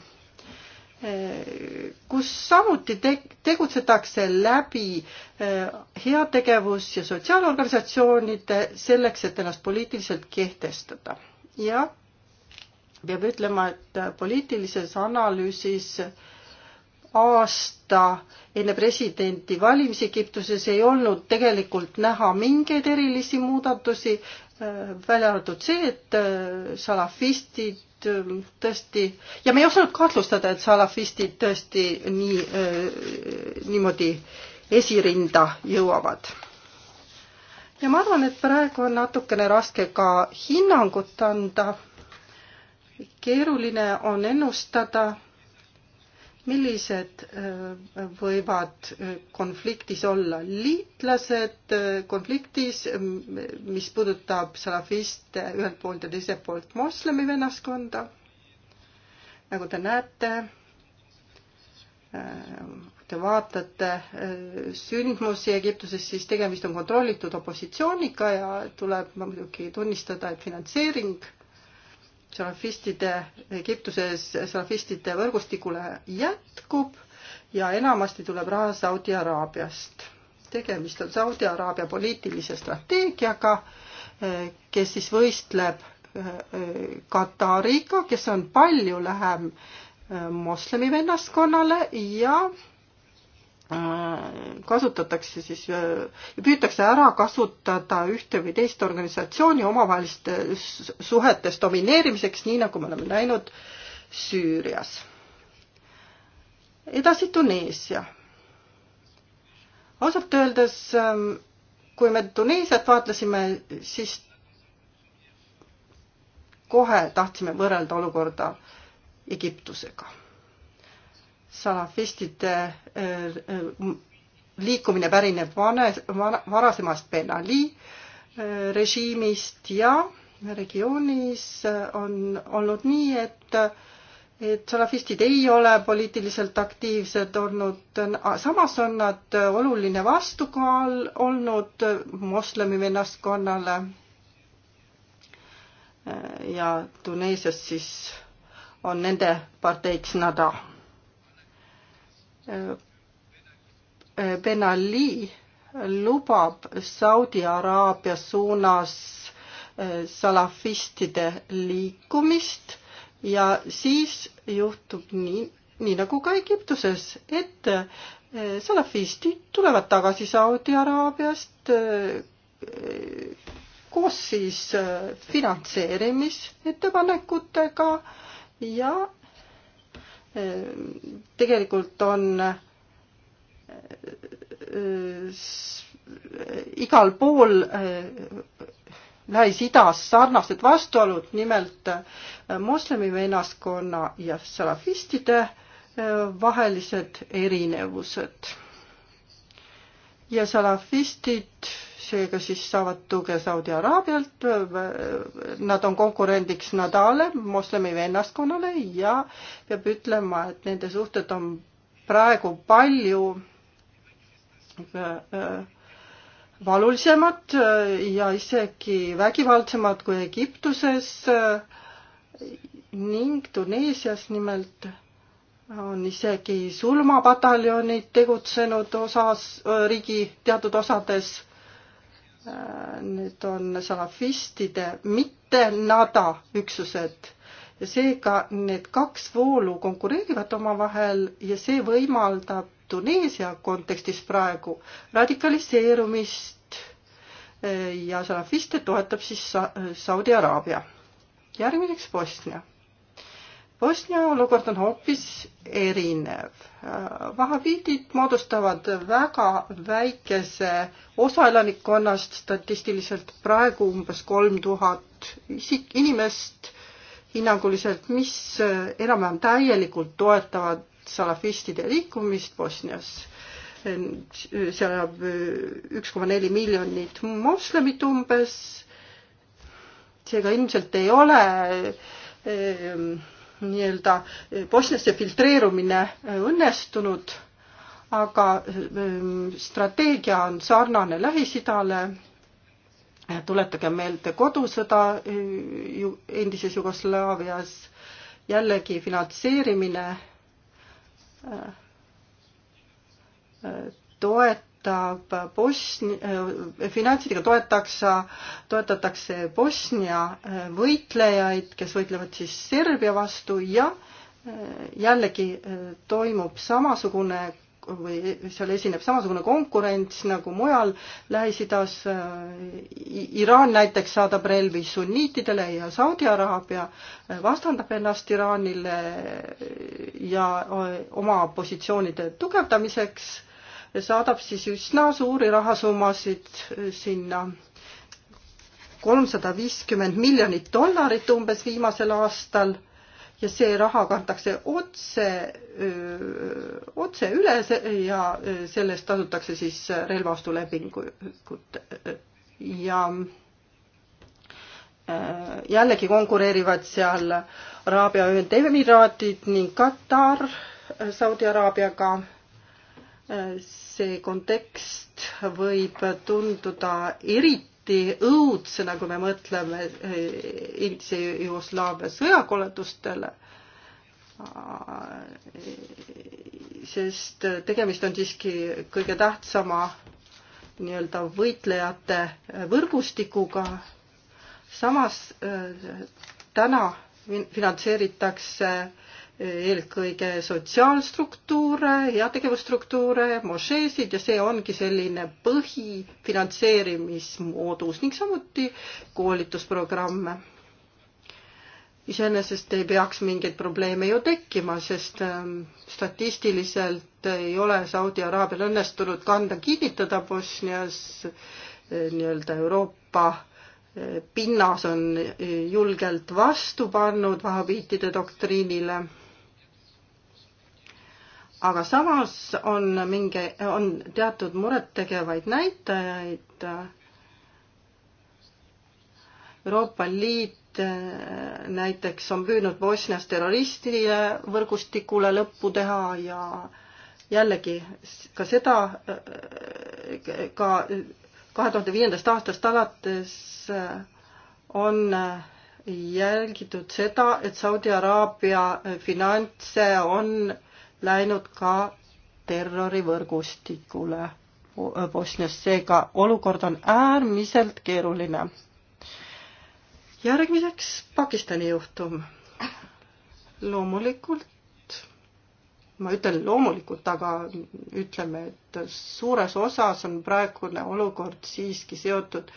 kus samuti te-, tegutsetakse läbi eh, heategevus- ja sotsiaalorganisatsioonide selleks, et ennast poliitiliselt kehtestada. ja peab ütlema, et poliitilises analüüsis aasta enne presidendi valimisi Egiptuses ei olnud tegelikult näha mingeid erilisi muudatusi, välja arvatud see, et äh, salafistid äh, tõesti ja me ei osanud kahtlustada, et salafistid tõesti nii, äh, niimoodi esirinda jõuavad. ja ma arvan, et praegu on natukene raske ka hinnangut anda. keeruline on ennustada millised äh, võivad äh, konfliktis olla liitlased äh, konfliktis, mis puudutab salafiste ühelt poolt ja teiselt poolt moslemi vennaskonda. nagu te näete, te vaatate sündmusi Egiptuses, siis tegemist on kontrollitud opositsiooniga ja tuleb muidugi tunnistada, et finantseering salafistide, Egiptuses salafistide võrgustikule jätkub ja enamasti tuleb raha Saudi Araabiast. tegemist on Saudi Araabia poliitilise strateegiaga, kes siis võistleb Katariga, kes on palju lähem eh, moslemi vennaskonnale ja kasutatakse siis, püütakse ära kasutada ühte või teist organisatsiooni omavahelistes suhetes domineerimiseks, nii nagu me oleme näinud Süürias. edasi Tuneesia. ausalt öeldes, kui me Tuneesiat vaatlesime, siis kohe tahtsime võrrelda olukorda Egiptusega salafistide äh, äh, liikumine pärineb vane, varasemast Ben Ali äh, režiimist ja regioonis on olnud nii, et et salafistid ei ole poliitiliselt aktiivsed olnud, samas on nad oluline vastukaal olnud moslemi vennaskonnale. ja Tuneesias siis on nende parteiks Nada Ben Ali lubab Saudi Araabia suunas äh, salafistide liikumist ja siis juhtub nii, nii nagu ka Egiptuses, et äh, salafistid tulevad tagasi Saudi Araabiast äh, koos siis finantseerimisettepanekutega ja tegelikult on äh, igal pool äh, Lähis-Idas sarnased vastuolud, nimelt äh, moslemi vennaskonna ja salafistide vahelised erinevused. ja salafistid seega siis saavad tuge Saudi Araabialt, nad on konkurendiks Nadale, moslemi vennaskonnale ja peab ütlema, et nende suhted on praegu palju äh, äh, valulisemad äh, ja isegi vägivaldsemad kui Egiptuses ning Tuneesias nimelt on isegi surmapataljonid tegutsenud osas, riigi teatud osades Äh, need on salafistide mitte nada üksused ja seega need kaks voolu konkureerivad omavahel ja see võimaldab Tuneesia kontekstis praegu radikaliseerumist äh, ja salafiste toetab siis Saudi Araabia. järgmiseks Bosnia. Bosnia olukord on hoopis erinev. Vahaviidid moodustavad väga väikese osa elanikkonnast, statistiliselt praegu umbes kolm tuhat isik, inimest hinnanguliselt, mis enam-vähem täielikult toetavad salafistide liikumist Bosnias seal elab üks koma neli miljonit moslemit umbes. seega ilmselt ei ole ehm, nii-öelda eh, Bosniasse filtreerumine eh, õnnestunud, aga eh, strateegia on sarnane Lähis-Idale. tuletage meelde kodusõda endises Jugoslaavias, jällegi finantseerimine, toet-, toetab Bosni-, äh, finantsidega toetakse, toetatakse Bosnia äh, võitlejaid, kes võitlevad siis Serbia vastu ja äh, jällegi toimub samasugune või seal esineb samasugune konkurents nagu mujal Lähis-Idas. Iraan näiteks saadab relvi sunniitidele ja Saudi Araabia vastandab ennast Iraanile ja oma positsioonide tugevdamiseks saadab siis üsna suuri rahasummasid eh, sinna. kolmsada viiskümmend miljonit dollarit umbes viimasel aastal ja see raha kantakse otse, eh, otse üle ja eh, sellest tasutakse siis relvaostulepingut ja jällegi konkureerivad seal Araabia Ühendemiraadid ning Katar Saudi Araabiaga see kontekst võib tunduda eriti õudsena, nagu kui me mõtleme eh, endise Jugoslaavia sõjakoledustele, eh, sest tegemist on siiski kõige tähtsama nii-öelda võitlejate võrgustikuga. samas eh, täna finantseeritakse äh, eelkõige sotsiaalstruktuure, heategevusstruktuure, mošeesid ja see ongi selline põhifinantseerimismoodus ning samuti koolitusprogramme. iseenesest ei peaks mingeid probleeme ju tekkima, sest ähm, statistiliselt ei ole Saudi Araabial õnnestunud kanda kinnitada Bosnias äh, nii-öelda Euroopa äh, pinnas on äh, julgelt vastu pannud vahabiitide doktriinile aga samas on mingi, on teatud murettegevaid näitajaid. Euroopa Liit eh, näiteks on püüdnud Bosnias terroristide võrgustikule lõppu teha ja jällegi ka seda, eh, ka kahe tuhande viiendast aastast alates eh, on jälgitud seda, et Saudi Araabia finantse on läinud ka terrorivõrgustikule äh, Bosnias, seega olukord on äärmiselt keeruline. järgmiseks Pakistani juhtum. loomulikult, ma ütlen loomulikult, aga ütleme, et suures osas on praegune olukord siiski seotud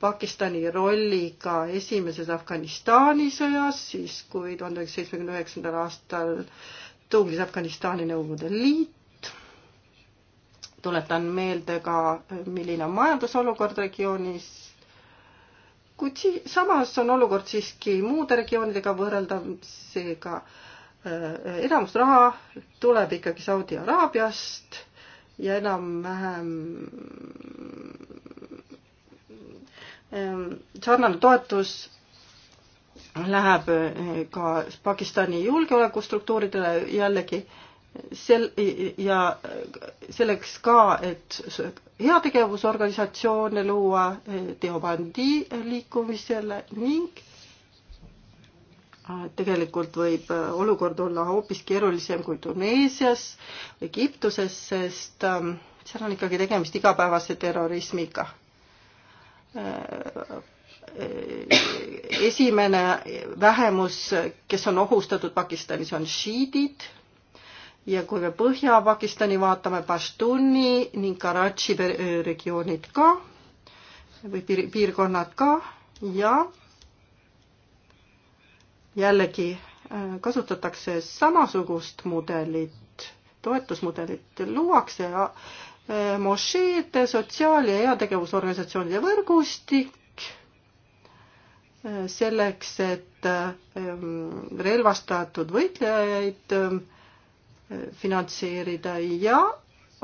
Pakistani rolliga esimeses Afganistani sõjas, siis kui tuhande üheksasaja seitsmekümne üheksandal aastal äh, tungis Afganistani Nõukogude Liit. tuletan meelde ka, milline on majandusolukord regioonis. kuid si-, samas on olukord siiski muude regioonidega võrreldav, seega äh, enamus raha tuleb ikkagi Saudi Araabiast ja enam-vähem äh, sarnane toetus läheb eh, ka Pakistani julgeolekustruktuuridele jällegi sel- ja selleks ka, et heategevusorganisatsioone luua eh, teobandi liikumisele ning eh, tegelikult võib olukord olla hoopis keerulisem kui Tuneesias, Egiptuses, sest seal on ikkagi tegemist igapäevase terrorismiga esimene vähemus, kes on ohustatud Pakistanis, on šiidid ja kui me Põhja-Pakistani vaatame, Pashtuni ning Karachi regioonid ka või piirkonnad ka ja jällegi äh, kasutatakse samasugust mudelit, toetusmudelit, luuakse äh, mošeede, sotsiaal- ja heategevusorganisatsioonide võrgustik, selleks, et ähm, relvastatud võitlejaid ähm, finantseerida ja äh,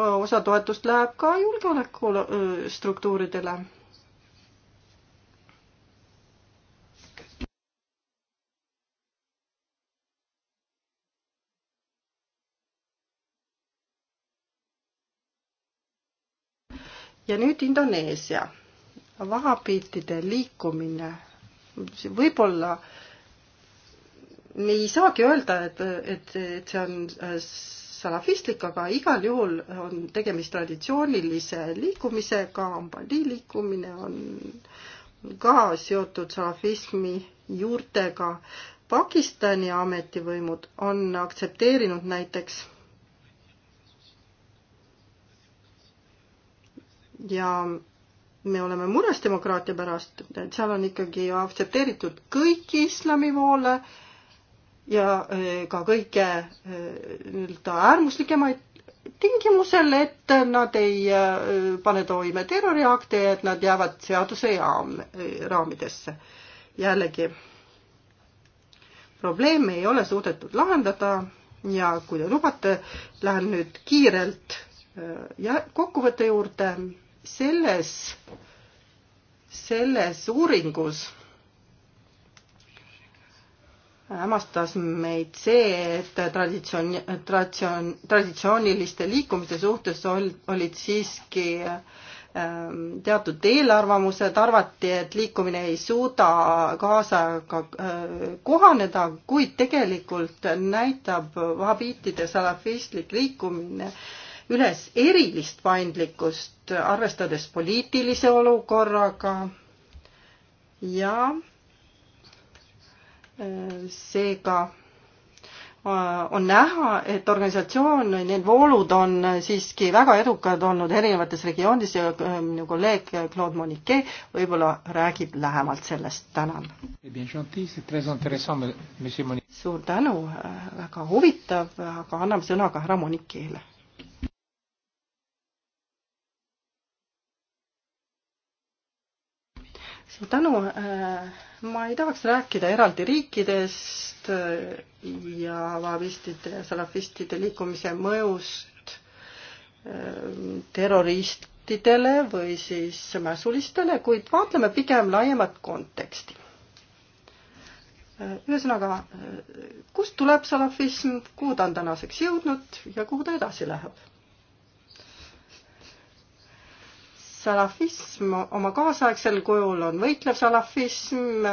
osa toetust läheb ka julgeolekustruktuuridele. Äh, ja nüüd Indoneesia. vahapiltide liikumine võib-olla me ei saagi öelda, et, et, et see on äh, salafistlik, aga igal juhul on tegemist traditsioonilise liikumisega, ambali liikumine on ka seotud salafismi juurtega. Pakistani ametivõimud on aktsepteerinud näiteks ja me oleme mures demokraatia pärast, et seal on ikkagi aktsepteeritud kõiki islami voole ja eh, ka kõige eh, nii-öelda äärmuslikemaid tingimusel, et nad ei eh, pane toime terroriakte ja et nad jäävad seaduse jaam, raamidesse. jällegi, probleemi ei ole suudetud lahendada ja kui te lubate, lähen nüüd kiirelt ja kokkuvõtte juurde selles, selles uuringus hämmastas meid see, et traditsioon, traditsioon, traditsiooniliste liikumiste suhtes ol-, olid siiski ähm, teatud eelarvamused, arvati, et liikumine ei suuda kaasaega äh, kohaneda, kuid tegelikult näitab vahabiitide salafistlik liikumine äh, üles erilist paindlikkust, arvestades poliitilise olukorraga ja äh, seega äh, on näha, et organisatsioon, need voolud on siiski väga edukad olnud erinevates regioonides ja äh, minu kolleeg Claude Monique võib-olla räägib lähemalt sellest, tänan. Eh suur tänu, väga huvitav, aga anname sõna ka härra Monique'ile. suur tänu, äh, ma ei tahaks rääkida eraldi riikidest äh, ja vahabistide ja salafistide liikumise mõjust äh, terroristidele või siis mässulistele, kuid vaatleme pigem laiemat konteksti ühesõnaga, kust tuleb salafism, kuhu ta on tänaseks jõudnud ja kuhu ta edasi läheb? salafism oma kaasaegsel kujul on võitlev salafism,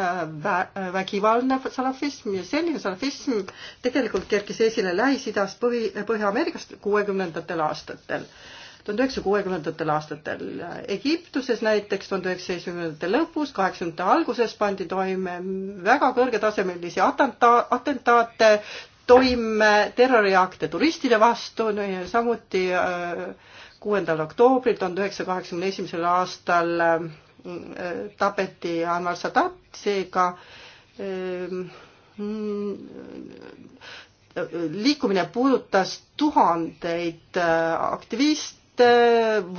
vägivaldne salafism ja selline salafism tegelikult kerkis esile Lähis-Idas, Põhi, Põhja-Ameerikas kuuekümnendatel aastatel. tuhande üheksasaja kuuekümnendatel aastatel Egiptuses näiteks tuhande üheksasaja seitsmekümnendate lõpus, kaheksakümnendate alguses pandi toime väga kõrgetasemelisi atenta-, atentaate, toime terroriakte turistide vastu no, samuti äh, kuuendal oktoobril tuhande üheksasaja kaheksakümne esimesel aastal äh, tapeti Anvar Sadat, seega äh, liikumine puudutas tuhandeid äh, aktiviste,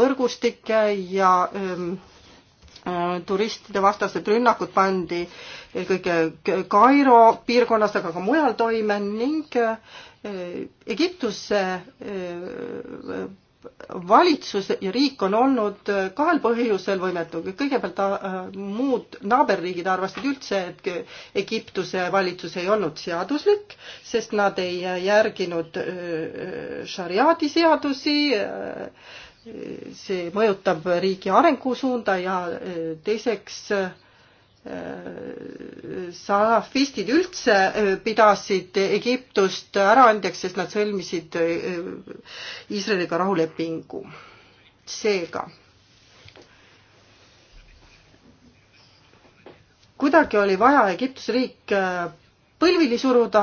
võrgustikke ja ähm, turistide vastased rünnakud pandi eelkõige Kairo piirkonnas, aga ka mujal toime ning Egiptuse valitsus ja riik on olnud kahel põhjusel võimetu. kõigepealt äh, muud naaberriigid arvasid üldse, et Egiptuse valitsus ei olnud seaduslik, sest nad ei äh, järginud äh, šariaadi seadusi. see mõjutab riigi arengusuunda ja teiseks äh, salafistid üldse äh, pidasid Egiptust äraandjaks, sest nad sõlmisid äh, Iisraeliga rahulepingu. seega kuidagi oli vaja Egiptuse riik äh, põlvili suruda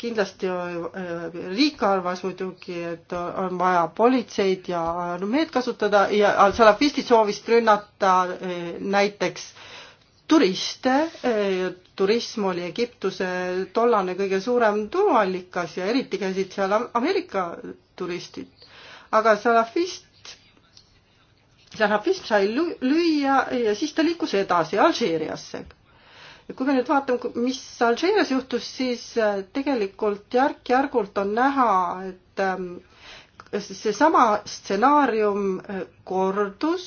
kindlasti äh, riik arvas muidugi, et on vaja politseid ja armeed kasutada ja salafistid soovisid rünnata äh, näiteks turiste, äh, turism oli Egiptuse tollane kõige suurem tuluallikas ja eriti käisid seal Ameerika turistid. aga salafist salafist sai lüüa ja siis ta liikus edasi Alžeeriasse kui me nüüd vaatame, mis Alžeerias juhtus, siis äh, tegelikult järk-järgult on näha, et ähm, seesama stsenaarium äh, kordus.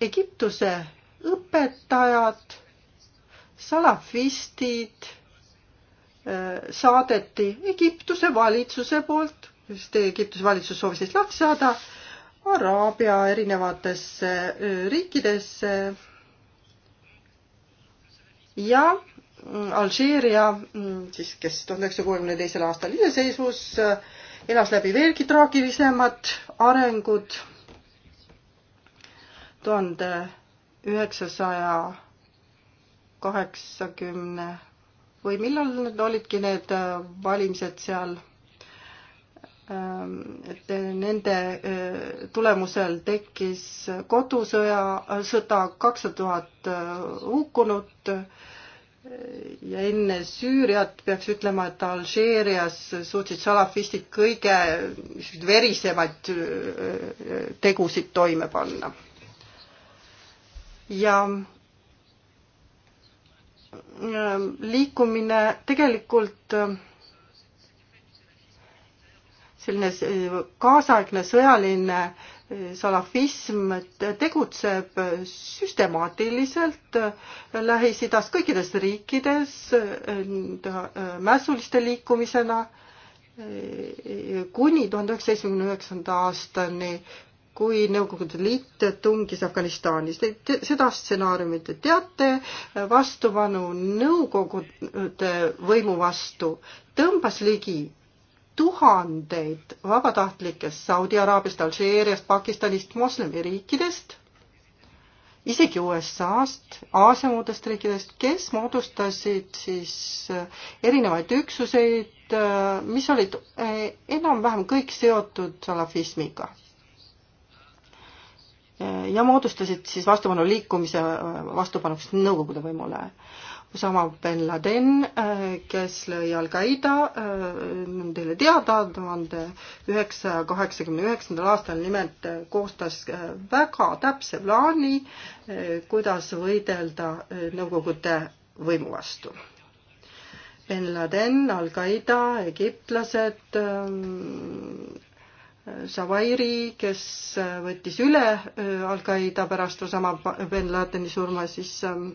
Egiptuse õpetajad, salafistid äh, saadeti Egiptuse valitsuse poolt, sest Egiptuse valitsus soovis neist lahti saada, Araabia erinevatesse riikidesse ja mm, Alžeeria mm, siis, kes tuhande üheksasaja kuuekümne teisel aastal iseseisvus, äh, elas läbi veelgi traagilisemad arengud. tuhande üheksasaja kaheksakümne või millal need olidki need äh, valimised seal? Äh, et nende tulemusel tekkis kodusõja, sõda, kakssada tuhat hukkunut ja enne Süüriat peaks ütlema, et Alžeerias suutsid salafistid kõige verisemaid tegusid toime panna. ja liikumine tegelikult selline kaasaegne sõjaline salafism tegutseb süstemaatiliselt Lähis-Idas kõikides riikides äh, mässuliste liikumisena äh, kuni tuhande üheksasaja seitsmekümne üheksanda aastani, kui Nõukogude Liit tungis Afganistanis. seda stsenaariumi te teate, vastupanu Nõukogude võimu vastu tõmbas ligi tuhandeid vabatahtlikest Saudi Araabiast, Alžeeriast, Pakistanist, moslemiriikidest, isegi USA-st, Aasia muudest riikidest, kes moodustasid siis äh, erinevaid üksuseid, äh, mis olid äh, enam-vähem kõik seotud salafismiga. ja moodustasid siis vastupanuliikumise vastupanuks Nõukogude võimule. Osama bin Laden, äh, kes lõi Al-Qaeda, äh, on teile teada, tuhande üheksasaja kaheksakümne üheksandal aastal nimelt äh, koostas väga täpse plaani, kuidas võidelda Nõukogude võimu vastu. bin Laden, Al-Qaeda, egiptlased, Zawairi, ähm, kes võttis üle Al-Qaeda pärast Osama bin Ladeni surma, siis ähm,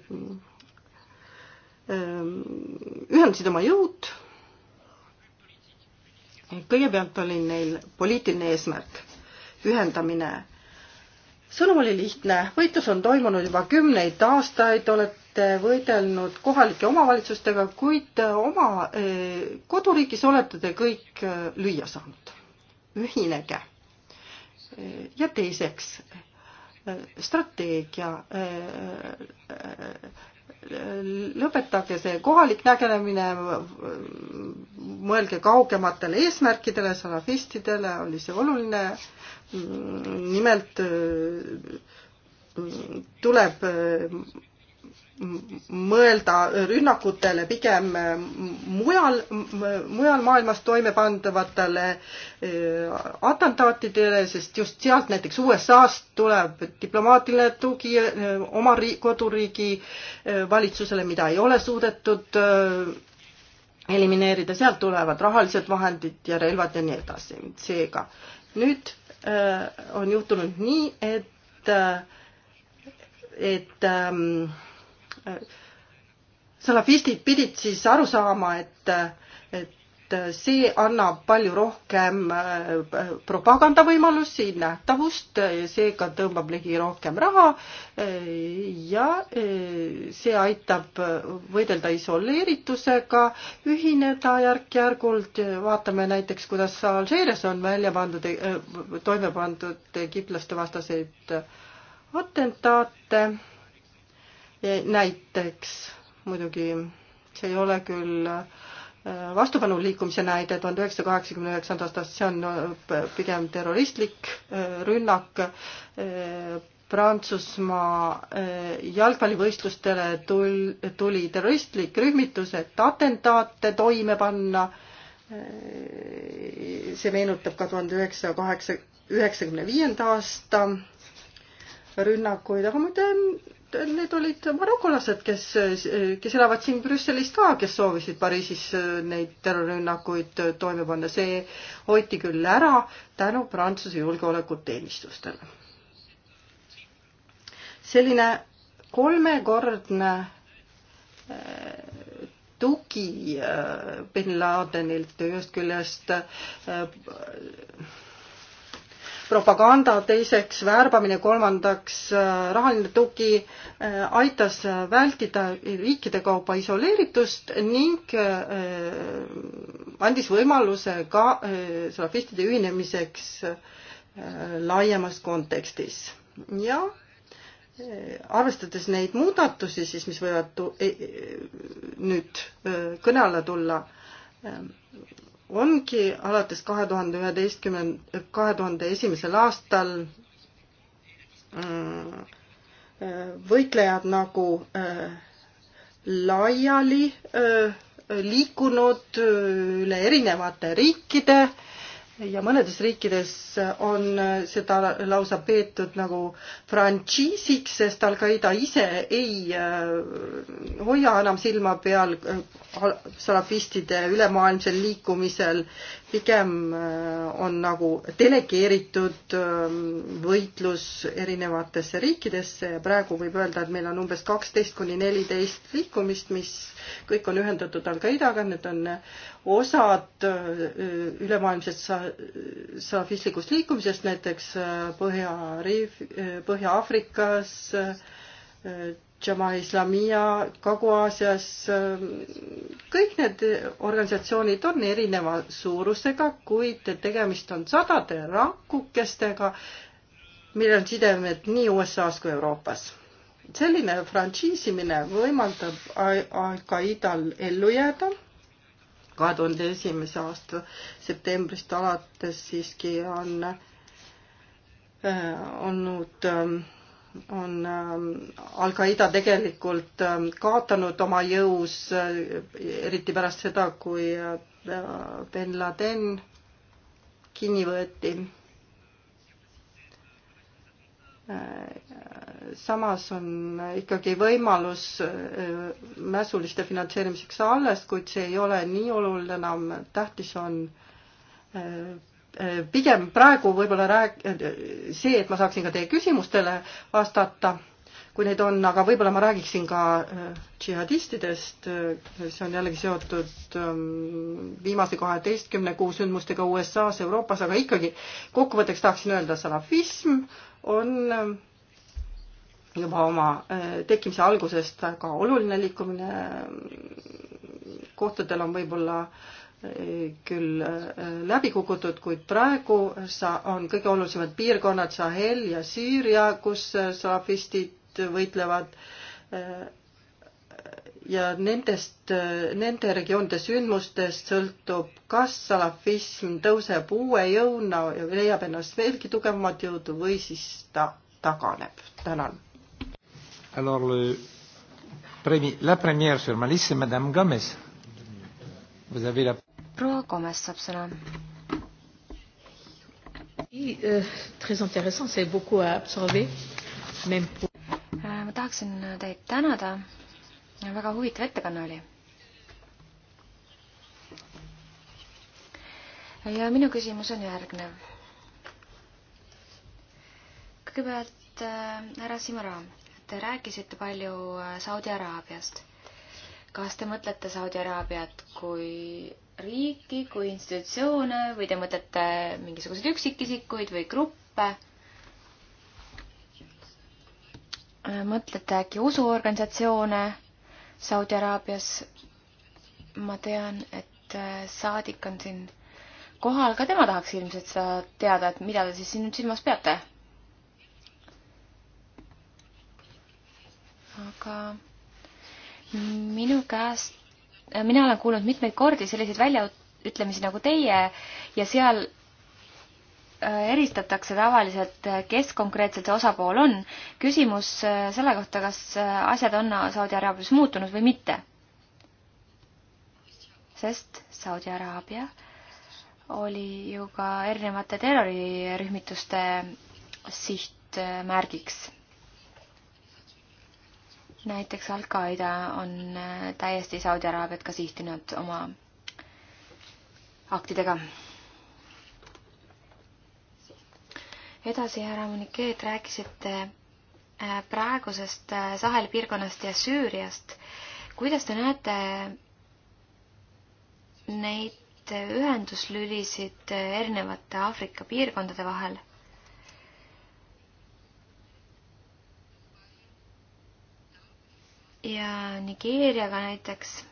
Ehm, ühendasid oma jõud. kõigepealt oli neil poliitiline eesmärk, ühendamine. sõnum oli lihtne, võitlus on toimunud juba kümneid aastaid, olete võidelnud kohalike omavalitsustega, kuid oma eh, koduriigis olete te kõik eh, lüüa saanud. ühinege. Eh, ja teiseks strateegia lõpetage see kohalik nägelemine, mõelge kaugematele eesmärkidele, salafistidele oli see oluline. nimelt mm, tuleb mõelda rünnakutele pigem mujal, mujal maailmas toime pandavatele eh, atentaatidele, sest just sealt näiteks USA-st tuleb diplomaatiline tugi eh, oma riik, koduriigi eh, valitsusele, mida ei ole suudetud elimineerida, sealt tulevad rahalised vahendid ja relvad ja nii edasi. seega nüüd on juhtunud nii, et et ähm, salafistid pidid siis aru saama, et, et see annab palju rohkem äh, propagandavõimalusi, nähtavust, seega tõmbab ligi rohkem raha äh, ja äh, see aitab võidelda isoleeritusega, ühineda järk-järgult, vaatame näiteks, kuidas Alžeerias on välja pandud, toime pandud kitlaste vastaseid atentaate näiteks muidugi see ei ole küll äh, vastupanu liikumise näide tuhande üheksasaja kaheksakümne üheksandast aastast, see on äh, pigem terroristlik äh, rünnak. Prantsusmaa jalgpallivõistlustele tul-, tuli terroristlik rühmitus, et atentaate toime panna. see meenutab ka tuhande üheksasaja kaheksa, üheksakümne viienda aasta rünnakuid, aga muide need olid marokolased, kes, kes elavad siin Brüsselis ka, kes soovisid Pariisis äh, neid terrorirünnakuid äh, toime panna. see hoiti küll ära tänu Prantsuse julgeolekuteenistustele. selline kolmekordne äh, tugi bin Ladenilt ühest küljest propaganda, teiseks värbamine, kolmandaks äh, rahaline tugi äh, aitas äh, vältida riikide kaupa isoleeritust ning andis võimaluse ka salafistide ühinemiseks laiemas kontekstis. ja arvestades neid muudatusi siis, mis võivad tu, e, nüüd kõne alla tulla, ongi alates kahe tuhande üheteistkümnenda, kahe tuhande esimesel aastal äh, äh, võitlejad nagu äh, laiali liikunud üle erinevate riikide ja mõnedes riikides on seda lausa peetud nagu frantsiisiks, sest Al-Qaeda ise ei äh, hoia enam silma peal äh, salafistide ülemaailmsel liikumisel pigem äh, on nagu delegeeritud ähm, võitlus erinevatesse riikidesse ja praegu võib öelda, et meil on umbes kaksteist kuni neliteist liikumist, mis kõik on ühendatud Al-Qaidaga, need on osad äh, ülemaailmsest salafistlikust liikumisest, näiteks äh, Põhja-Aafrikas, Põhja Jama Islamia, Kagu-Aasias, kõik need organisatsioonid on erineva suurusega, kuid tegemist on sadade rakukestega, millel on sidemed nii USA-s kui Euroopas. selline frantsiisimine võimaldab Al-Qaidal ellu jääda kahe tuhande esimese aasta septembrist alates siiski on äh, olnud äh, on ähm, Al-Qaeda tegelikult ähm, kaotanud oma jõus, äh, eriti pärast seda, kui äh, bin Laden kinni võeti. Äh, samas on ikkagi võimalus mässuliste finantseerimiseks alles, kuid see ei ole nii oluline enam, tähtis on Äh, pigem praegu võib-olla rääk-, äh, see, et ma saaksin ka teie küsimustele vastata, kui neid on, aga võib-olla ma räägiksin ka äh, džihadistidest, see on jällegi seotud ähm, viimase kaheteistkümne kuu sündmustega USA-s, Euroopas, aga ikkagi kokkuvõtteks tahaksin öelda, salafism on juba oma tekkimise algusest väga oluline liikumine. kohtadel on võib-olla äh, küll äh, läbi kukutud, kuid praegu sa-, on kõige olulisemad piirkonnad Sahel ja Süüria, kus äh, salafistid võitlevad äh, ja nendest, nende regioonide sündmustest sõltub, kas salafism tõuseb uue jõuna ja leiab ennast veelgi tugevamat jõudu või siis ta taganeb. tänan. Alors le premi-, la première sur ma liste, madame Gomes. Vous avez la proua Komes saab sõna. Euh, äh, ma tahaksin teid tänada, väga huvitav ettekanne oli. ja minu küsimus on järgnev. kõigepealt äh, härra Simara, te rääkisite palju äh, Saudi Araabiast kas te mõtlete Saudi Araabiat kui riiki kui institutsioone või te mõtlete mingisuguseid üksikisikuid või gruppe? mõtlete äkki usuorganisatsioone Saudi Araabias? ma tean, et äh, saadik on siin kohal, ka tema tahaks ilmselt seda teada, et mida te siis siin nüüd silmas peate? aga minu käest mina olen kuulnud mitmeid kordi selliseid väljaütlemisi nagu teie ja seal äh, eristatakse tavaliselt, äh, kes konkreetselt see osapool on. küsimus äh, selle kohta, kas asjad on Saudi Araabias muutunud või mitte. sest Saudi Araabia oli ju ka erinevate terrorirühmituste sihtmärgiks näiteks Al-Qaeda on äh, täiesti Saudi Araabiat ka sihtinud oma aktidega. edasi, härra Monikeet, rääkisite äh, praegusest äh, Saheli piirkonnast ja Süüriast. kuidas te näete neid ühenduslülisid erinevate Aafrika piirkondade vahel? ja Nigeeriaga näiteks.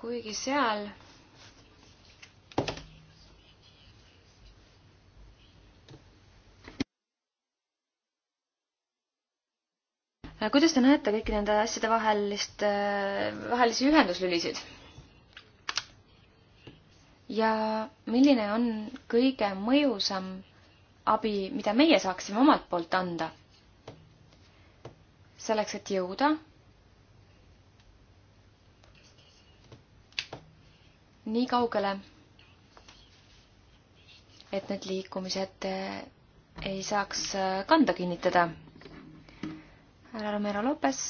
kuigi seal kuidas te näete kõiki nende asjade vahelist, äh, vahelisi ühenduslülisid? ja milline on kõige mõjusam abi, mida meie saaksime omalt poolt anda? selleks, et jõuda nii kaugele, et need liikumised eh, ei saaks eh, kanda kinnitada. härra Romero Lopes.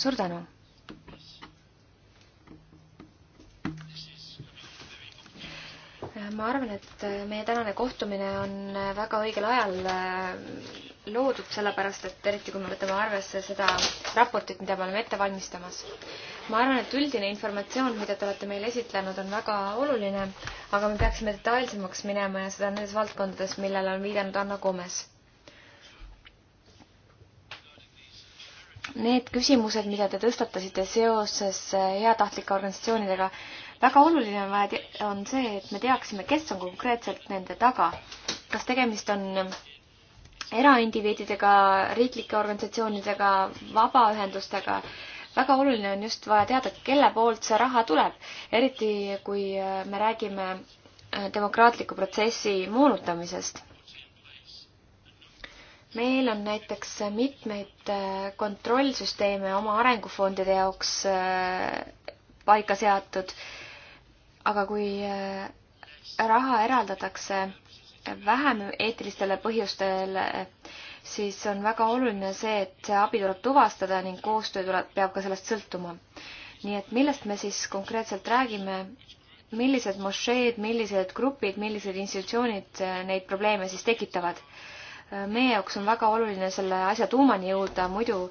suur tänu ma arvan, et meie tänane kohtumine on väga õigel ajal äh, loodud, sellepärast et eriti kui me võtame arvesse seda raportit, mida me oleme ette valmistamas. ma arvan, et üldine informatsioon, mida te olete meile esitlenud, on väga oluline, aga me peaksime detailsemaks minema ja seda nendes valdkondades, millele on viidanud Anna Komes. Need küsimused, mida te tõstatasite seoses heatahtlike organisatsioonidega, väga oluline on vaja, on see, et me teaksime, kes on konkreetselt nende taga. kas tegemist on eraindiviididega, riiklike organisatsioonidega, vabaühendustega. väga oluline on just vaja teada, kelle poolt see raha tuleb, eriti kui äh, me räägime äh, demokraatliku protsessi moonutamisest. meil on näiteks mitmeid äh, kontrollsüsteeme oma arengufondide jaoks paika seatud aga kui äh, raha eraldatakse vähem eetilistele põhjustele, siis on väga oluline see, et see abi tuleb tuvastada ning koostöö tuleb, peab ka sellest sõltuma. nii et millest me siis konkreetselt räägime, millised mošeed, millised grupid, millised institutsioonid äh, neid probleeme siis tekitavad? Äh, meie jaoks on väga oluline selle asja tuumani jõuda, muidu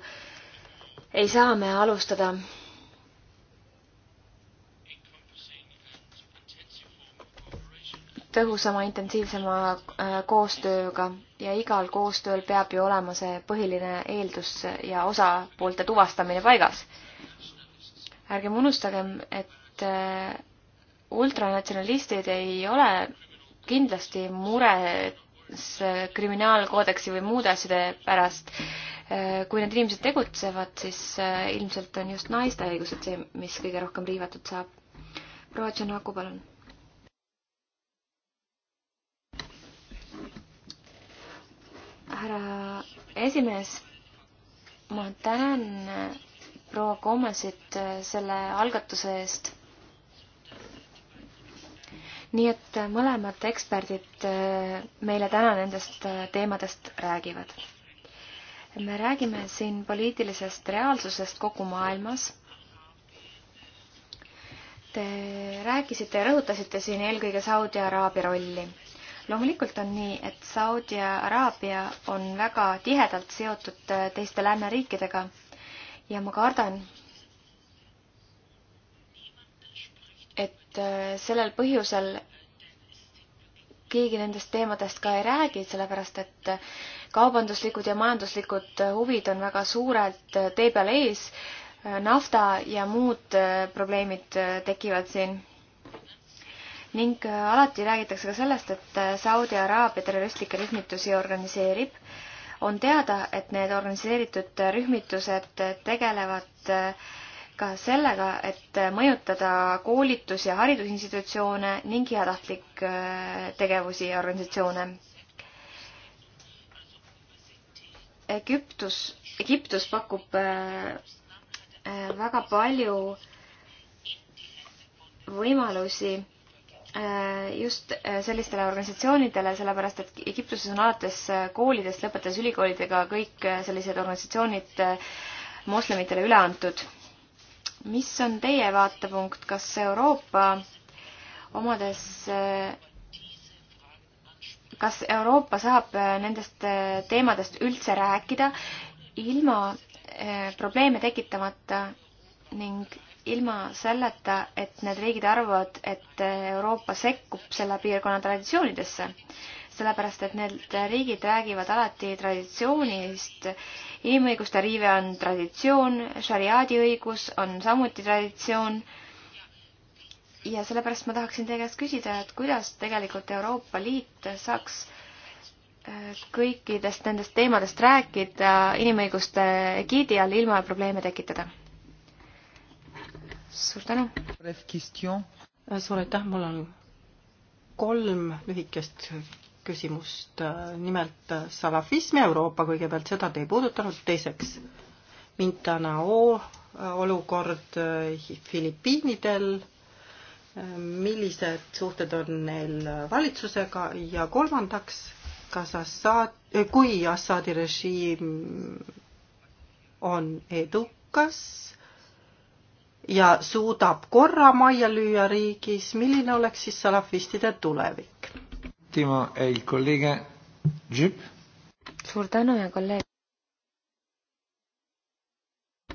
ei saa me alustada tõhusama, intensiivsema äh, koostööga ja igal koostööl peab ju olema see põhiline eeldus ja osapoolte tuvastamine paigas. ärgem unustagem, et äh, ultranatsionalistid ei ole kindlasti mures äh, kriminaalkoodeksi või muude asjade pärast. kui need inimesed tegutsevad, siis ilmselt on just naiste õigused see, mis kõige rohkem riivatud saab. proua Tšernaku, palun härra esimees, ma tänan proua Komesit äh, selle algatuse eest. nii et äh, mõlemad eksperdid äh, meile täna nendest teemadest räägivad. me räägime siin poliitilisest reaalsusest kogu maailmas. Te rääkisite ja rõhutasite siin eelkõige Saudi Araabia rolli loomulikult on nii, et Saudi Araabia on väga tihedalt seotud äh, teiste lääneriikidega ja ma kardan, et äh, sellel põhjusel keegi nendest teemadest ka ei räägi, sellepärast et äh, kaubanduslikud ja majanduslikud huvid on väga suurelt tee peal ees. nafta ja muud probleemid tekivad siin ning äh, alati räägitakse ka sellest, et äh, Saudi Araabia terroristlikke rühmitusi organiseerib. on teada, et need organiseeritud äh, rühmitused tegelevad ka sellega, et mõjutada koolitus- ja haridusinstitutsioone ning heatahtlikke tegevusi ja organisatsioone Egiptus, Egiptus pakub väga palju võimalusi Äh, just äh, sellistele organisatsioonidele, sellepärast et Egiptuses on alates äh, koolidest, lõpetades ülikoolidega kõik sellised organisatsioonid moslemitele üle antud. mis on teie vaatepunkt, kas Euroopa omades, kas Euroopa saab nendest teemadest üldse rääkida ilma probleeme tekitamata ning ilma selleta, et need riigid arvavad, et Euroopa sekkub selle piirkonna traditsioonidesse. sellepärast, et need riigid räägivad alati traditsioonist, inimõiguste riive on traditsioon, šariaadi õigus on samuti traditsioon ja sellepärast ma tahaksin teie käest küsida, et kuidas tegelikult Euroopa Liit saaks äh, kõikidest nendest teemadest rääkida inimõiguste giidi all ilma probleeme tekitada? suur tänu. Äh, suur aitäh, mul on kolm lühikest küsimust. Äh, nimelt äh, salafism ja Euroopa kõigepealt, seda te ei puudutanud. teiseks, Mindanao olukord Filipiinidel. millised suhted on neil valitsusega ja kolmandaks, kas Assad, kui Assadi režiim on edukas ja suudab korra majja lüüa riigis, milline oleks siis salafistide tulevik? Timo, ei kolleeg Žip. suur tänu ja kolleeg.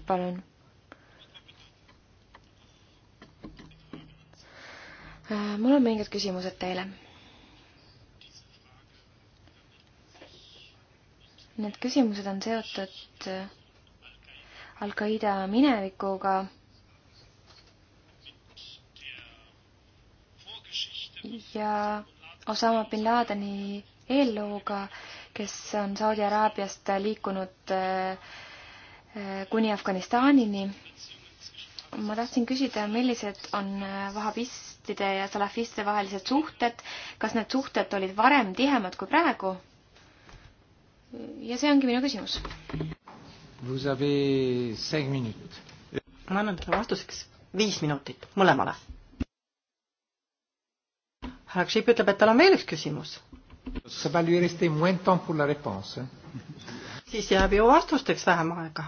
palun. Äh, mul on mingid küsimused teile Need küsimused on seotud Al-Qaeda minevikuga ja Osama bin Ladeni eellooga, kes on Saudi Araabiast liikunud eh, eh, kuni Afganistanini. ma tahtsin küsida, millised on eh, vahabistide ja salafistide vahelised suhted, kas need suhted olid varem tihemad kui praegu? ja see ongi minu küsimus. ma annan teile vastuseks viis minutit mõlemale härra Kšip ütleb, et tal on veel üks küsimus. ¿eh? siis jääb ju vastusteks vähem aega.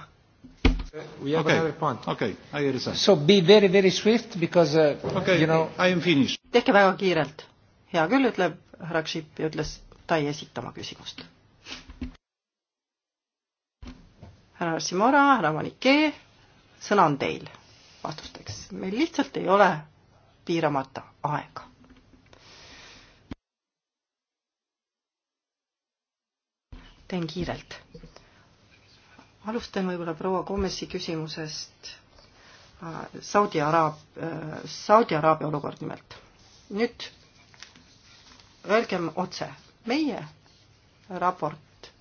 We have okay. another point. Okay, I understand. So be very, very swift because uh, okay, you know. I am finished. tehke väga kiirelt. hea küll, ütleb härra Kšip ja ütles, ta ei esita oma küsimust. härra Simora, härra Manike, sõna on teil vastusteks. meil lihtsalt ei ole piiramata aega teen kiirelt. alustan võib-olla proua Gomesi küsimusest. Äh, Saudi Araab, äh, Saudi Araabia olukord nimelt. nüüd öelgem otse, meie raport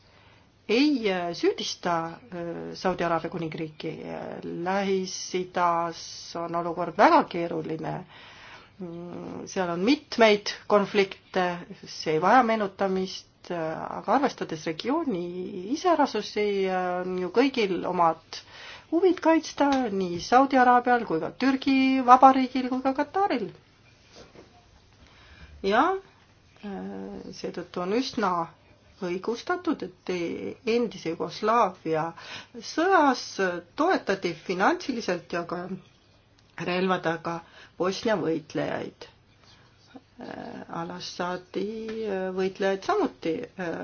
ei äh, süüdista Saudi Araabia kuningriiki. Lähis-Idas on olukord väga keeruline. Mm, seal on mitmeid konflikte, see ei vaja meenutamist Äh, aga arvestades regiooni iseärasusi, on äh, ju kõigil omad huvid kaitsta nii Saudi Araabial kui ka Türgi Vabariigil kui ka Kataril. ja äh, seetõttu on üsna õigustatud, et endise Jugoslaavia sõjas toetati finantsiliselt ja ka relvadega Bosnia võitlejaid. Äh, Al-Assadi äh, võitlejaid samuti äh,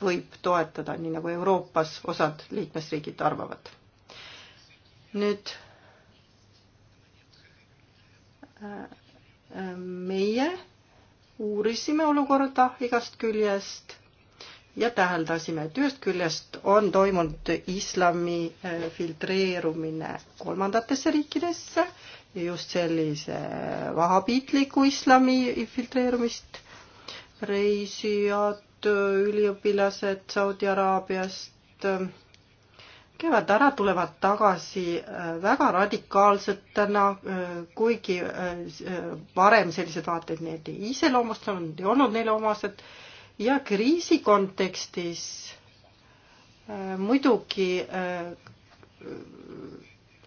võib toetada, nii nagu Euroopas osad liikmesriigid arvavad. nüüd meie uurisime olukorda igast küljest ja täheldasime, et ühest küljest on toimunud islami filtreerumine kolmandatesse riikidesse just sellise vahapiitliku islami filtreerumist. reisijad, üliõpilased Saudi Araabiast äh, käivad ära, tulevad tagasi äh, väga radikaalsetena, äh, kuigi varem sellised vaated neid ei iseloomustanud, ei olnud neile omased ja kriisi kontekstis muidugi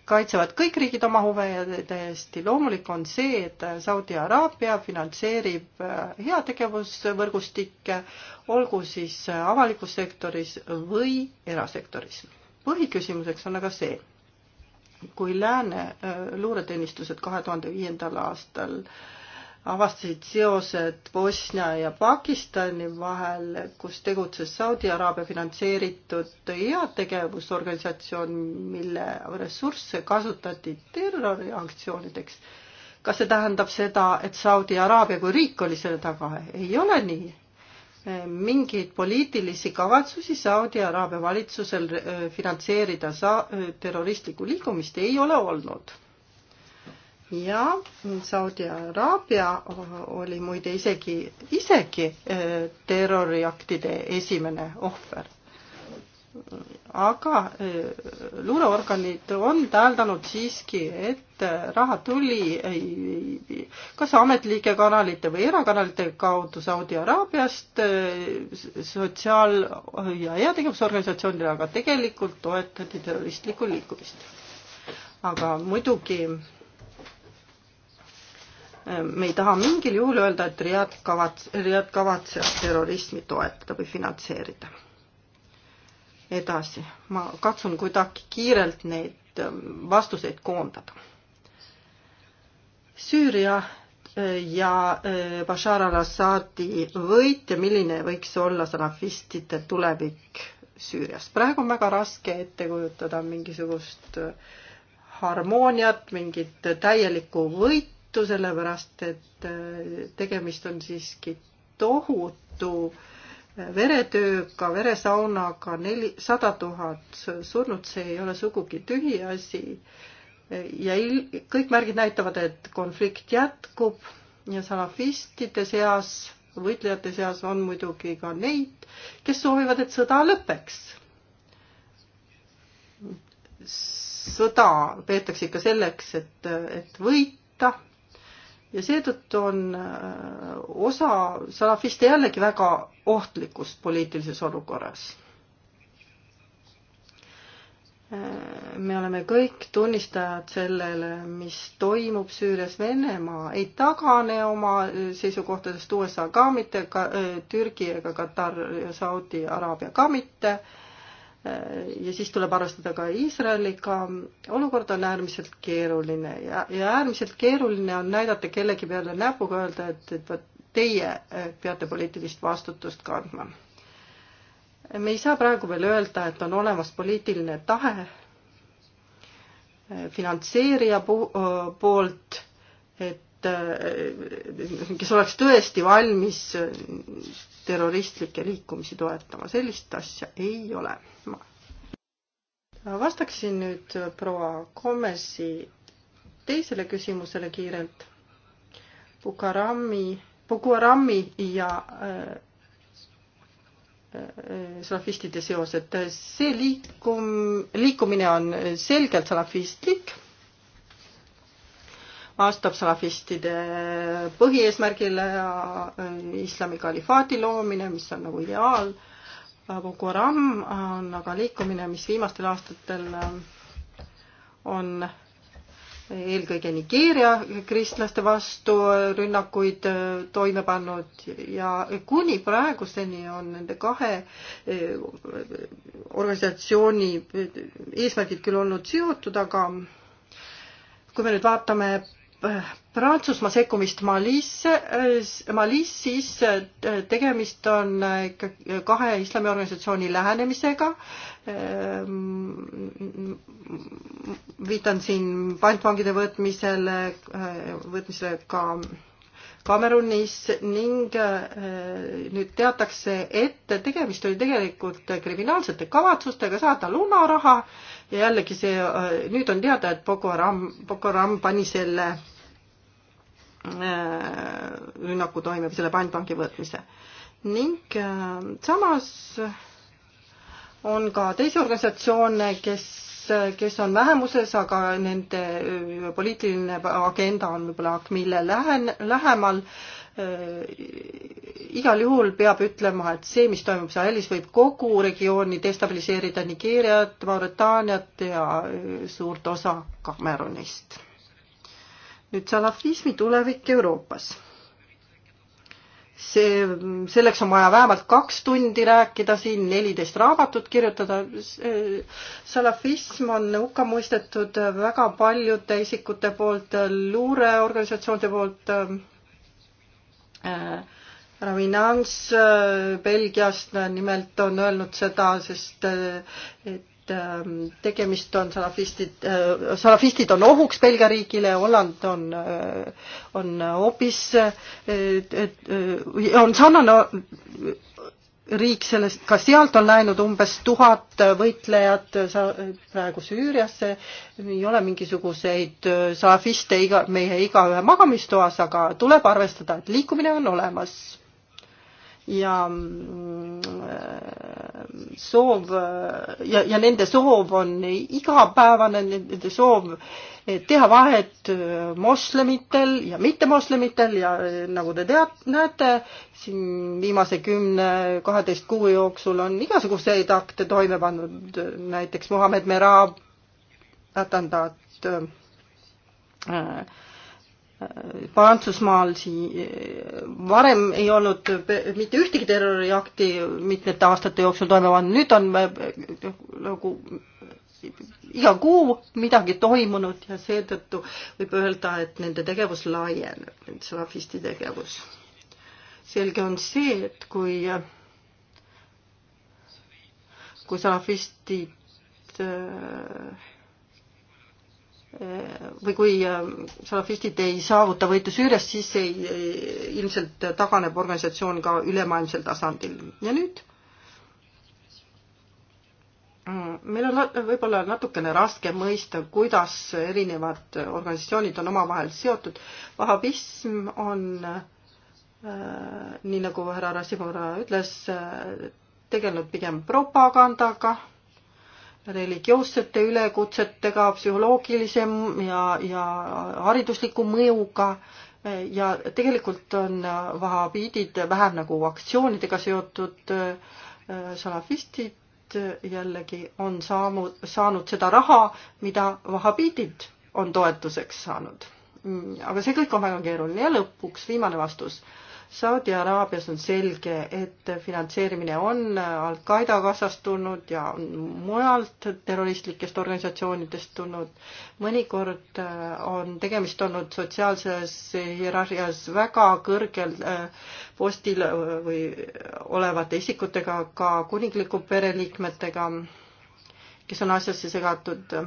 kaitsevad kõik riigid oma huve ja täiesti loomulik on see, et Saudi Araabia finantseerib äh, heategevusvõrgustikke, olgu siis äh, avalikus sektoris või erasektoris. põhiküsimuseks on aga see, kui Lääne äh, luureteenistused kahe tuhande viiendal aastal äh, avastasid seosed Bosnia ja Pakistani vahel, kus tegutses Saudi Araabia finantseeritud heategevusorganisatsioon, mille ressursse kasutati terroriaktsioonideks. kas see tähendab seda, et Saudi Araabia kui riik oli selle taga? ei ole nii mingeid poliitilisi kavatsusi Saudi Araabia valitsusel eh, finantseerida sa-, terroristlikku liikumist ei ole olnud ja Saudi Araabia oli muide isegi, isegi eh, terroriaktide esimene ohver. aga eh, luureorganid on täheldanud siiski, et eh, raha tuli kas ametlike kanalite või erakanalite kaudu Saudi Araabiast sotsiaal- ja heategevusorganisatsioonidele, aga tegelikult toetati terroristlikku liikumist. aga muidugi me ei taha mingil juhul öelda, et Riad kavats-, Riad kavatseb terrorismi toetada või finantseerida. edasi, ma katsun kuidagi kiirelt neid ähm, vastuseid koondada. Süüria äh, ja äh, Bashar al-Assadi võit ja milline võiks olla salafistide tulevik Süürias. praegu on väga raske ette kujutada mingisugust äh, harmooniat, mingit täielikku võitu, tõttu, sellepärast et äh, tegemist on siiski tohutu äh, veretööga, veresaunaga, neli, sada tuhat surnut, see ei ole sugugi tühiasi. ja il-, kõik märgid näitavad, et konflikt jätkub ja salafistide seas, võitlejate seas on muidugi ka neid, kes soovivad, et sõda lõpeks. sõda peetakse ikka selleks, et, et võita ja seetõttu on äh, osa salafiste jällegi väga ohtlikus poliitilises olukorras. Äh, me oleme kõik tunnistajad sellele, mis toimub Süürias. Venemaa ei tagane oma äh, seisukohtadest, USA ka mitte, Türgi ega Katar ja Saudi Araabia ka mitte Äh, ja siis tuleb arvestada ka Iisraeliga. olukord on äärmiselt keeruline ja, ja äärmiselt keeruline on näidata kellegi peale näpuga, öelda, et, et vot teie äh, peate poliitilist vastutust kandma. me ei saa praegu veel öelda, et on olemas poliitiline tahe äh, finantseerija poolt, et Äh, kes oleks tõesti valmis terroristlikke liikumisi toetama, sellist asja ei ole. vastaksin nüüd proua Gomesi teisele küsimusele kiirelt. Bukarami, Bukarami ja äh, äh, salafistide seosed. see liikum, liikumine on selgelt salafistlik vastab salafistide põhieesmärgile äh, islami kalifaati loomine, mis on nagu ideaal. Boko Haram on aga liikumine, mis viimastel aastatel äh, on eelkõige Nigeeria kristlaste vastu rünnakuid äh, toime pannud ja kuni praeguseni on nende kahe organisatsiooni eesmärgid küll olnud seotud, aga kui me nüüd vaatame Prantsusmaa sekkumist Malisse, äh, Malis, siis äh, tegemist on äh, kahe islamiorganisatsiooni lähenemisega. viitan siin pantvangide võtmisele, võtmisele ka Kamerunis ning äh, nüüd teatakse, et tegemist oli tegelikult kriminaalsete kavatsustega saada lunaraha ja jällegi see, äh, nüüd on teada, et Boko Haram, Boko Haram pani selle äh, rünnaku toime või selle pantvangi võtmise. ning samas on ka teisi organisatsioone, kes kes on vähemuses, aga nende äh, poliitiline agenda on võib-olla Akmile lähen-, lähemal. Äh, igal juhul peab ütlema, et see, mis toimub Sahelis, võib kogu regiooni destabiliseerida Nigeeriat, Mauritaaniat ja äh, suurt osa Kamerunist. nüüd salafismi tulevik Euroopas see, selleks on vaja vähemalt kaks tundi rääkida siin, neliteist raamatut kirjutada. salafism on hukka mõistetud väga paljude isikute poolt, luureorganisatsioonide poolt äh,. Ravinans Belgiast nimelt on öelnud seda, sest et Ähm, tegemist on salafistid, äh, salafistid on ohuks Belgia riigile, Holland on, äh, on hoopis, äh, on sarnane riik sellest, ka sealt on läinud umbes tuhat võitlejat praegu Süüriasse. ei ole mingisuguseid salafiste iga, meie igaühe magamistoas, aga tuleb arvestada, et liikumine on olemas ja mm, soov ja, ja nende soov on igapäevane, nende soov teha vahet moslemitel ja mittemoslemitel ja nagu te tead, näete, siin viimase kümne, kaheteist kuu jooksul on igasuguseid akte toime pandud, näiteks Mohammed Merab atendaat äh, Prantsusmaal sii-, eh, varem ei olnud mitte ühtegi terroriakti mitmete aastate jooksul toime pannud, nüüd on eh, nagu iga kuu midagi toimunud ja seetõttu võib öelda, et nende tegevus laieneb, nende salafisti tegevus. selge on see, et kui, kui salafistid äh, või kui äh, salafistid ei saavuta võitu Süürias, siis ei, äh, ilmselt taganeb organisatsioon ka ülemaailmsel tasandil. ja nüüd? Mm, meil on võib-olla natukene raske mõista, kuidas erinevad organisatsioonid on omavahel seotud. vahabism on äh, nii nagu härra Rasimura ütles, tegelenud pigem propagandaga religioossete ülekutsetega, psühholoogilise ja, ja haridusliku mõjuga ja tegelikult on vahabiidid vähem nagu aktsioonidega seotud salafistid jällegi on saanud, saanud seda raha, mida vahabiidid on toetuseks saanud. aga see kõik on väga keeruline ja lõpuks viimane vastus Saudi Araabias on selge, et finantseerimine on Al-Qaeda kassast tulnud ja mujalt terroristlikest organisatsioonidest tulnud. mõnikord äh, on tegemist olnud sotsiaalses hierarhias väga kõrgel äh, postil äh, või olevate isikutega, ka kuningliku pereliikmetega, kes on asjasse segatud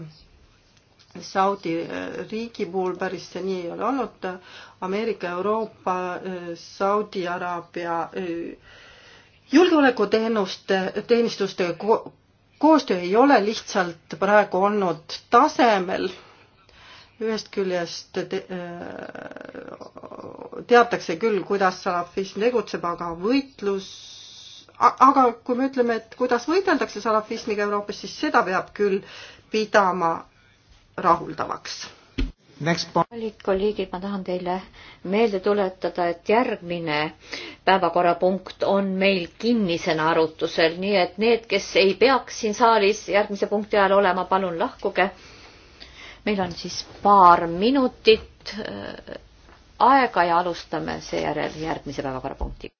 Saudi äh, riigi puhul päris see nii ei ole olnud. Ameerika, Euroopa, äh, Saudi Araabia äh, julgeolekuteenuste, teenistuste ko koostöö ei ole lihtsalt praegu olnud tasemel ühest küljest te, teatakse küll, kuidas salafism tegutseb, aga võitlus, aga kui me ütleme, et kuidas võideldakse salafismiga Euroopas, siis seda peab küll pidama rahuldavaks. kallid kolleegid, ma tahan teile meelde tuletada, et järgmine päevakorrapunkt on meil kinnisena arutusel, nii et need, kes ei peaks siin saalis järgmise punkti ajal olema, palun lahkuge. meil on siis paar minutit äh, aega ja alustame seejärel järgmise päevakorrapunktiga.